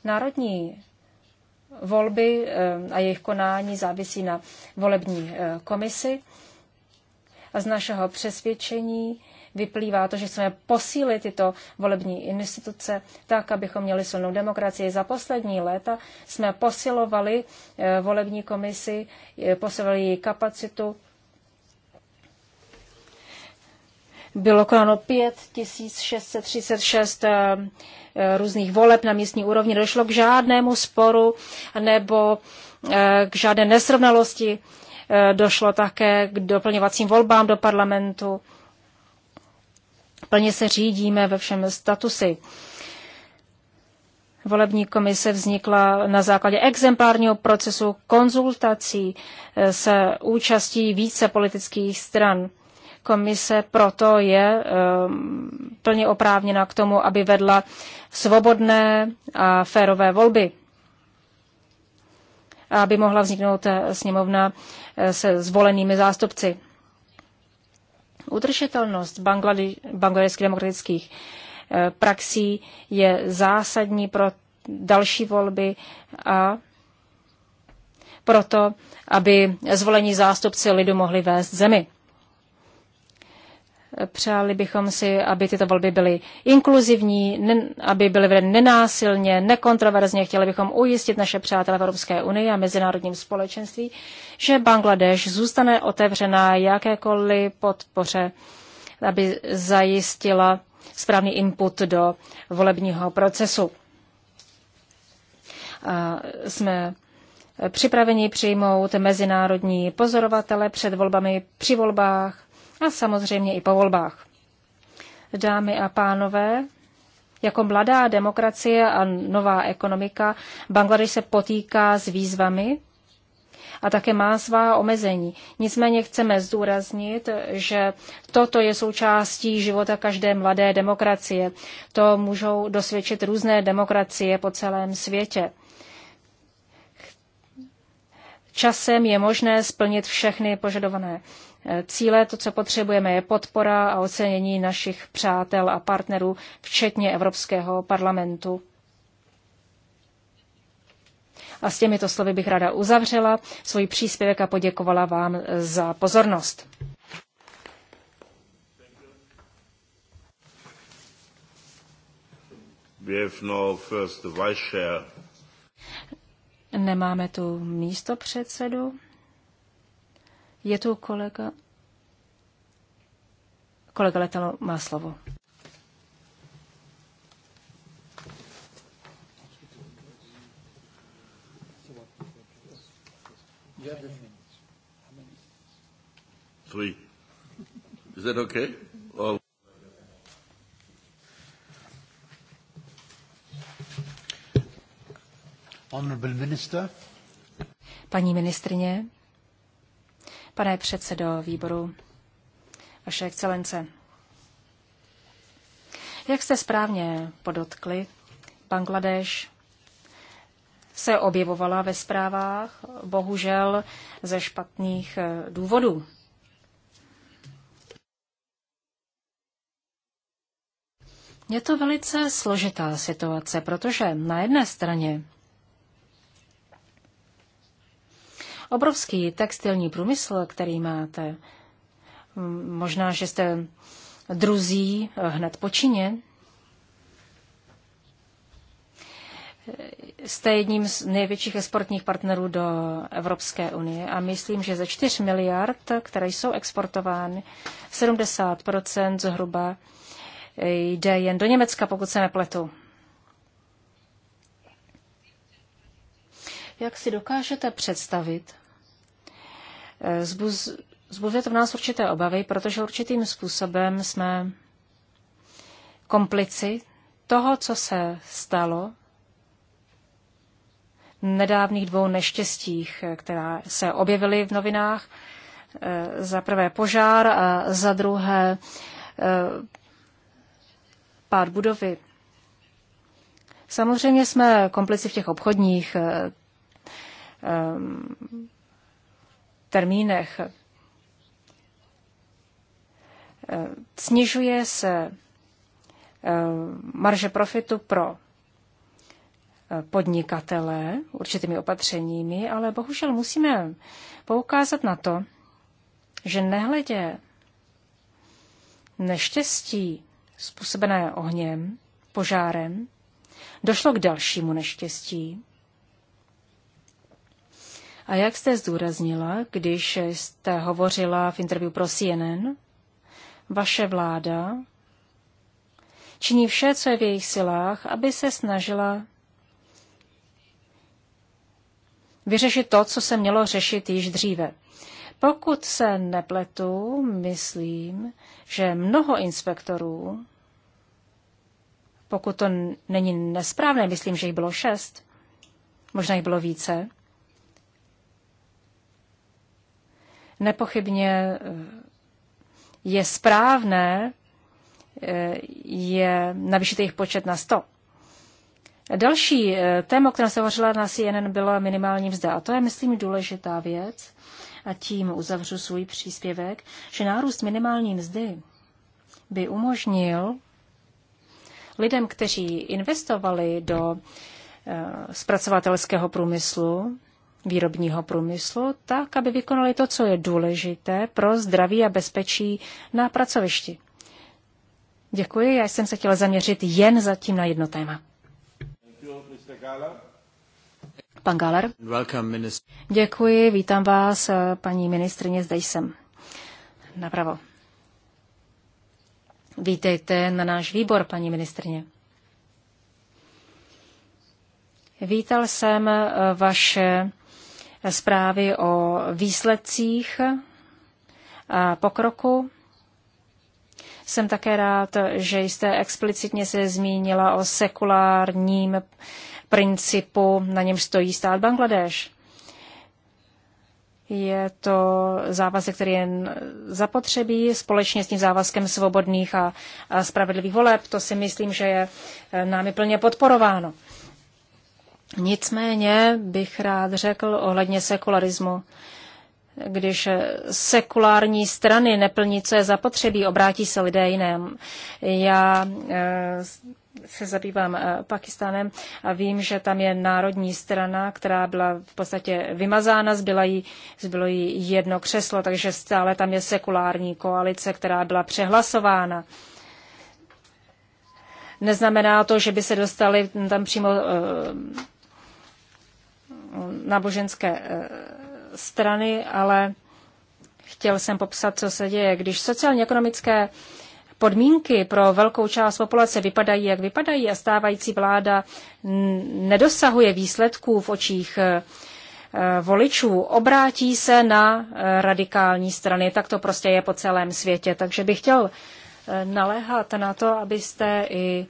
Národní volby eh, a jejich konání závisí na volební eh, komisi. A z našeho přesvědčení vyplývá to, že chceme posílit tyto volební instituce tak, abychom měli silnou demokracii. Za poslední léta jsme posilovali eh, volební komisi, eh, posilovali její kapacitu. Bylo konáno 5636 eh, různých voleb na místní úrovni. Došlo k žádnému sporu nebo k žádné nesrovnalosti došlo také k doplňovacím volbám do parlamentu. Plně se řídíme ve všem statusy. Volební komise vznikla na základě exemplárního procesu konzultací eh, se účastí více politických stran. Komise proto je ehm, plně oprávněna k tomu, aby vedla svobodné a férové volby. Aby mohla vzniknout eh, sněmovna eh, se zvolenými zástupci udržitelnost bangladeských demokratických eh, praxí je zásadní pro další volby a proto, aby zvolení zástupci lidu mohli vést zemi. Přáli bychom si, aby tyto volby byly inkluzivní, ne, aby byly vedeny nenásilně, nekontroverzně. Chtěli bychom ujistit naše přátelé v Evropské unii a mezinárodním společenství, že Bangladeš zůstane otevřená jakékoliv podpoře, aby zajistila správný input do volebního procesu. A jsme připraveni přijmout mezinárodní pozorovatele před volbami, při volbách a samozřejmě i po volbách. Dámy a pánové, jako mladá demokracie a nová ekonomika, Bangladeš se potýká s výzvami a také má svá omezení. Nicméně chceme zdůraznit, že toto je součástí života každé mladé demokracie. To můžou dosvědčit různé demokracie po celém světě. Časem je možné splnit všechny požadované cíle. To, co potřebujeme, je podpora a ocenění našich přátel a partnerů, včetně Evropského parlamentu. A s těmito slovy bych ráda uzavřela svůj příspěvek a poděkovala vám za pozornost. Nemáme tu místo předsedu. Je tu kolega. Kolega Letalo má slovo. Three. Is that okay? Or... Honorable Minister. Paní ministrině, Pane předsedo výboru, vaše excelence, jak jste správně podotkli, Bangladeš se objevovala ve zprávách, bohužel ze špatných eh, důvodů. Je to velice složitá situace, protože na jedné straně obrovský textilní průmysl, který máte. Možná, že jste druzí eh, hned po Číně. Eh, jste jedním z největších exportních partnerů do Evropské unie a myslím, že ze 4 miliard, které jsou exportovány, 70 zhruba eh, jde jen do Německa, pokud se nepletu. Jak si dokážete představit, zbuzuje to v nás určité obavy, protože určitým způsobem jsme komplici toho, co se stalo nedávných dvou neštěstích, která se objevily v novinách. Eh, za prvé požár a za druhé eh, pád budovy. Samozřejmě jsme komplici v těch obchodních eh, termínech. Eh, snižuje se eh, marže profitu pro eh, podnikatele určitými opatřeními, ale bohužel musíme poukázat na to, že nehledě neštěstí způsobené ohněm, požárem, došlo k dalšímu neštěstí, a jak jste zdůraznila, když jste hovořila v interview pro CNN, vaše vláda činí vše, co je v jejich silách, aby se snažila vyřešit to, co se mělo řešit již dříve. Pokud se nepletu, myslím, že mnoho inspektorů, pokud to není nesprávné, myslím, že jich bylo šest, možná jich bylo více, nepochybně eh, je správné, eh, je navýšit jejich počet na 100. Další eh, téma, kterém se hovořila na CNN, byla minimální mzda. A to je, myslím, důležitá věc. A tím uzavřu svůj příspěvek, že nárůst minimální mzdy by umožnil lidem, kteří investovali do zpracovatelského průmyslu, výrobního průmyslu, tak aby vykonali to, co je důležité pro zdraví a bezpečí na pracovišti. Děkuji, já jsem se chtěla zaměřit jen zatím na jedno téma. Pan Galer. Děkuji, vítám vás, paní ministrině, zde jsem. Napravo. Vítejte na náš výbor, paní ministrině. Vítal jsem vaše zprávy o výsledcích a pokroku. Jsem také rád, že jste explicitně se zmínila o sekulárním principu, na něm stojí stát Bangladeš. Je to závazek, který je zapotřebí společně s tím závazkem svobodných a, a spravedlivých voleb. To si myslím, že je e, námi plně podporováno. Nicméně bych rád řekl ohledně sekularismu. Když sekulární strany neplní, co je zapotřebí, obrátí se lidé jiném. Já eh, se zabývám eh, Pakistánem a vím, že tam je národní strana, která byla v podstatě vymazána, zbyla jí, zbylo jí jedno křeslo, takže stále tam je sekulární koalice, která byla přehlasována. Neznamená to, že by se dostali tam přímo eh, náboženské eh, strany, ale chtěl jsem popsat, co se děje. Když sociálně ekonomické podmínky pro velkou část populace vypadají, jak vypadají a stávající vláda nedosahuje výsledků v očích eh, eh, voličů, obrátí se na radikální strany. Tak to prostě je po celém světě. Takže bych chtěl naléhat na to, abyste i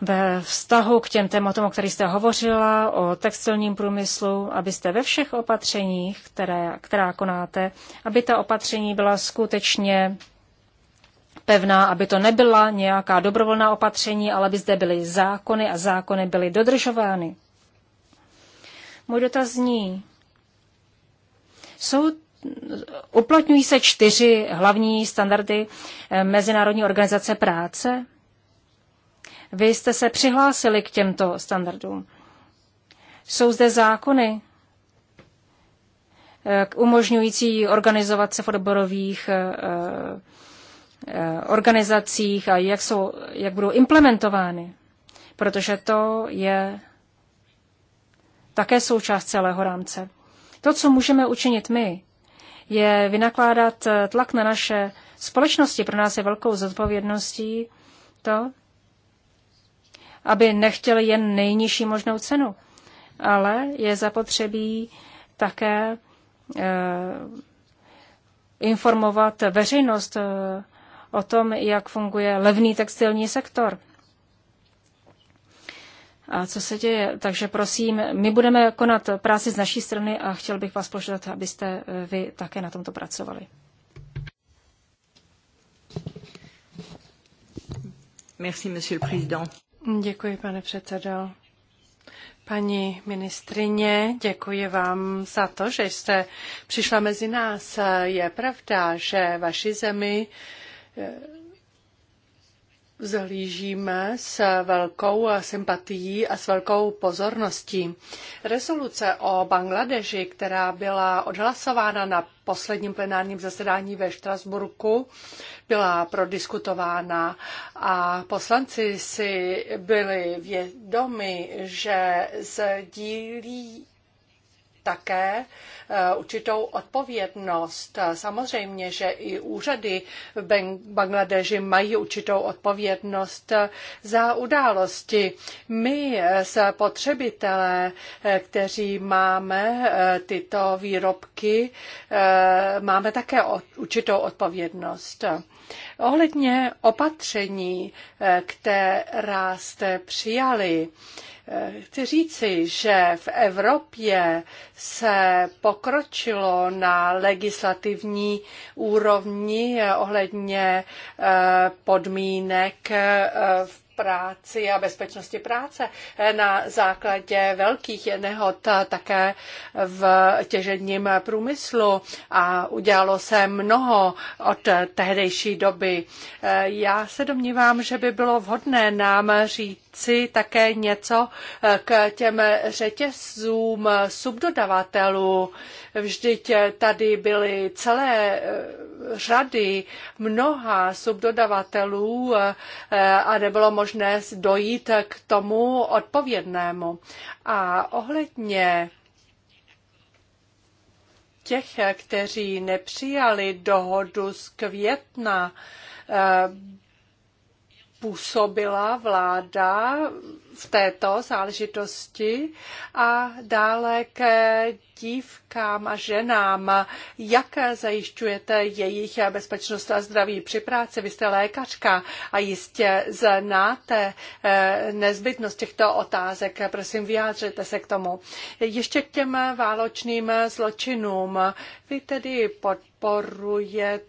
ve vztahu k těm tématům, o kterých jste hovořila, o textilním průmyslu, abyste ve všech opatřeních, které, která konáte, aby ta opatření byla skutečně pevná, aby to nebyla nějaká dobrovolná opatření, ale aby zde byly zákony a zákony byly dodržovány. Můj dotaz zní, jsou uplatňují se čtyři hlavní standardy eh, Mezinárodní organizace práce? Vy jste se přihlásili k těmto standardům. Jsou zde zákony eh, umožňující organizovat se v odborových eh, eh, organizacích a jak, jsou, jak budou implementovány, protože to je také součást celého rámce. To, co můžeme učinit my, je vynakládat tlak na naše společnosti. Pro nás je velkou zodpovědností to, aby nechtěl jen nejnižší možnou cenu, ale je zapotřebí také eh, informovat veřejnost eh, o tom, jak funguje levný textilní sektor. A co se děje? Takže prosím, my budeme konat práci z naší strany a chtěl bych vás požádat, abyste eh, vy také na tomto pracovali. Merci, monsieur le président. Děkuji, pane předsedo. Paní ministrině, děkuji vám za to, že jste přišla mezi nás. Je pravda, že vaši zemi Zhlížíme s velkou sympatií a s velkou pozorností. Rezoluce o Bangladeži, která byla odhlasována na posledním plenárním zasedání ve Štrasburku, byla prodiskutována a poslanci si byli vědomi, že sdílí také eh, určitou odpovědnost. Samozřejmě, že i úřady v Bangladeži mají určitou odpovědnost eh, za události. My, eh, spotřebitelé, kteří máme tyto výrobky, máme také určitou odpovědnost. Ohledně opatření, která jste přijali, Chci říci, že v Evropě se pokročilo na legislativní úrovni ohledně eh, podmínek eh, v práci a bezpečnosti práce na základě velkých nehod také v těžením průmyslu a udělalo se mnoho od tehdejší doby. Já se domnívám, že by bylo vhodné nám říci také něco k těm řetězům subdodavatelů Vždyť tady byly celé e, řady mnoha subdodavatelů e, a nebylo možné dojít k tomu odpovědnému. A ohledně těch, kteří nepřijali dohodu z května, e, působila vláda v této záležitosti a dále k dívkám a ženám. Jak zajišťujete jejich bezpečnost a zdraví při práci? Vy jste lékařka a jistě znáte eh, nezbytnost těchto otázek. Prosím, vyjádřete se k tomu. Ještě k těm válečným zločinům. Vy tedy podporujete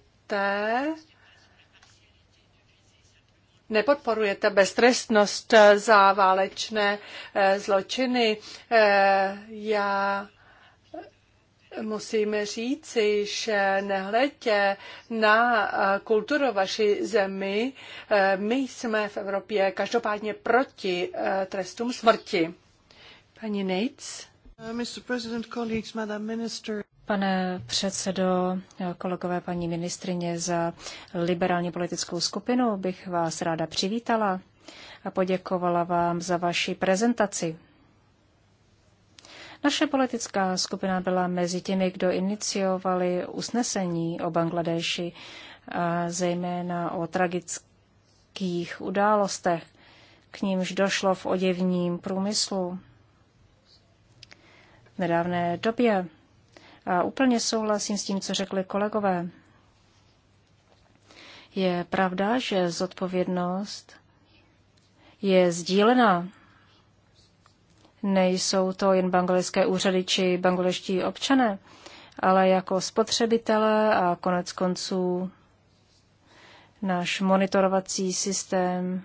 nepodporujete beztrestnost za válečné eh, zločiny. Eh, já Musím říci, že nehledě na eh, kulturu vaší zemi, my jsme v Evropě každopádně proti trestům smrti. Paní Nejc. Uh, Pane předsedo, kolegové, paní ministrině, za liberální politickou skupinu bych vás ráda přivítala a poděkovala vám za vaši prezentaci. Naše politická skupina byla mezi těmi, kdo iniciovali usnesení o Bangladeši, a zejména o tragických událostech, k nímž došlo v oděvním průmyslu nedávné době. A úplně souhlasím s tím, co řekli kolegové. Je pravda, že zodpovědnost je sdílená. Nejsou to jen bangladešské úřady či bangladeští občané, ale jako spotřebitelé a konec konců náš monitorovací systém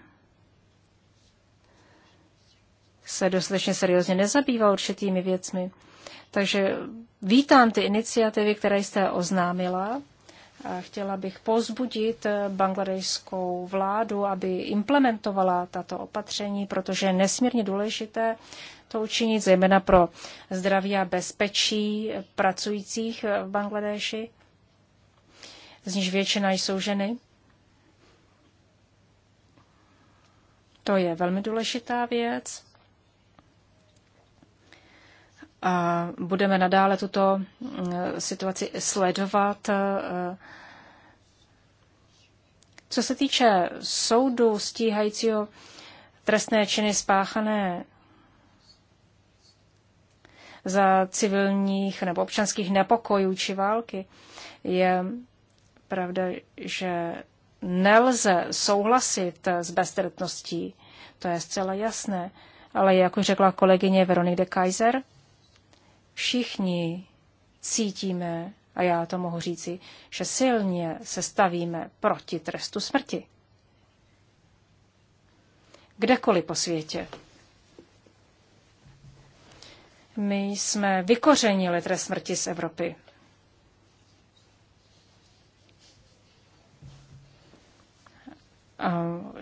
se dostatečně seriózně nezabýval určitými věcmi. Takže vítám ty iniciativy, které jste oznámila. A chtěla bych pozbudit bangladejskou vládu, aby implementovala tato opatření, protože je nesmírně důležité to učinit, zejména pro zdraví a bezpečí pracujících v Bangladeši, z níž většina jsou ženy. To je velmi důležitá věc. A budeme nadále tuto mm, situaci sledovat. E, co se týče soudu stíhajícího trestné činy spáchané za civilních nebo občanských nepokojů či války, je pravda, že nelze souhlasit s beztrestností. To je zcela jasné. Ale jak už řekla kolegyně Veronika Kaiser, všichni cítíme, a já to mohu říci, že silně se stavíme proti trestu smrti. Kdekoliv po světě. My jsme vykořenili trest smrti z Evropy. A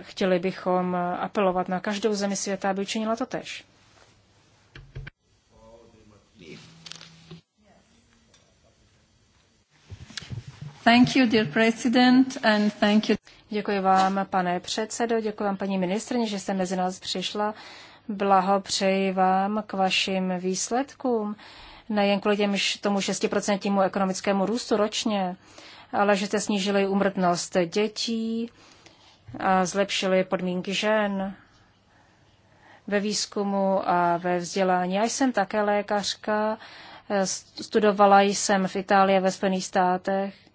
chtěli bychom apelovat na každou zemi světa, aby učinila to tež. Děkuji vám, pane předsedo, děkuji vám, paní ministrně, že jste mezi nás přišla. Blahopřeji vám k vašim výsledkům, nejen kvůli těm, tomu 6% ekonomickému růstu ročně, ale že jste snížili umrtnost dětí a zlepšili podmínky žen ve výzkumu a ve vzdělání. Já jsem také lékařka, studovala jsem v Itálii ve Spojených státech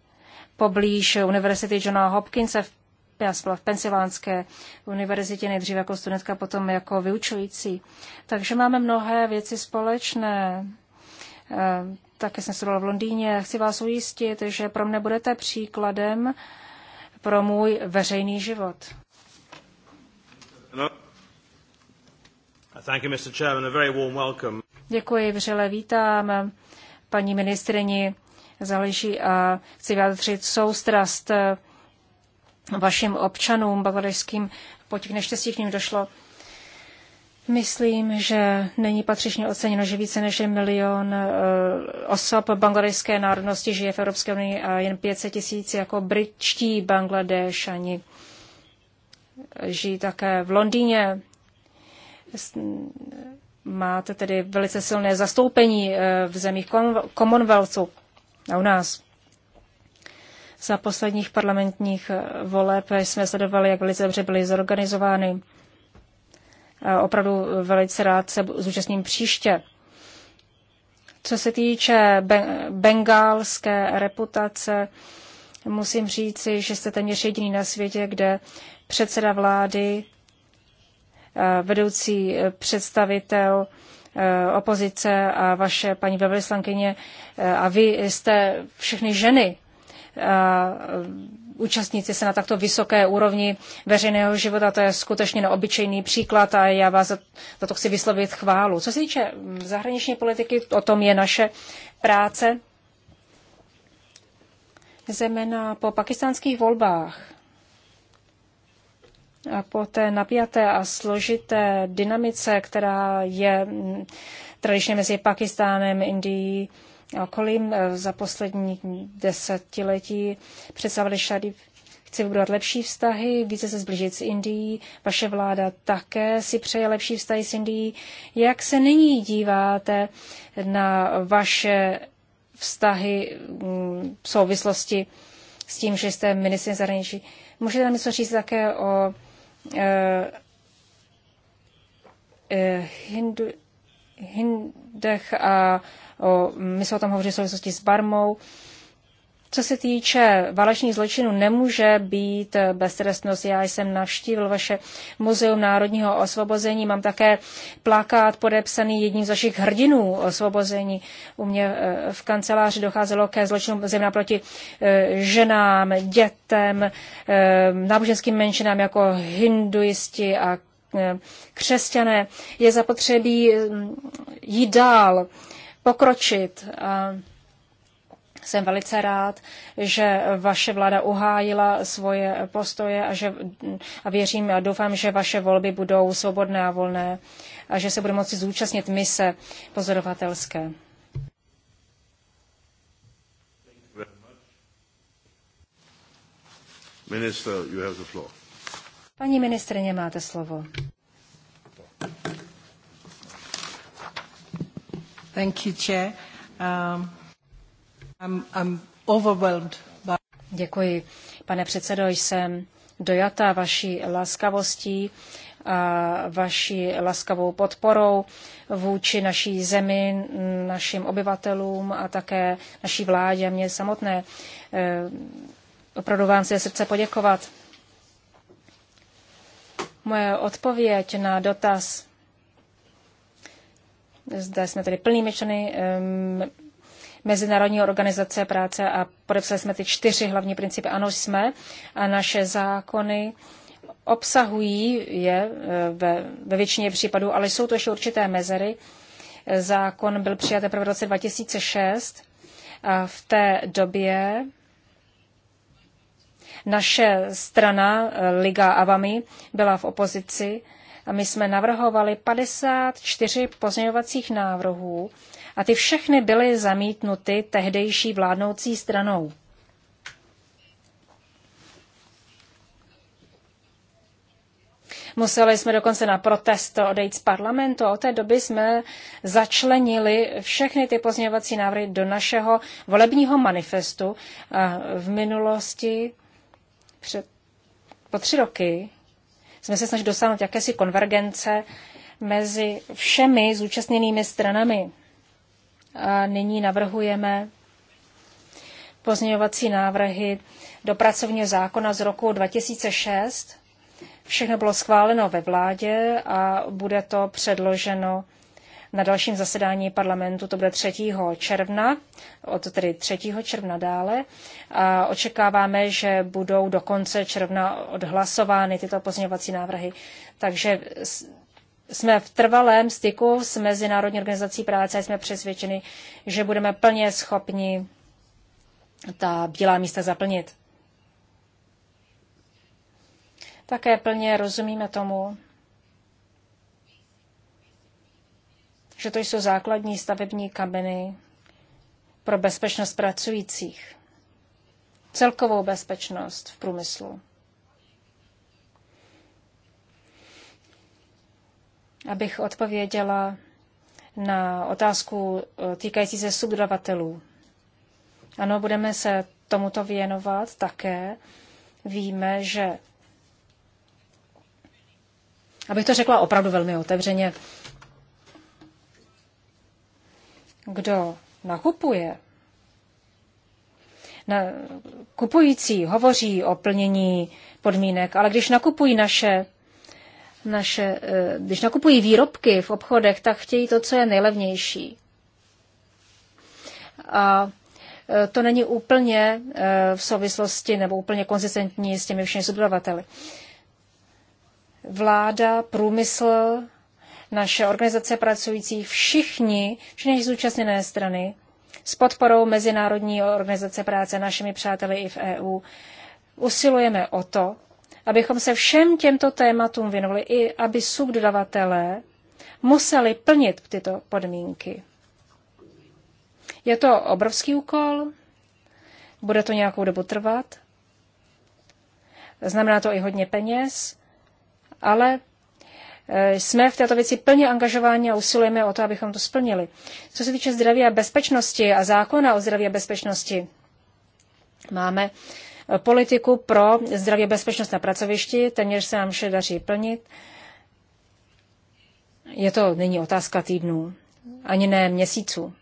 poblíž Univerzity Johna Hopkinsa v já jsem byla v Pensylvánské univerzitě nejdříve jako studentka, potom jako vyučující. Takže máme mnohé věci společné. Eh, také jsem studovala v Londýně. Chci vás ujistit, že pro mne budete příkladem pro můj veřejný život. Děkuji, vřele vítám paní ministrini záleží a chci vyjádřit soustrast eh, vašim občanům bangladešským po těch neštěstích, k ním došlo. Myslím, že není patřičně oceněno, že více než milion eh, osob bangladejské národnosti žije v Evropské unii a jen 500 tisíc jako britští bangladešani žijí také v Londýně. Máte tedy velice silné zastoupení eh, v zemích Commonwealthu a u nás. Za posledních parlamentních eh, voleb jsme sledovali, jak velice dobře byly zorganizovány. A opravdu eh, velice rád se zúčastním příště. Co se týče bengálské reputace, musím říci, že jste téměř jediný na světě, kde předseda vlády, eh, vedoucí představitel Eh, opozice a vaše paní velvyslankyně eh, a vy jste všechny ženy eh, účastníci se na takto vysoké úrovni veřejného života. To je skutečně neobyčejný příklad a já vás za to chci vyslovit chválu. Co se týče hm, zahraniční politiky, o tom je naše práce. Zeměna po pakistánských volbách a po té napjaté a složité dynamice, která je tradičně mezi Pakistánem, Indií a okolím eh, za poslední desetiletí, představili šady. chci budovat lepší vztahy, více se zbližit s Indií, vaše vláda také si přeje lepší vztahy s Indií. Jak se nyní díváte na vaše vztahy mm, v souvislosti s tím, že jste ministrem zahraničí? Můžete nám něco říct také o hindu, Hindech a o, my jsme o tom hovořili v souvislosti s Barmou. uh, co se týče válečných zločinů, nemůže být beztrestnost. Já jsem navštívil vaše Muzeum národního osvobození, mám také plakát podepsaný jedním z vašich hrdinů osvobození. U mě eh, v kanceláři docházelo ke zločinům zejména proti eh, ženám, dětem, eh, náboženským menšinám jako hinduisti a křesťané. Je zapotřebí mm, jít dál, pokročit. A jsem velice rád, že vaše vláda uhájila svoje postoje a, že, a věřím a doufám, že vaše volby budou svobodné a volné a že se bude moci zúčastnit mise pozorovatelské. Minister, you have the floor. Paní ministrině, máte slovo. Thank you, Chair. Um... Děkuji. Pane předsedo, jsem dojata vaší laskavostí a vaší laskavou podporou vůči naší zemi, našim obyvatelům a také naší vládě a mě samotné. Eh, opravdu vám se srdce poděkovat. Moje odpověď na dotaz, zde jsme tedy plnými členy Mezinárodní organizace práce a podepsali jsme ty čtyři hlavní principy. Ano, jsme a naše zákony obsahují je e, ve, ve většině případů, ale jsou to ještě určité mezery. Zákon byl přijat teprve v roce 2006 a v té době naše strana e, Liga Avami byla v opozici a my jsme navrhovali 54 pozměňovacích návrhů a ty všechny byly zamítnuty tehdejší vládnoucí stranou. Museli jsme dokonce na protest odejít z parlamentu a od té doby jsme začlenili všechny ty pozměňovací návrhy do našeho volebního manifestu. A v minulosti před po tři roky jsme se snažili dosáhnout jakési konvergence mezi všemi zúčastněnými stranami. A nyní navrhujeme pozměňovací návrhy do pracovního zákona z roku 2006. Všechno bylo schváleno ve vládě a bude to předloženo na dalším zasedání parlamentu, to bude 3. června, od tedy 3. června dále. A očekáváme, že budou do konce června odhlasovány tyto pozměňovací návrhy. Takže jsme v trvalém styku s Mezinárodní organizací práce a jsme přesvědčeni, že budeme plně schopni ta bílá místa zaplnit. Také plně rozumíme tomu, že to jsou základní stavební kameny pro bezpečnost pracujících, celkovou bezpečnost v průmyslu. abych odpověděla na otázku eh, týkající se subdodavatelů. Ano, budeme se tomuto věnovat také. Víme, že abych to řekla opravdu velmi otevřeně, kdo nakupuje, na, kupující hovoří o plnění podmínek, ale když nakupují naše naše, eh, když nakupují výrobky v obchodech, tak chtějí to, co je nejlevnější. A eh, to není úplně eh, v souvislosti nebo úplně konzistentní s těmi všemi subdodavateli. Vláda, průmysl, naše organizace pracující, všichni, všechny zúčastněné strany, s podporou Mezinárodní organizace práce našimi přáteli i v EU, usilujeme o to, abychom se všem těmto tématům věnovali i aby subdodavatelé museli plnit tyto podmínky. Je to obrovský úkol, bude to nějakou dobu trvat, znamená to i hodně peněz, ale e, jsme v této věci plně angažováni a usilujeme o to, abychom to splnili. Co se týče zdraví a bezpečnosti a zákona o zdraví a bezpečnosti, máme politiku pro zdraví a bezpečnost na pracovišti, téměř se nám vše daří plnit. Je to není otázka týdnů, ani ne měsíců.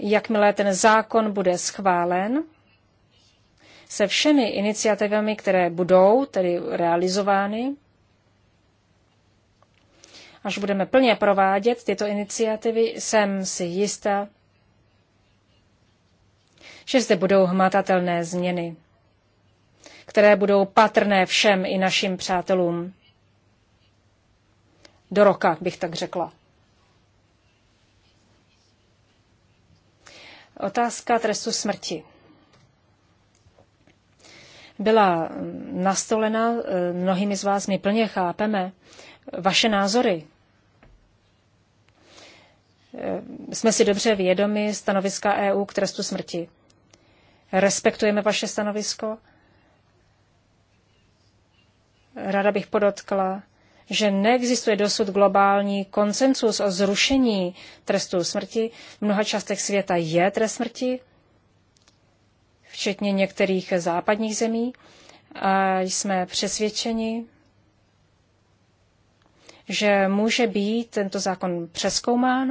Jakmile ten zákon bude schválen, se všemi iniciativami, které budou tedy realizovány, až budeme plně provádět tyto iniciativy, jsem si jistá, že zde budou hmatatelné změny, které budou patrné všem i našim přátelům. Do roka, bych tak řekla. Otázka trestu smrti byla nastolena, eh, mnohými z vás my plně chápeme, vaše názory. Eh, jsme si dobře vědomi stanoviska EU k trestu smrti respektujeme vaše stanovisko. Rada bych podotkla, že neexistuje dosud globální konsensus o zrušení trestu smrti. V mnoha částech světa je trest smrti, včetně některých západních zemí. A jsme přesvědčeni, že může být tento zákon přeskoumán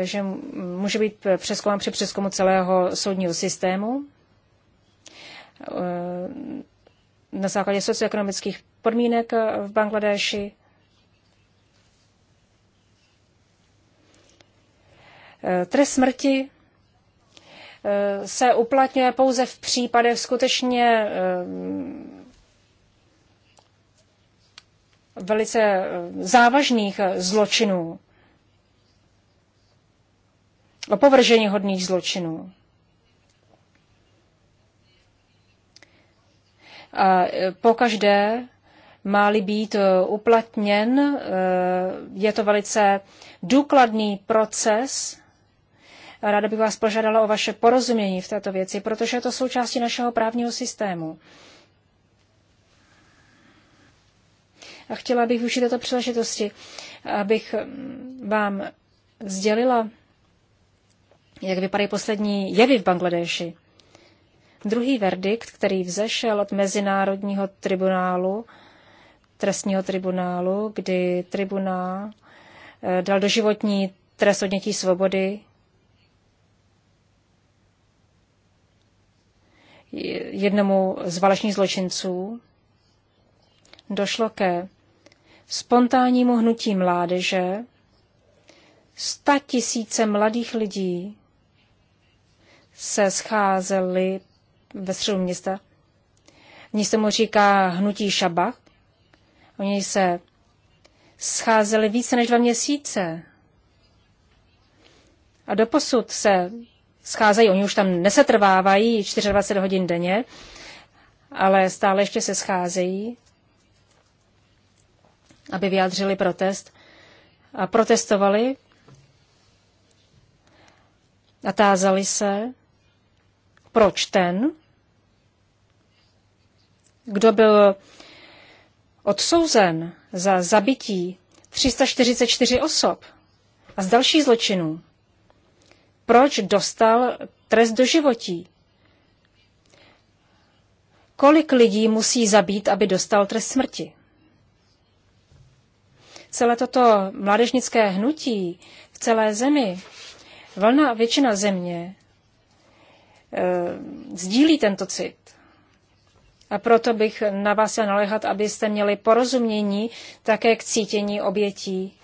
že může být přeskoumán při přeskumu celého soudního systému eh, na základě socioekonomických podmínek v Bangladeši. Eh, trest smrti eh, se uplatňuje pouze v případech skutečně velice závažných zločinů opovržení no, hodných zločinů. A e, pokaždé má-li být e, uplatněn, e, je to velice důkladný proces. Ráda bych vás požádala o vaše porozumění v této věci, protože je to součástí našeho právního systému. A chtěla bych využít této příležitosti, abych mm, vám sdělila jak vypadají poslední jevy v Bangladeši. Druhý verdikt, který vzešel od Mezinárodního tribunálu, trestního tribunálu, kdy tribunál eh, dal doživotní trest odnětí svobody jednomu z válečných zločinců, došlo ke spontánnímu hnutí mládeže, sta tisíce mladých lidí se scházeli ve středu města. Oni se mu říká hnutí šabach. Oni se scházeli více než dva měsíce. A doposud se scházejí, oni už tam nesetrvávají 24 hodin denně, ale stále ještě se scházejí, aby vyjádřili protest. A protestovali a tázali se, proč ten, kdo byl odsouzen za zabití 344 osob a z dalších zločinů, proč dostal trest do životí? Kolik lidí musí zabít, aby dostal trest smrti? Celé toto mládežnické hnutí v celé zemi, velná většina země Eh, sdílí tento cit. A proto bych na vás chtěla naléhat, abyste měli porozumění také k cítění obětí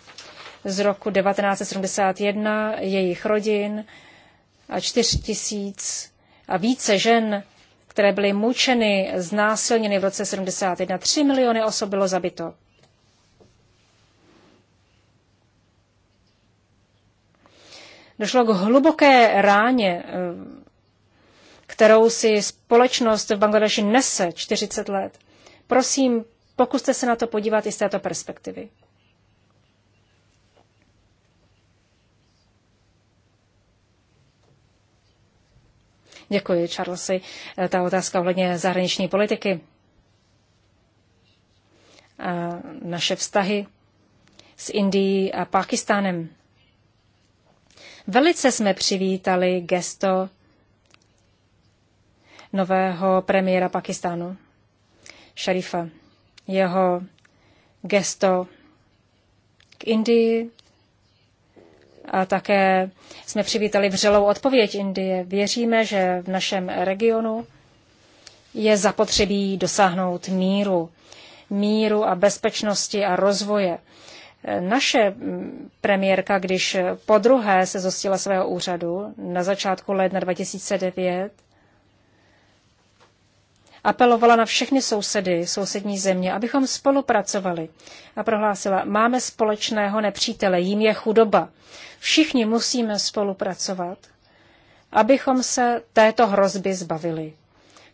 z roku 1971, jejich rodin a 4 tisíc a více žen, které byly mučeny, znásilněny v roce 71. Tři miliony osob bylo zabito. Došlo k hluboké ráně eh, kterou si společnost v Bangladeši nese 40 let. Prosím, pokuste se na to podívat i z této perspektivy. Děkuji, Charlesy. Eh, ta otázka ohledně zahraniční politiky. A naše vztahy s Indií a Pakistánem. Velice jsme přivítali gesto nového premiéra Pakistánu, Šarifa. Jeho gesto k Indii a také jsme přivítali vřelou odpověď Indie. Věříme, že v našem regionu je zapotřebí dosáhnout míru. Míru a bezpečnosti a rozvoje. Naše mm, premiérka, když po druhé se zostila svého úřadu na začátku ledna 2009, apelovala na všechny sousedy, sousední země, abychom spolupracovali a prohlásila, máme společného nepřítele, jím je chudoba. Všichni musíme spolupracovat, abychom se této hrozby zbavili.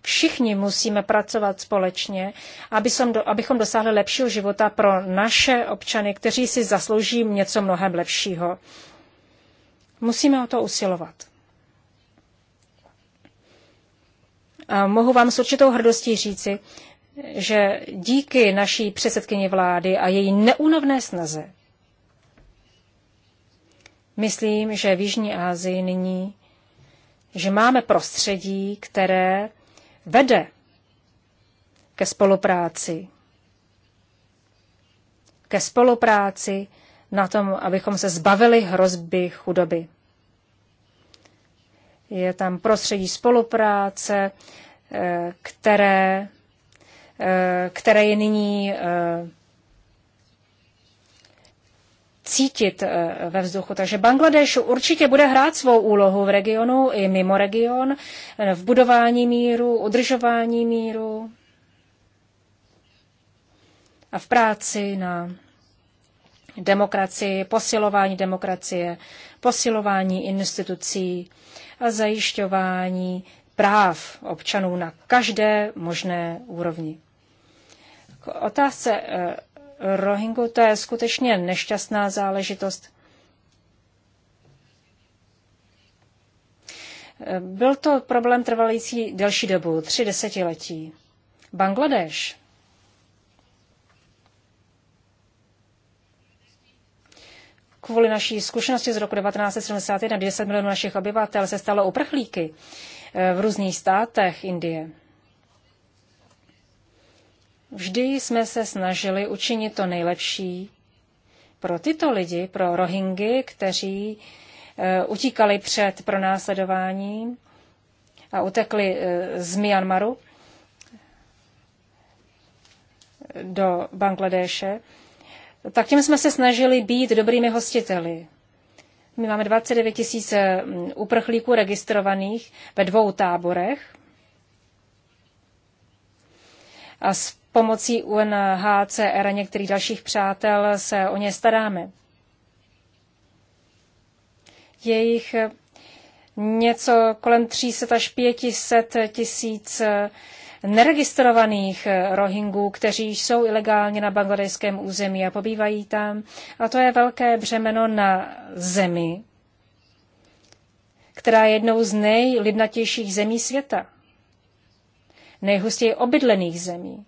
Všichni musíme pracovat společně, aby abychom dosáhli lepšího života pro naše občany, kteří si zaslouží něco mnohem lepšího. Musíme o to usilovat. mohu vám s určitou hrdostí říci, že díky naší předsedkyni vlády a její neúnavné snaze, myslím, že v Jižní Ázii nyní, že máme prostředí, které vede ke spolupráci. Ke spolupráci na tom, abychom se zbavili hrozby chudoby. Je tam prostředí spolupráce, eh, které, eh, které je nyní eh, cítit ve vzduchu. Takže Bangladeš určitě bude hrát svou úlohu v regionu i mimo region, v budování míru, udržování míru a v práci na demokracii, posilování demokracie, posilování institucí, a zajišťování práv občanů na každé možné úrovni. K otázce eh, Rohingu to je skutečně nešťastná záležitost. Eh, byl to problém trvalící delší dobu, tři desetiletí. Bangladeš kvůli naší zkušenosti z roku 1971, kdy 10 milionů našich obyvatel se stalo uprchlíky eh, v různých státech Indie. Vždy jsme se snažili učinit to nejlepší pro tyto lidi, pro rohingy, kteří eh, utíkali před pronásledováním a utekli eh, z Myanmaru do Bangladéše tak tím jsme se snažili být dobrými hostiteli. My máme 29 tisíc mm, uprchlíků registrovaných ve dvou táborech. A s pomocí UNHCR a některých dalších přátel se o ně staráme. Jejich mm, něco kolem 300 až 500 tisíc neregistrovaných eh, Rohingů, kteří jsou ilegálně na bangladejském území a pobývají tam. A to je velké břemeno na zemi, která je jednou z nejlidnatějších zemí světa, nejhustěji obydlených zemí.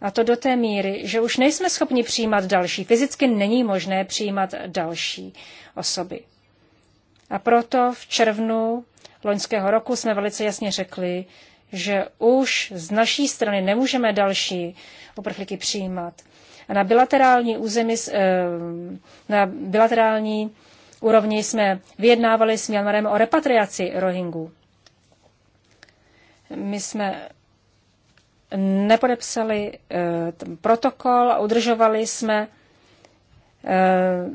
A to do té míry, že už nejsme schopni přijímat další. Fyzicky není možné přijímat další osoby. A proto v červnu loňského roku jsme velice jasně řekli, že už z naší strany nemůžeme další uprchlíky přijímat. A na bilaterální, území, eh, na bilaterální úrovni jsme vyjednávali s Myanmarem o repatriaci Rohingů. My jsme nepodepsali eh, protokol a udržovali jsme eh,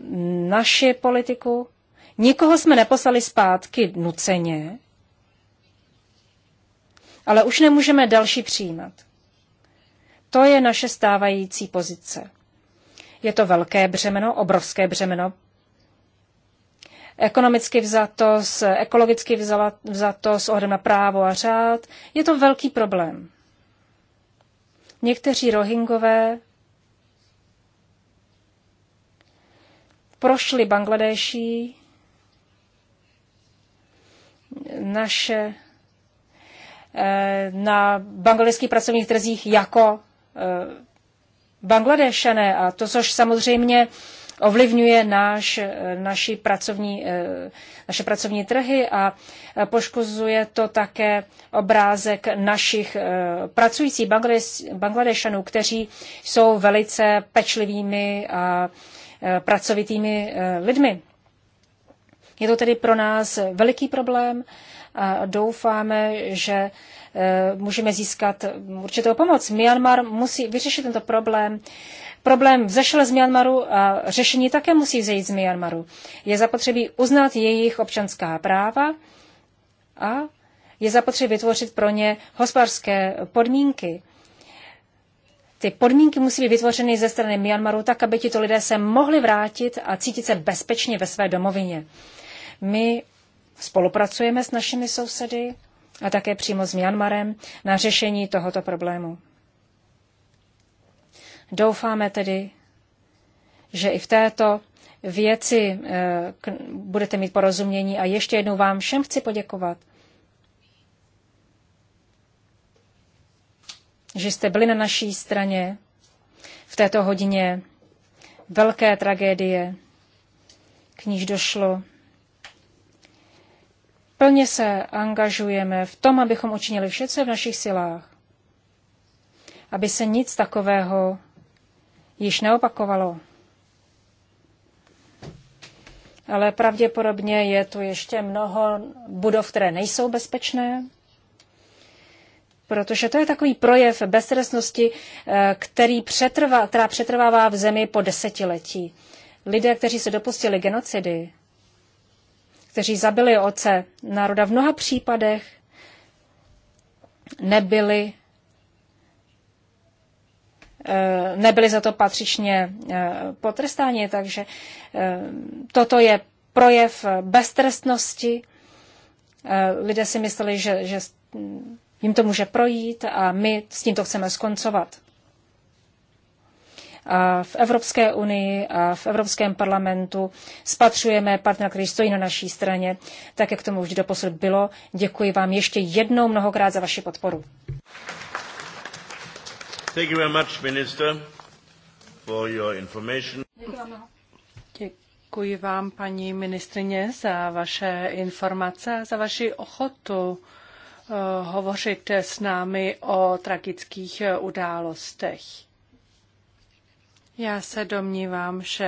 naši politiku. Nikoho jsme neposlali zpátky nuceně, ale už nemůžeme další přijímat. To je naše stávající pozice. Je to velké břemeno, obrovské břemeno. Ekonomicky vzato, ekologicky vzato, s ohledem na právo a řád. Je to velký problém. Někteří rohingové prošli Bangladeší naše Eh, na bangladeských pracovních trzích jako eh, Bangladešané a to, což samozřejmě ovlivňuje náš, eh, naši pracovní, naše pracovní trhy a poškozuje to také obrázek našich pracujících Bangladešanů, kteří jsou velice pečlivými a pracovitými lidmi. Je to tedy pro nás veliký problém a doufáme, že e, můžeme získat určitou pomoc. Myanmar musí vyřešit tento problém. Problém vzešel z Myanmaru a řešení také musí vzejít z Myanmaru. Je zapotřebí uznat jejich občanská práva a je zapotřebí vytvořit pro ně hospodářské podmínky. Ty podmínky musí být vytvořeny ze strany Myanmaru tak, aby tito lidé se mohli vrátit a cítit se bezpečně ve své domovině. My Spolupracujeme s našimi sousedy a také přímo s Myanmarem na řešení tohoto problému. Doufáme tedy, že i v této věci eh, budete mít porozumění a ještě jednou vám všem chci poděkovat, že jste byli na naší straně v této hodině velké tragédie, k níž došlo Plně se angažujeme v tom, abychom učinili vše, co je v našich silách, aby se nic takového již neopakovalo. Ale pravděpodobně je tu ještě mnoho budov, které nejsou bezpečné, protože to je takový projev bezstresnosti, eh, který přetrvá, která přetrvává v zemi po desetiletí. Lidé, kteří se dopustili genocidy, kteří zabili oce národa, v mnoha případech nebyli eh, nebyli za to patřičně eh, potrestáni, takže eh, toto je projev beztrestnosti. Lidé si mysleli, že, že jim to může projít a my s tímto chceme skoncovat v Evropské unii a v Evropském parlamentu spatřujeme partnera, který stojí na naší straně, tak jak tomu vždy doposud bylo. Děkuji vám ještě jednou mnohokrát za vaši podporu. Thank you very much, Minister, for your information. Děkuji vám, paní ministrině, za vaše informace a za vaši ochotu eh, hovořit s námi o tragických eh, událostech. Já se domnívám, že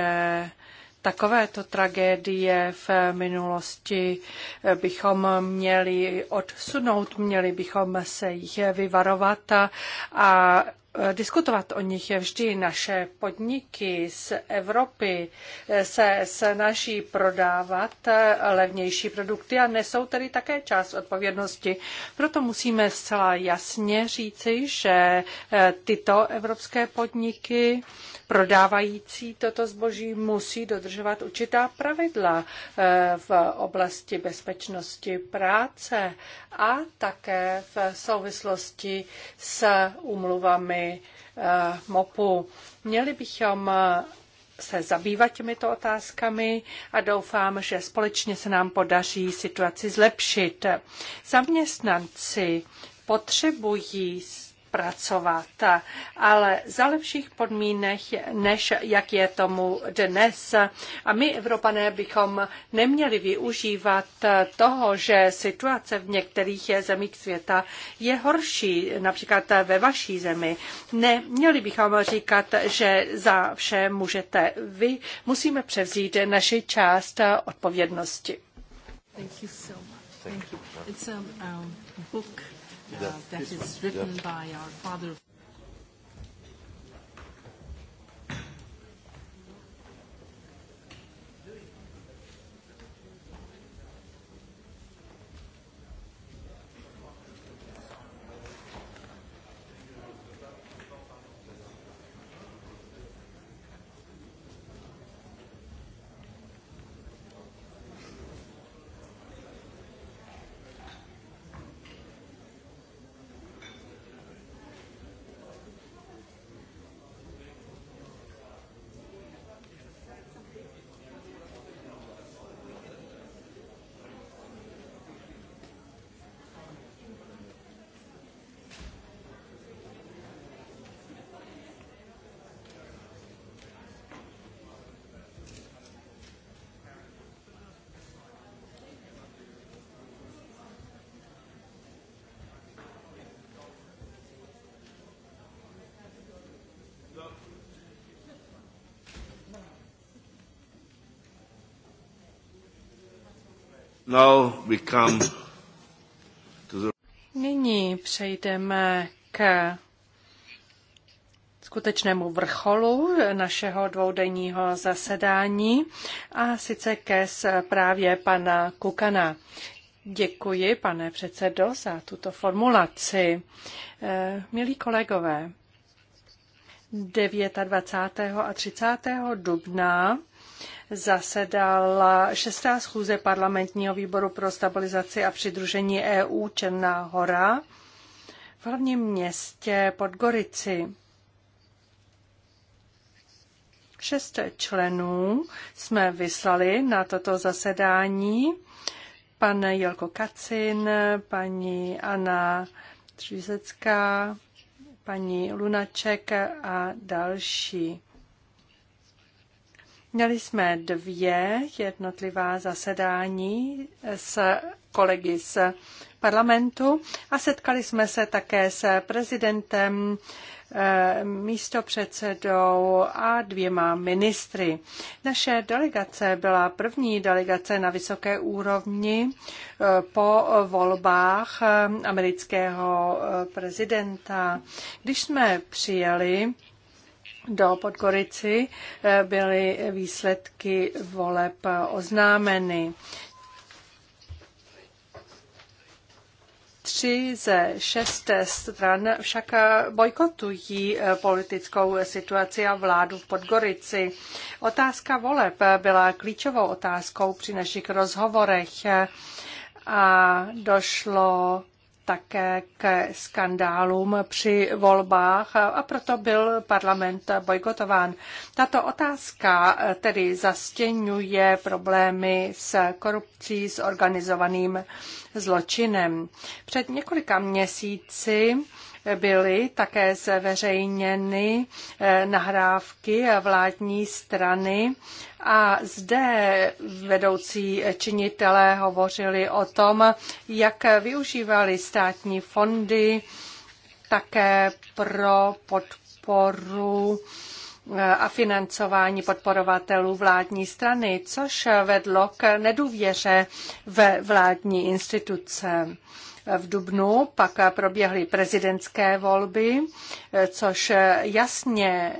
takovéto tragédie v minulosti bychom měli odsunout, měli bychom se jich vyvarovat a diskutovat o nich je vždy. Naše podniky z Evropy se snaží prodávat levnější produkty a nesou tedy také část odpovědnosti. Proto musíme zcela jasně říci, že tyto evropské podniky Prodávající toto zboží musí dodržovat určitá pravidla eh, v oblasti bezpečnosti práce a také v souvislosti s umluvami eh, MOPu. Měli bychom eh, se zabývat těmito otázkami a doufám, že společně se nám podaří situaci zlepšit. Zaměstnanci potřebují pracovat, ale za lepších podmínek, než jak je tomu dnes. A my, Evropané, bychom neměli využívat toho, že situace v některých zemích světa je horší, například ve vaší zemi. Neměli bychom říkat, že za vše můžete vy. Musíme převzít naši část odpovědnosti. Thank you so much. Thank you. It's a um, um, book Uh, that is written by our father. Nyní přejdeme k skutečnému vrcholu našeho dvoudenního zasedání a sice ke zprávě pana Kukana. Děkuji, pane předsedo, za tuto formulaci. Eh, milí kolegové, 29. a 30. dubna zasedala šestá schůze parlamentního výboru pro stabilizaci a přidružení EU Černá hora v hlavním městě Podgorici. Šest členů jsme vyslali na toto zasedání. Pan Jelko Kacin, paní Anna Třízecká, paní Lunaček a další. Měli jsme dvě jednotlivá zasedání s kolegy z parlamentu a setkali jsme se také s prezidentem, eh, místopředsedou a dvěma ministry. Naše delegace byla první delegace na vysoké úrovni eh, po volbách eh, amerického prezidenta. Když jsme přijeli, do Podgorici eh, byly výsledky voleb oznámeny. Tři ze šesté stran však bojkotují eh, politickou situaci a vládu v Podgorici. Otázka voleb byla klíčovou otázkou při našich rozhovorech a došlo také k skandálům při volbách a proto byl parlament bojkotován. Tato otázka eh, tedy zastěňuje problémy s korupcí, s organizovaným zločinem. Před několika měsíci Byly také zveřejněny eh, nahrávky vládní strany a zde vedoucí činitelé hovořili o tom, jak využívali státní fondy také pro podporu eh, a financování podporovatelů vládní strany, což vedlo k nedůvěře ve vládní instituce. V Dubnu pak proběhly prezidentské volby, což jasně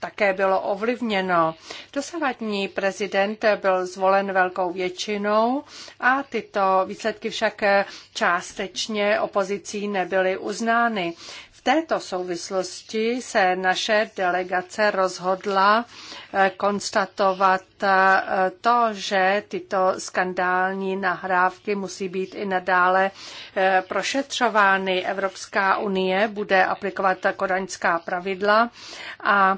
také bylo ovlivněno. Dosavadní prezident byl zvolen velkou většinou a tyto výsledky však částečně opozicí nebyly uznány této souvislosti se naše delegace rozhodla eh, konstatovat eh, to, že tyto skandální nahrávky musí být i nadále eh, prošetřovány. Evropská unie bude aplikovat kodaňská pravidla a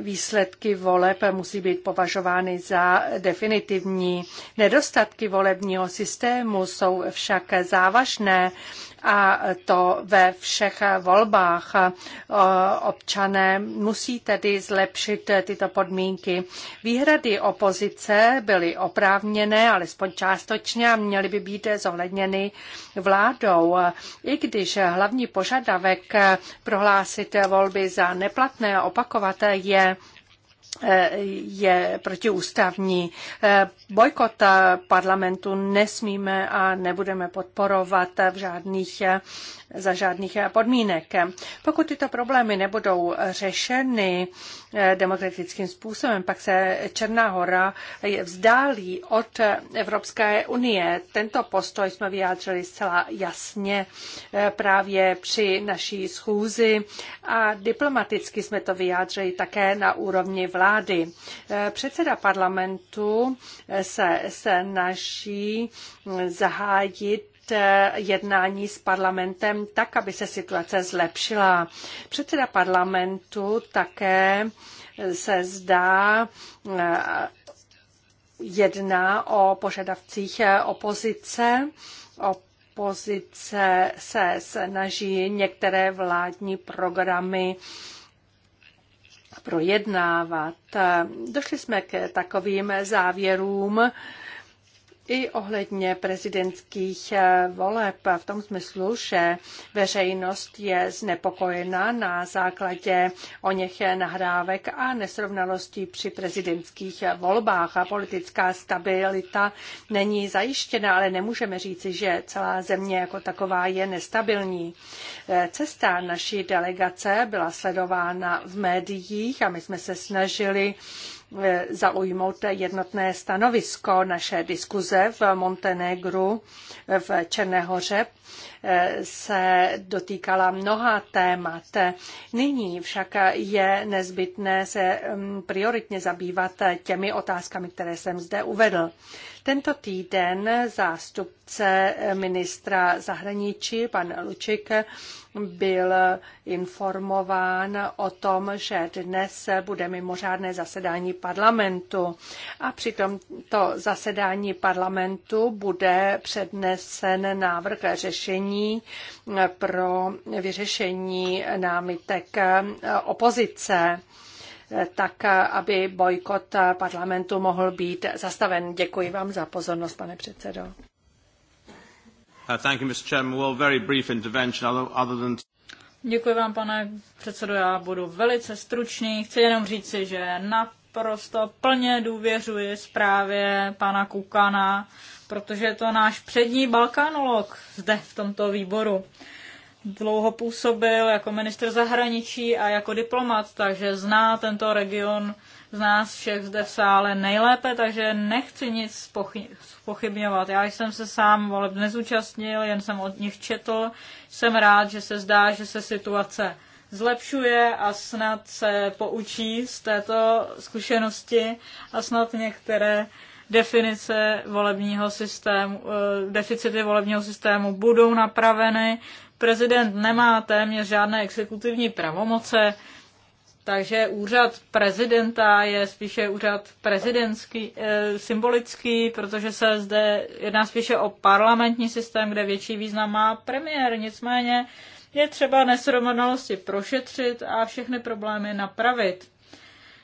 výsledky voleb musí být považovány za definitivní. Nedostatky volebního systému jsou však závažné a to ve všech volbách. Občané musí tedy zlepšit tyto podmínky. Výhrady opozice byly oprávněné, alespoň částečně a měly by být zohledněny vládou. I když hlavní požadavek prohlásit volby za neplatné a opakovaté je Eh, je protiústavní. Eh, bojkot eh, parlamentu nesmíme a nebudeme podporovat v žádných, za žádných podmínek. Pokud tyto problémy nebudou řešeny demokratickým způsobem, pak se Černá hora vzdálí od Evropské unie. Tento postoj jsme vyjádřili zcela jasně právě při naší schůzi a diplomaticky jsme to vyjádřili také na úrovni vlády vlády. Eh, předseda parlamentu eh, se snaží hm, zahájit eh, jednání s parlamentem tak, aby se situace zlepšila. Předseda parlamentu také se zdá jedná o požadavcích opozice, opozice se snaží některé vládní programy projednávat. Došli jsme k takovým závěrům, i ohledně prezidentských eh, voleb v tom smyslu, že veřejnost je znepokojena na základě o něch nahrávek a nesrovnalostí při prezidentských volbách a politická stabilita není zajištěna, ale nemůžeme říci, že celá země jako taková je nestabilní. Eh, cesta naší delegace byla sledována v médiích a my jsme se snažili Eh, zaujmout jednotné stanovisko. Naše diskuze v Montenegru eh, v Černé hoře eh, se dotýkala mnoha témat. Nyní však je nezbytné se mm, prioritně zabývat těmi otázkami, které jsem zde uvedl. Tento týden zástupce ministra zahraničí, pan Lučik, byl informován o tom, že dnes bude mimořádné zasedání parlamentu. A při tomto zasedání parlamentu bude přednesen návrh řešení pro vyřešení námitek opozice tak aby bojkot parlamentu mohl být zastaven. Děkuji vám za pozornost, pane předsedo. Uh, Děkuji vám, pane předsedo. Já budu velice stručný. Chci jenom říci, že naprosto plně důvěřuji zprávě pana Kukana, protože je to náš přední balkanolog zde v tomto výboru dlouho působil jako minister zahraničí a jako diplomat, takže zná tento region z nás všech zde v sále nejlépe, takže nechci nic pochybňovat. Já jsem se sám voleb nezúčastnil, jen jsem od nich četl. Jsem rád, že se zdá, že se situace zlepšuje a snad se poučí z této zkušenosti a snad některé definice volebního systému, eh, deficity volebního systému budou napraveny, prezident nemá téměř žádné exekutivní pravomoce, takže úřad prezidenta je spíše úřad prezidentský, eh, symbolický, protože se zde jedná spíše o parlamentní systém, kde větší význam má premiér. Nicméně je třeba nesrovnalosti prošetřit a všechny problémy napravit.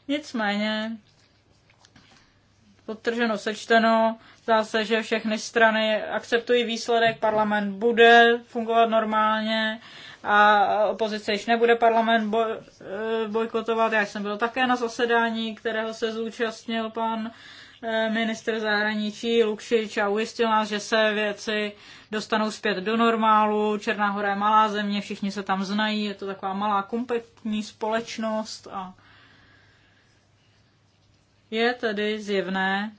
Nicméně, podtrženo sečteno, Zdá se, že všechny strany akceptují výsledek, parlament bude fungovat normálně a opozice již nebude parlament boj, eh, bojkotovat. Já jsem byl také na zasedání, kterého se zúčastnil pan eh, minister zahraničí Lukšič a ujistil nás, že se věci dostanou zpět do normálu. Černá hora je malá země, všichni se tam znají, je to taková malá kompetní společnost a je tedy zjevné,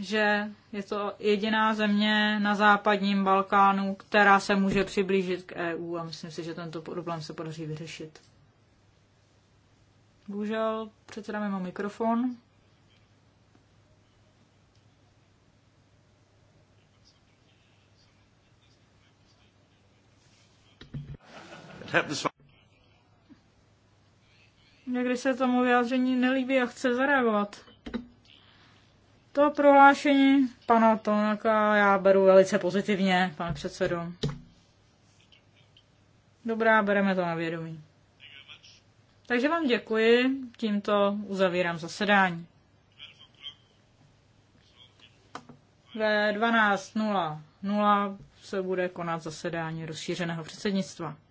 že je to jediná země na západním Balkánu, která se může přiblížit k EU a myslím si, že tento problém se podaří vyřešit. Bohužel předseda mimo mikrofon. Někdy se tomu vyjádření nelíbí a chce zareagovat. To prohlášení pana Tonaka já beru velice pozitivně, pane předsedo. Dobrá, bereme to na vědomí. Takže vám děkuji, tímto uzavírám zasedání. Ve 12.00 se bude konat zasedání rozšířeného předsednictva.